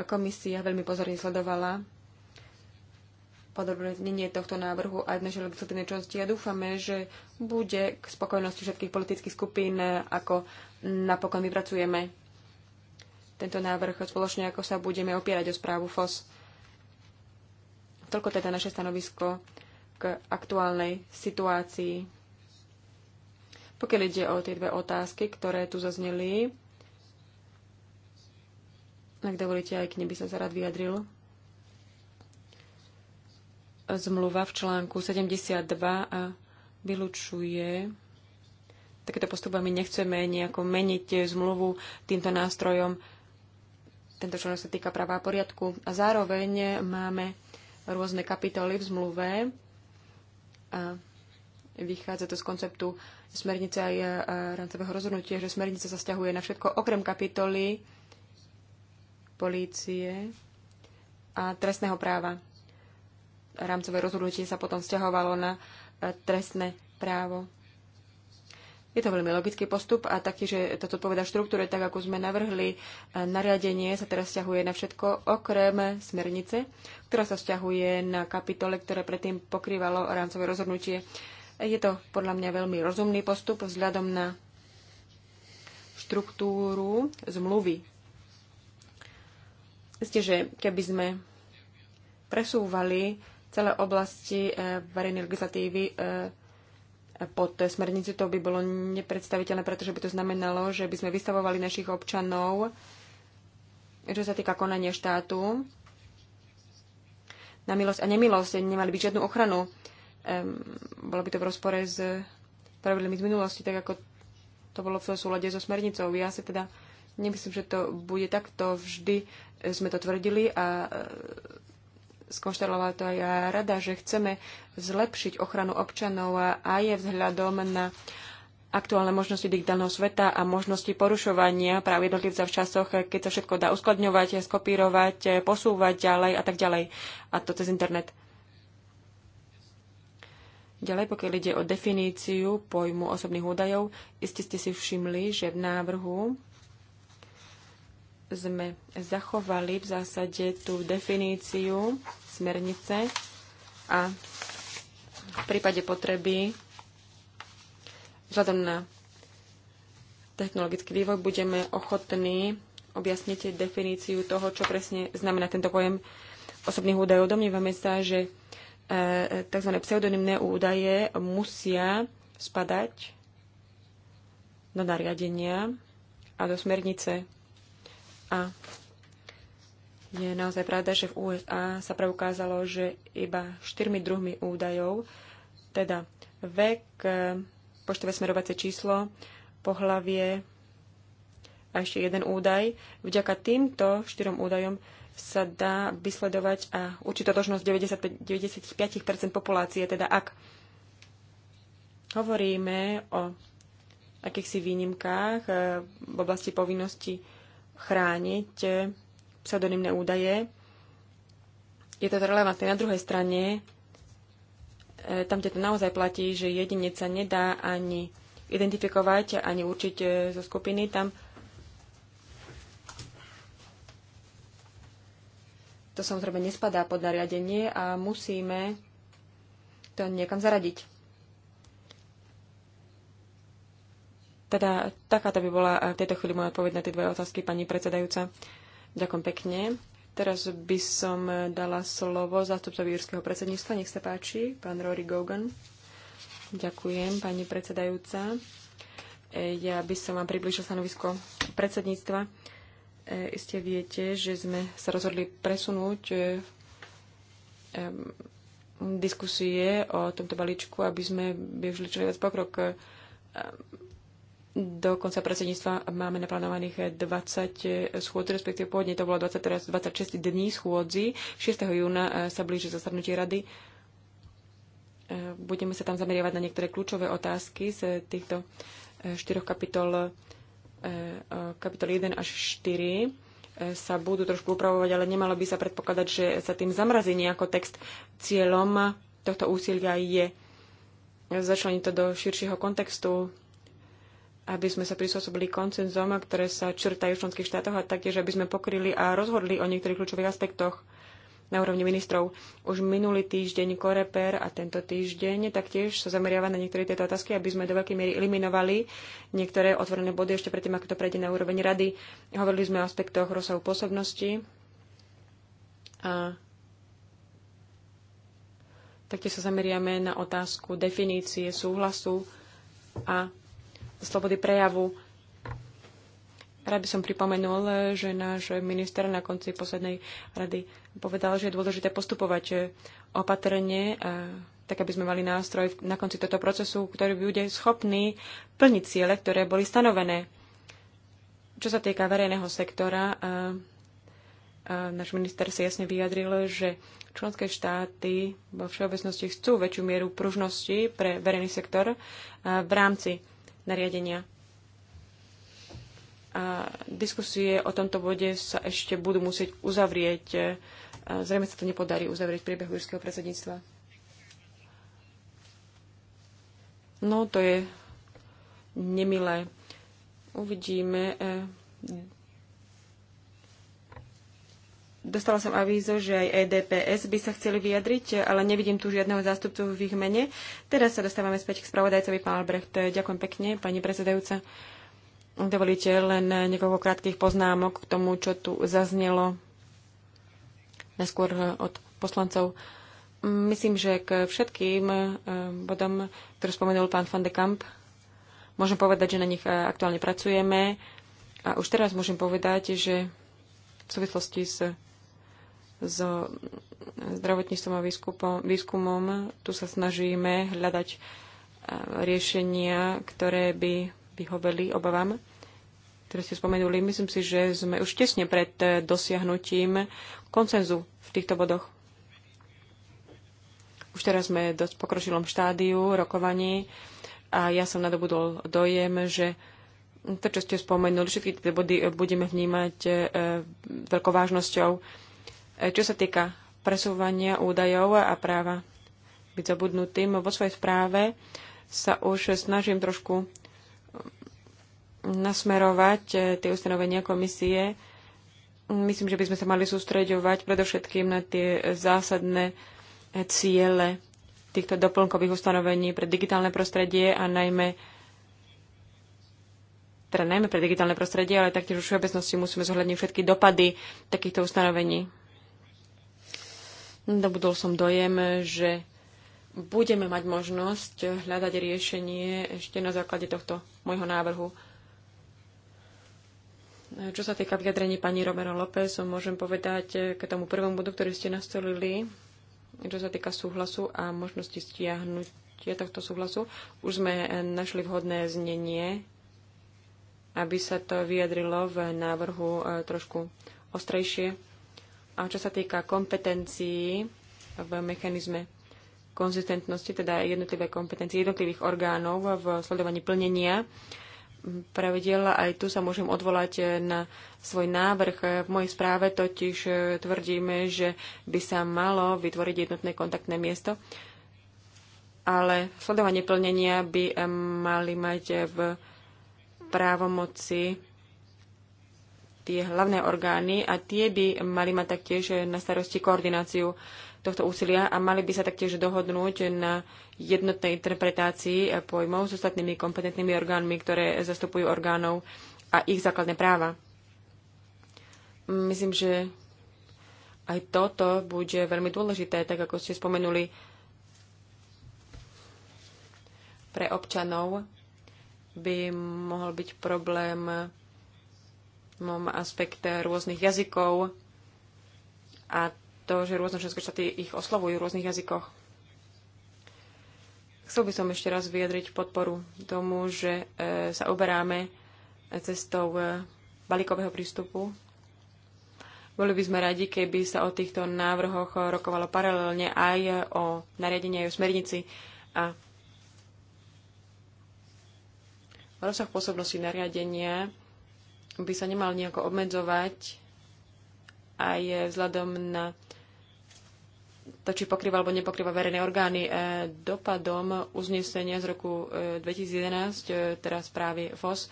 Komisia veľmi pozorne sledovala podrobné tohto návrhu aj v našej legislatívnej časti a dúfame, že bude k spokojnosti všetkých politických skupín, e, ako napokon vypracujeme tento návrh spoločne, ako sa budeme opierať o správu FOS. Toľko teda naše stanovisko k aktuálnej situácii. Pokiaľ ide o tie dve otázky, ktoré tu zazneli, ak dovolíte, aj k nej by som sa rád vyjadril. Zmluva v článku 72 a vylučuje takéto postupami nechceme nejako meniť zmluvu týmto nástrojom. Tento článok sa týka práva a poriadku. A zároveň máme rôzne kapitoly v zmluve, a vychádza to z konceptu smernice aj e, rámcového rozhodnutia, že smernica sa stiahuje na všetko okrem kapitoly polície a trestného práva. Rámcové rozhodnutie sa potom vzťahovalo na e, trestné právo. Je to veľmi logický postup a taký, že toto odpoveda štruktúre, tak ako sme navrhli, e, nariadenie sa teraz vzťahuje na všetko okrem smernice, ktorá sa vzťahuje na kapitole, ktoré predtým pokrývalo rámcové rozhodnutie. Je to podľa mňa veľmi rozumný postup vzhľadom na štruktúru zmluvy. Ste, že keby sme presúvali celé oblasti eh, verejnej legislatívy eh, pod smernicu, to by bolo nepredstaviteľné, pretože by to znamenalo, že by sme vystavovali našich občanov, čo sa týka konania štátu, na milosť a nemilosť, nemali byť žiadnu ochranu. Um, bolo by to v rozpore s pravidlami z minulosti, tak ako to bolo v súlade so smernicou. Ja si teda nemyslím, že to bude takto. Vždy sme to tvrdili a e, skonštalovala to aj rada, že chceme zlepšiť ochranu občanov a aj vzhľadom na uh, aktuálne možnosti digitálneho sveta a možnosti porušovania práv jednotlivca v časoch, keď sa všetko dá uskladňovať, skopírovať, posúvať ďalej a tak ďalej. A to cez internet. Ďalej, pokiaľ ide o definíciu pojmu osobných údajov, iste ste si všimli, že v návrhu sme zachovali v zásade tú definíciu smernice a v prípade potreby Vzhľadom na technologický vývoj budeme ochotní objasniť definíciu toho, čo presne znamená tento pojem osobných údajov. Domnívame sa, že e, tzv. pseudonymné údaje musia spadať do nariadenia a do smernice. A je naozaj pravda, že v USA sa preukázalo, že iba štyrmi druhmi údajov, teda vek, poštové smerovacie číslo, pohlavie a ešte jeden údaj. Vďaka týmto štyrom údajom sa dá vysledovať a určitá 95, 95% populácie. Teda ak hovoríme o akýchsi výnimkách e, v oblasti povinnosti chrániť e, pseudonymné údaje, je to relevantné. Na druhej strane E, tam, kde to naozaj platí, že jedinec sa nedá ani identifikovať, ani určiť e, zo skupiny, tam to samozrejme nespadá pod nariadenie a musíme to niekam zaradiť. Teda takáto by bola e, v tejto chvíli moja odpoveď na tie dve otázky, pani predsedajúca. Ďakujem pekne. Teraz by som dala slovo zástupcovi írskeho predsedníctva. Nech sa páči, pán Rory Gogan. Ďakujem, pani predsedajúca. E, ja by som vám približil stanovisko predsedníctva. E, iste viete, že sme sa rozhodli presunúť e, diskusie o tomto balíčku, aby sme využili čo najviac pokrok. Do konca predsedníctva máme naplánovaných 20 schôd, respektíve pôvodne to bolo 20, teraz 26 dní schôdzi. 6. júna eh, sa blíži zasadnutie rady. Eh, budeme sa tam zameriavať na niektoré kľúčové otázky z týchto eh, štyroch kapitol, kapitol 1 až 4 sa budú trošku upravovať, ale nemalo by sa predpokladať, že sa tým zamrazí nejako text. Cieľom tohto úsilia je začleniť to do širšieho kontextu aby sme sa prispôsobili koncenzom, ktoré sa črtajú v členských štátoch a taktiež, aby sme pokryli a rozhodli o niektorých kľúčových aspektoch na úrovni ministrov. Už minulý týždeň Koreper a tento týždeň taktiež sa zameriava na niektoré tieto otázky, aby sme do veľkej miery eliminovali niektoré otvorené body ešte predtým, ako to prejde na úroveň rady. Hovorili sme o aspektoch rozsahu pôsobnosti a taktiež sa zameriame na otázku definície súhlasu a slobody prejavu. Rád by som pripomenul, že náš minister na konci poslednej rady povedal, že je dôležité postupovať eh, opatrne, eh, tak aby sme mali nástroj na konci tohto procesu, ktorý bude schopný plniť ciele, ktoré boli stanovené. Čo sa týka verejného sektora, eh, náš minister si jasne vyjadril, že členské štáty vo všeobecnosti chcú väčšiu mieru pružnosti pre verejný sektor v rámci nariadenia. A diskusie o tomto bode sa ešte budú musieť uzavrieť. E, zrejme sa to nepodarí uzavrieť v priebehu Jurského predsedníctva. No, to je nemilé. Uvidíme. E, Dostala som avízo, že aj EDPS by sa chceli vyjadriť, ale nevidím tu žiadneho zástupcu v ich mene. Teraz sa dostávame späť k spravodajcovi, pán Albrecht. Ďakujem pekne, pani prezidajúca. Dovolíte len niekoľko krátkých poznámok k tomu, čo tu zaznelo neskôr od poslancov. Myslím, že k všetkým eh, bodom, ktoré spomenul pán Van de Kamp, môžem povedať, že na nich eh, aktuálne pracujeme. A už teraz môžem povedať, že v súvislosti s so zdravotníctvom a výskumom, Tu sa snažíme hľadať e, riešenia, ktoré by vyhoveli obavám, ktoré ste spomenuli. Myslím si, že sme už tesne pred e, dosiahnutím koncenzu v týchto bodoch. Už teraz sme dosť pokročilom štádiu rokovaní a ja som nadobudol dojem, že to, čo ste spomenuli, všetky tie body e, budeme vnímať veľkou vážnosťou. E, čo sa týka presúvania údajov a práva byť zabudnutým, vo svojej správe sa už snažím trošku mm, nasmerovať e, tie ustanovenia komisie. Myslím, že by sme sa mali sústreďovať predovšetkým na tie zásadné e, ciele týchto doplnkových ustanovení pre digitálne prostredie a najmä teda najmä pre digitálne prostredie, ale taktiež v všeobecnosti musíme zohľadniť všetky dopady takýchto ustanovení. Dobudol som dojem, že budeme mať možnosť hľadať riešenie ešte na základe tohto môjho návrhu. Čo sa týka vyjadrení pani Romero López, môžem povedať k tomu prvom bodu, ktorý ste nastolili, čo sa týka súhlasu a možnosti stiahnutia tohto súhlasu. Už sme našli vhodné znenie, aby sa to vyjadrilo v návrhu eh, trošku ostrejšie. A čo sa týka kompetencií v mechanizme konzistentnosti, teda jednotlivé kompetencie jednotlivých orgánov v sledovaní plnenia pravidel, aj tu sa môžem odvolať na svoj návrh. V mojej správe totiž tvrdíme, že by sa malo vytvoriť jednotné kontaktné miesto, ale sledovanie plnenia by mali mať v právomoci tie hlavné orgány a tie by mali mať taktiež na starosti koordináciu tohto úsilia a mali by sa taktiež dohodnúť na jednotnej interpretácii pojmov s ostatnými kompetentnými orgánmi, ktoré zastupujú orgánov a ich základné práva. Myslím, že aj toto bude veľmi dôležité, tak ako ste spomenuli, pre občanov by mohol byť problém mám aspekt rôznych jazykov a to, že rôzne členské štáty ich oslovujú v rôznych jazykoch. Chcel by som ešte raz vyjadriť podporu tomu, že e, sa oberáme cestou e, balíkového prístupu. Boli by sme radi, keby sa o týchto návrhoch rokovalo paralelne aj o nariadení, aj o smernici. A rozsah pôsobnosti nariadenia by sa nemal nejako obmedzovať aj vzhľadom na to, či pokrýva alebo nepokrýva verejné orgány. E, dopadom uznesenia z roku 2011, e, e, teraz správy FOS,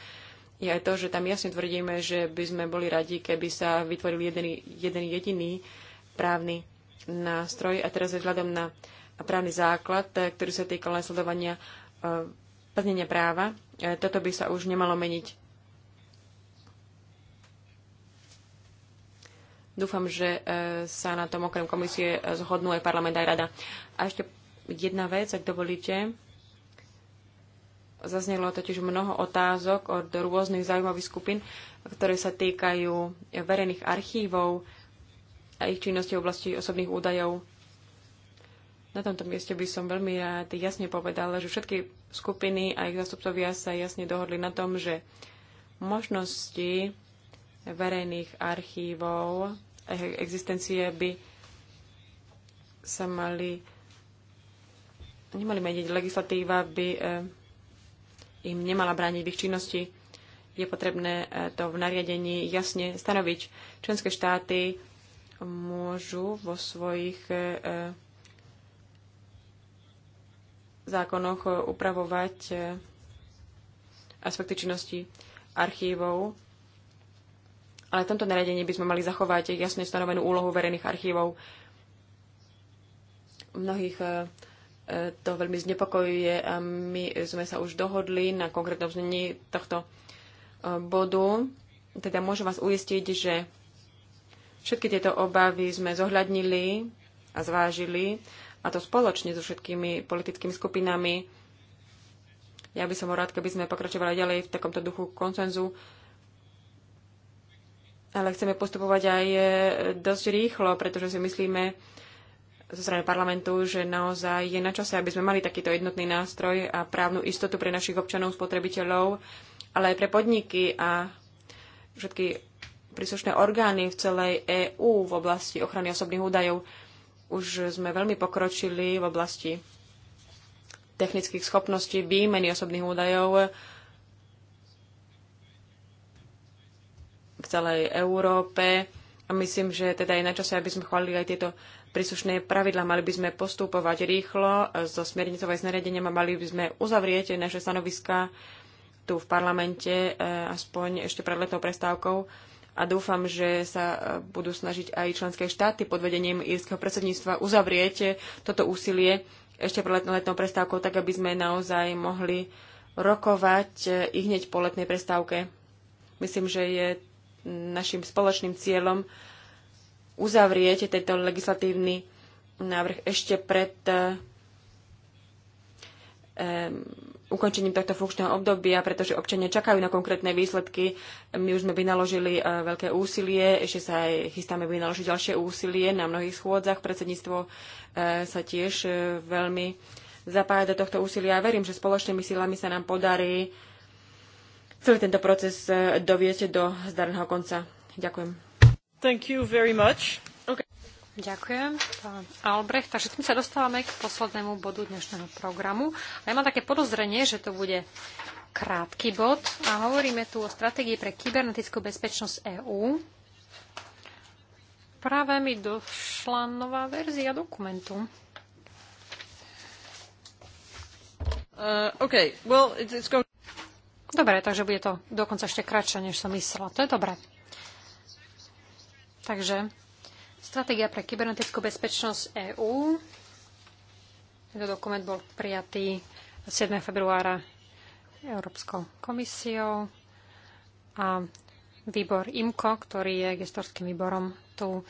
je aj to, že tam jasne tvrdíme, že by sme boli radi, keby sa vytvoril jeden, jeden jediný právny nástroj. A teraz je vzhľadom na právny základ, ktorý sa týkal nasledovania plnenia práva, toto by sa už nemalo meniť. Dúfam, že e, sa na tom okrem komisie e, zhodnú aj parlament, aj rada. A ešte jedna vec, ak dovolíte. Zaznelo totiž mnoho otázok od rôznych zaujímavých skupín, ktoré sa týkajú verejných archívov a ich činnosti v oblasti osobných údajov. Na tomto mieste by som veľmi rád jasne povedala, že všetky skupiny a ich zastupcovia sa jasne dohodli na tom, že možnosti verejných archívov E, existencie by sa mali nemali meniť. Legislatíva by e, im nemala brániť v ich činnosti. Je potrebné e, to v nariadení jasne stanoviť. Členské štáty môžu vo svojich zákonoch upravovať aspekty činnosti archívov ale v tomto nariadení by sme mali zachovať jasne stanovenú úlohu verejných archívov. Mnohých e, e, to veľmi znepokojuje a my sme sa už dohodli na konkrétnom znení tohto e, bodu. Teda môžem vás uistiť, že všetky tieto obavy sme zohľadnili a zvážili a to spoločne so všetkými politickými skupinami. Ja by som rád, keby sme pokračovali ďalej v takomto duchu koncenzu ale chceme postupovať aj e, dosť rýchlo, pretože si myslíme zo strany parlamentu, že naozaj je na čase, aby sme mali takýto jednotný nástroj a právnu istotu pre našich občanov, spotrebiteľov, ale aj pre podniky a všetky príslušné orgány v celej EÚ v oblasti ochrany osobných údajov. Už sme veľmi pokročili v oblasti technických schopností výmeny osobných údajov celej Európe. A myslím, že teda je na čase, aby sme chválili aj tieto príslušné pravidla. Mali by sme postupovať rýchlo so e, smernicovým aj a mali by sme uzavrieť naše stanoviska tu v parlamente, e, aspoň ešte pred letnou prestávkou. A dúfam, že sa e, budú snažiť aj členské štáty pod vedením írskeho predsedníctva uzavrieť toto úsilie ešte pred letnou prestávkou, tak aby sme naozaj mohli rokovať i hneď po letnej prestávke. Myslím, že je našim spoločným cieľom uzavrieť tento legislatívny návrh ešte pred e, ukončením tohto funkčného obdobia, pretože občania čakajú na konkrétne výsledky. My už sme vynaložili e, veľké úsilie, ešte sa aj chystáme vynaložiť ďalšie úsilie na mnohých schôdzach. Predsedníctvo e, sa tiež veľmi zapája do tohto úsilia a verím, že spoločnými silami sa nám podarí celý tento proces e, doviete do zdarného konca. Ďakujem. Thank you very much. Okay. Ďakujem, pán Albrecht. Takže tým sa dostávame k poslednému bodu dnešného programu. A ja mám také podozrenie, že to bude krátky bod a hovoríme tu o stratégii pre kybernetickú bezpečnosť EÚ. Práve mi došla nová verzia dokumentu. Uh, okay. well, it's, it's going... Dobre, takže bude to dokonca ešte kratšie, než som myslela. To je dobré. Takže stratégia pre kybernetickú bezpečnosť EÚ. Tento dokument bol prijatý 7. februára Európskou komisiou a výbor IMCO, ktorý je gestorským výborom, tu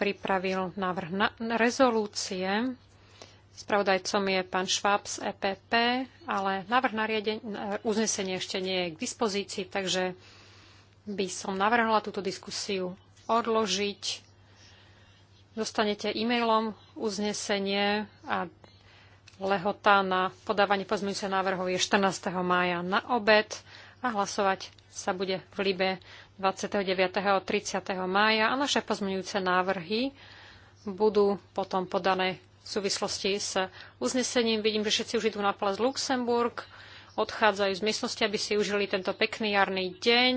pripravil návrh na rezolúcie Spravodajcom je pán Šváb z EPP, ale návrh na uznesenie ešte nie je k dispozícii, takže by som navrhla túto diskusiu odložiť. Dostanete e-mailom uznesenie a lehota na podávanie pozmeňujúceho návrhov je 14. mája na obed a hlasovať sa bude v Libe 29. a 30. mája a naše pozmeňujúce návrhy budú potom podané v súvislosti s uznesením. Vidím, že všetci už idú na plac Luxemburg, odchádzajú z miestnosti, aby si užili tento pekný jarný deň.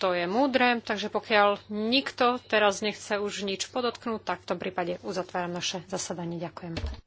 To je múdre, takže pokiaľ nikto teraz nechce už nič podotknúť, tak v tom prípade uzatváram naše zasadanie. Ďakujem.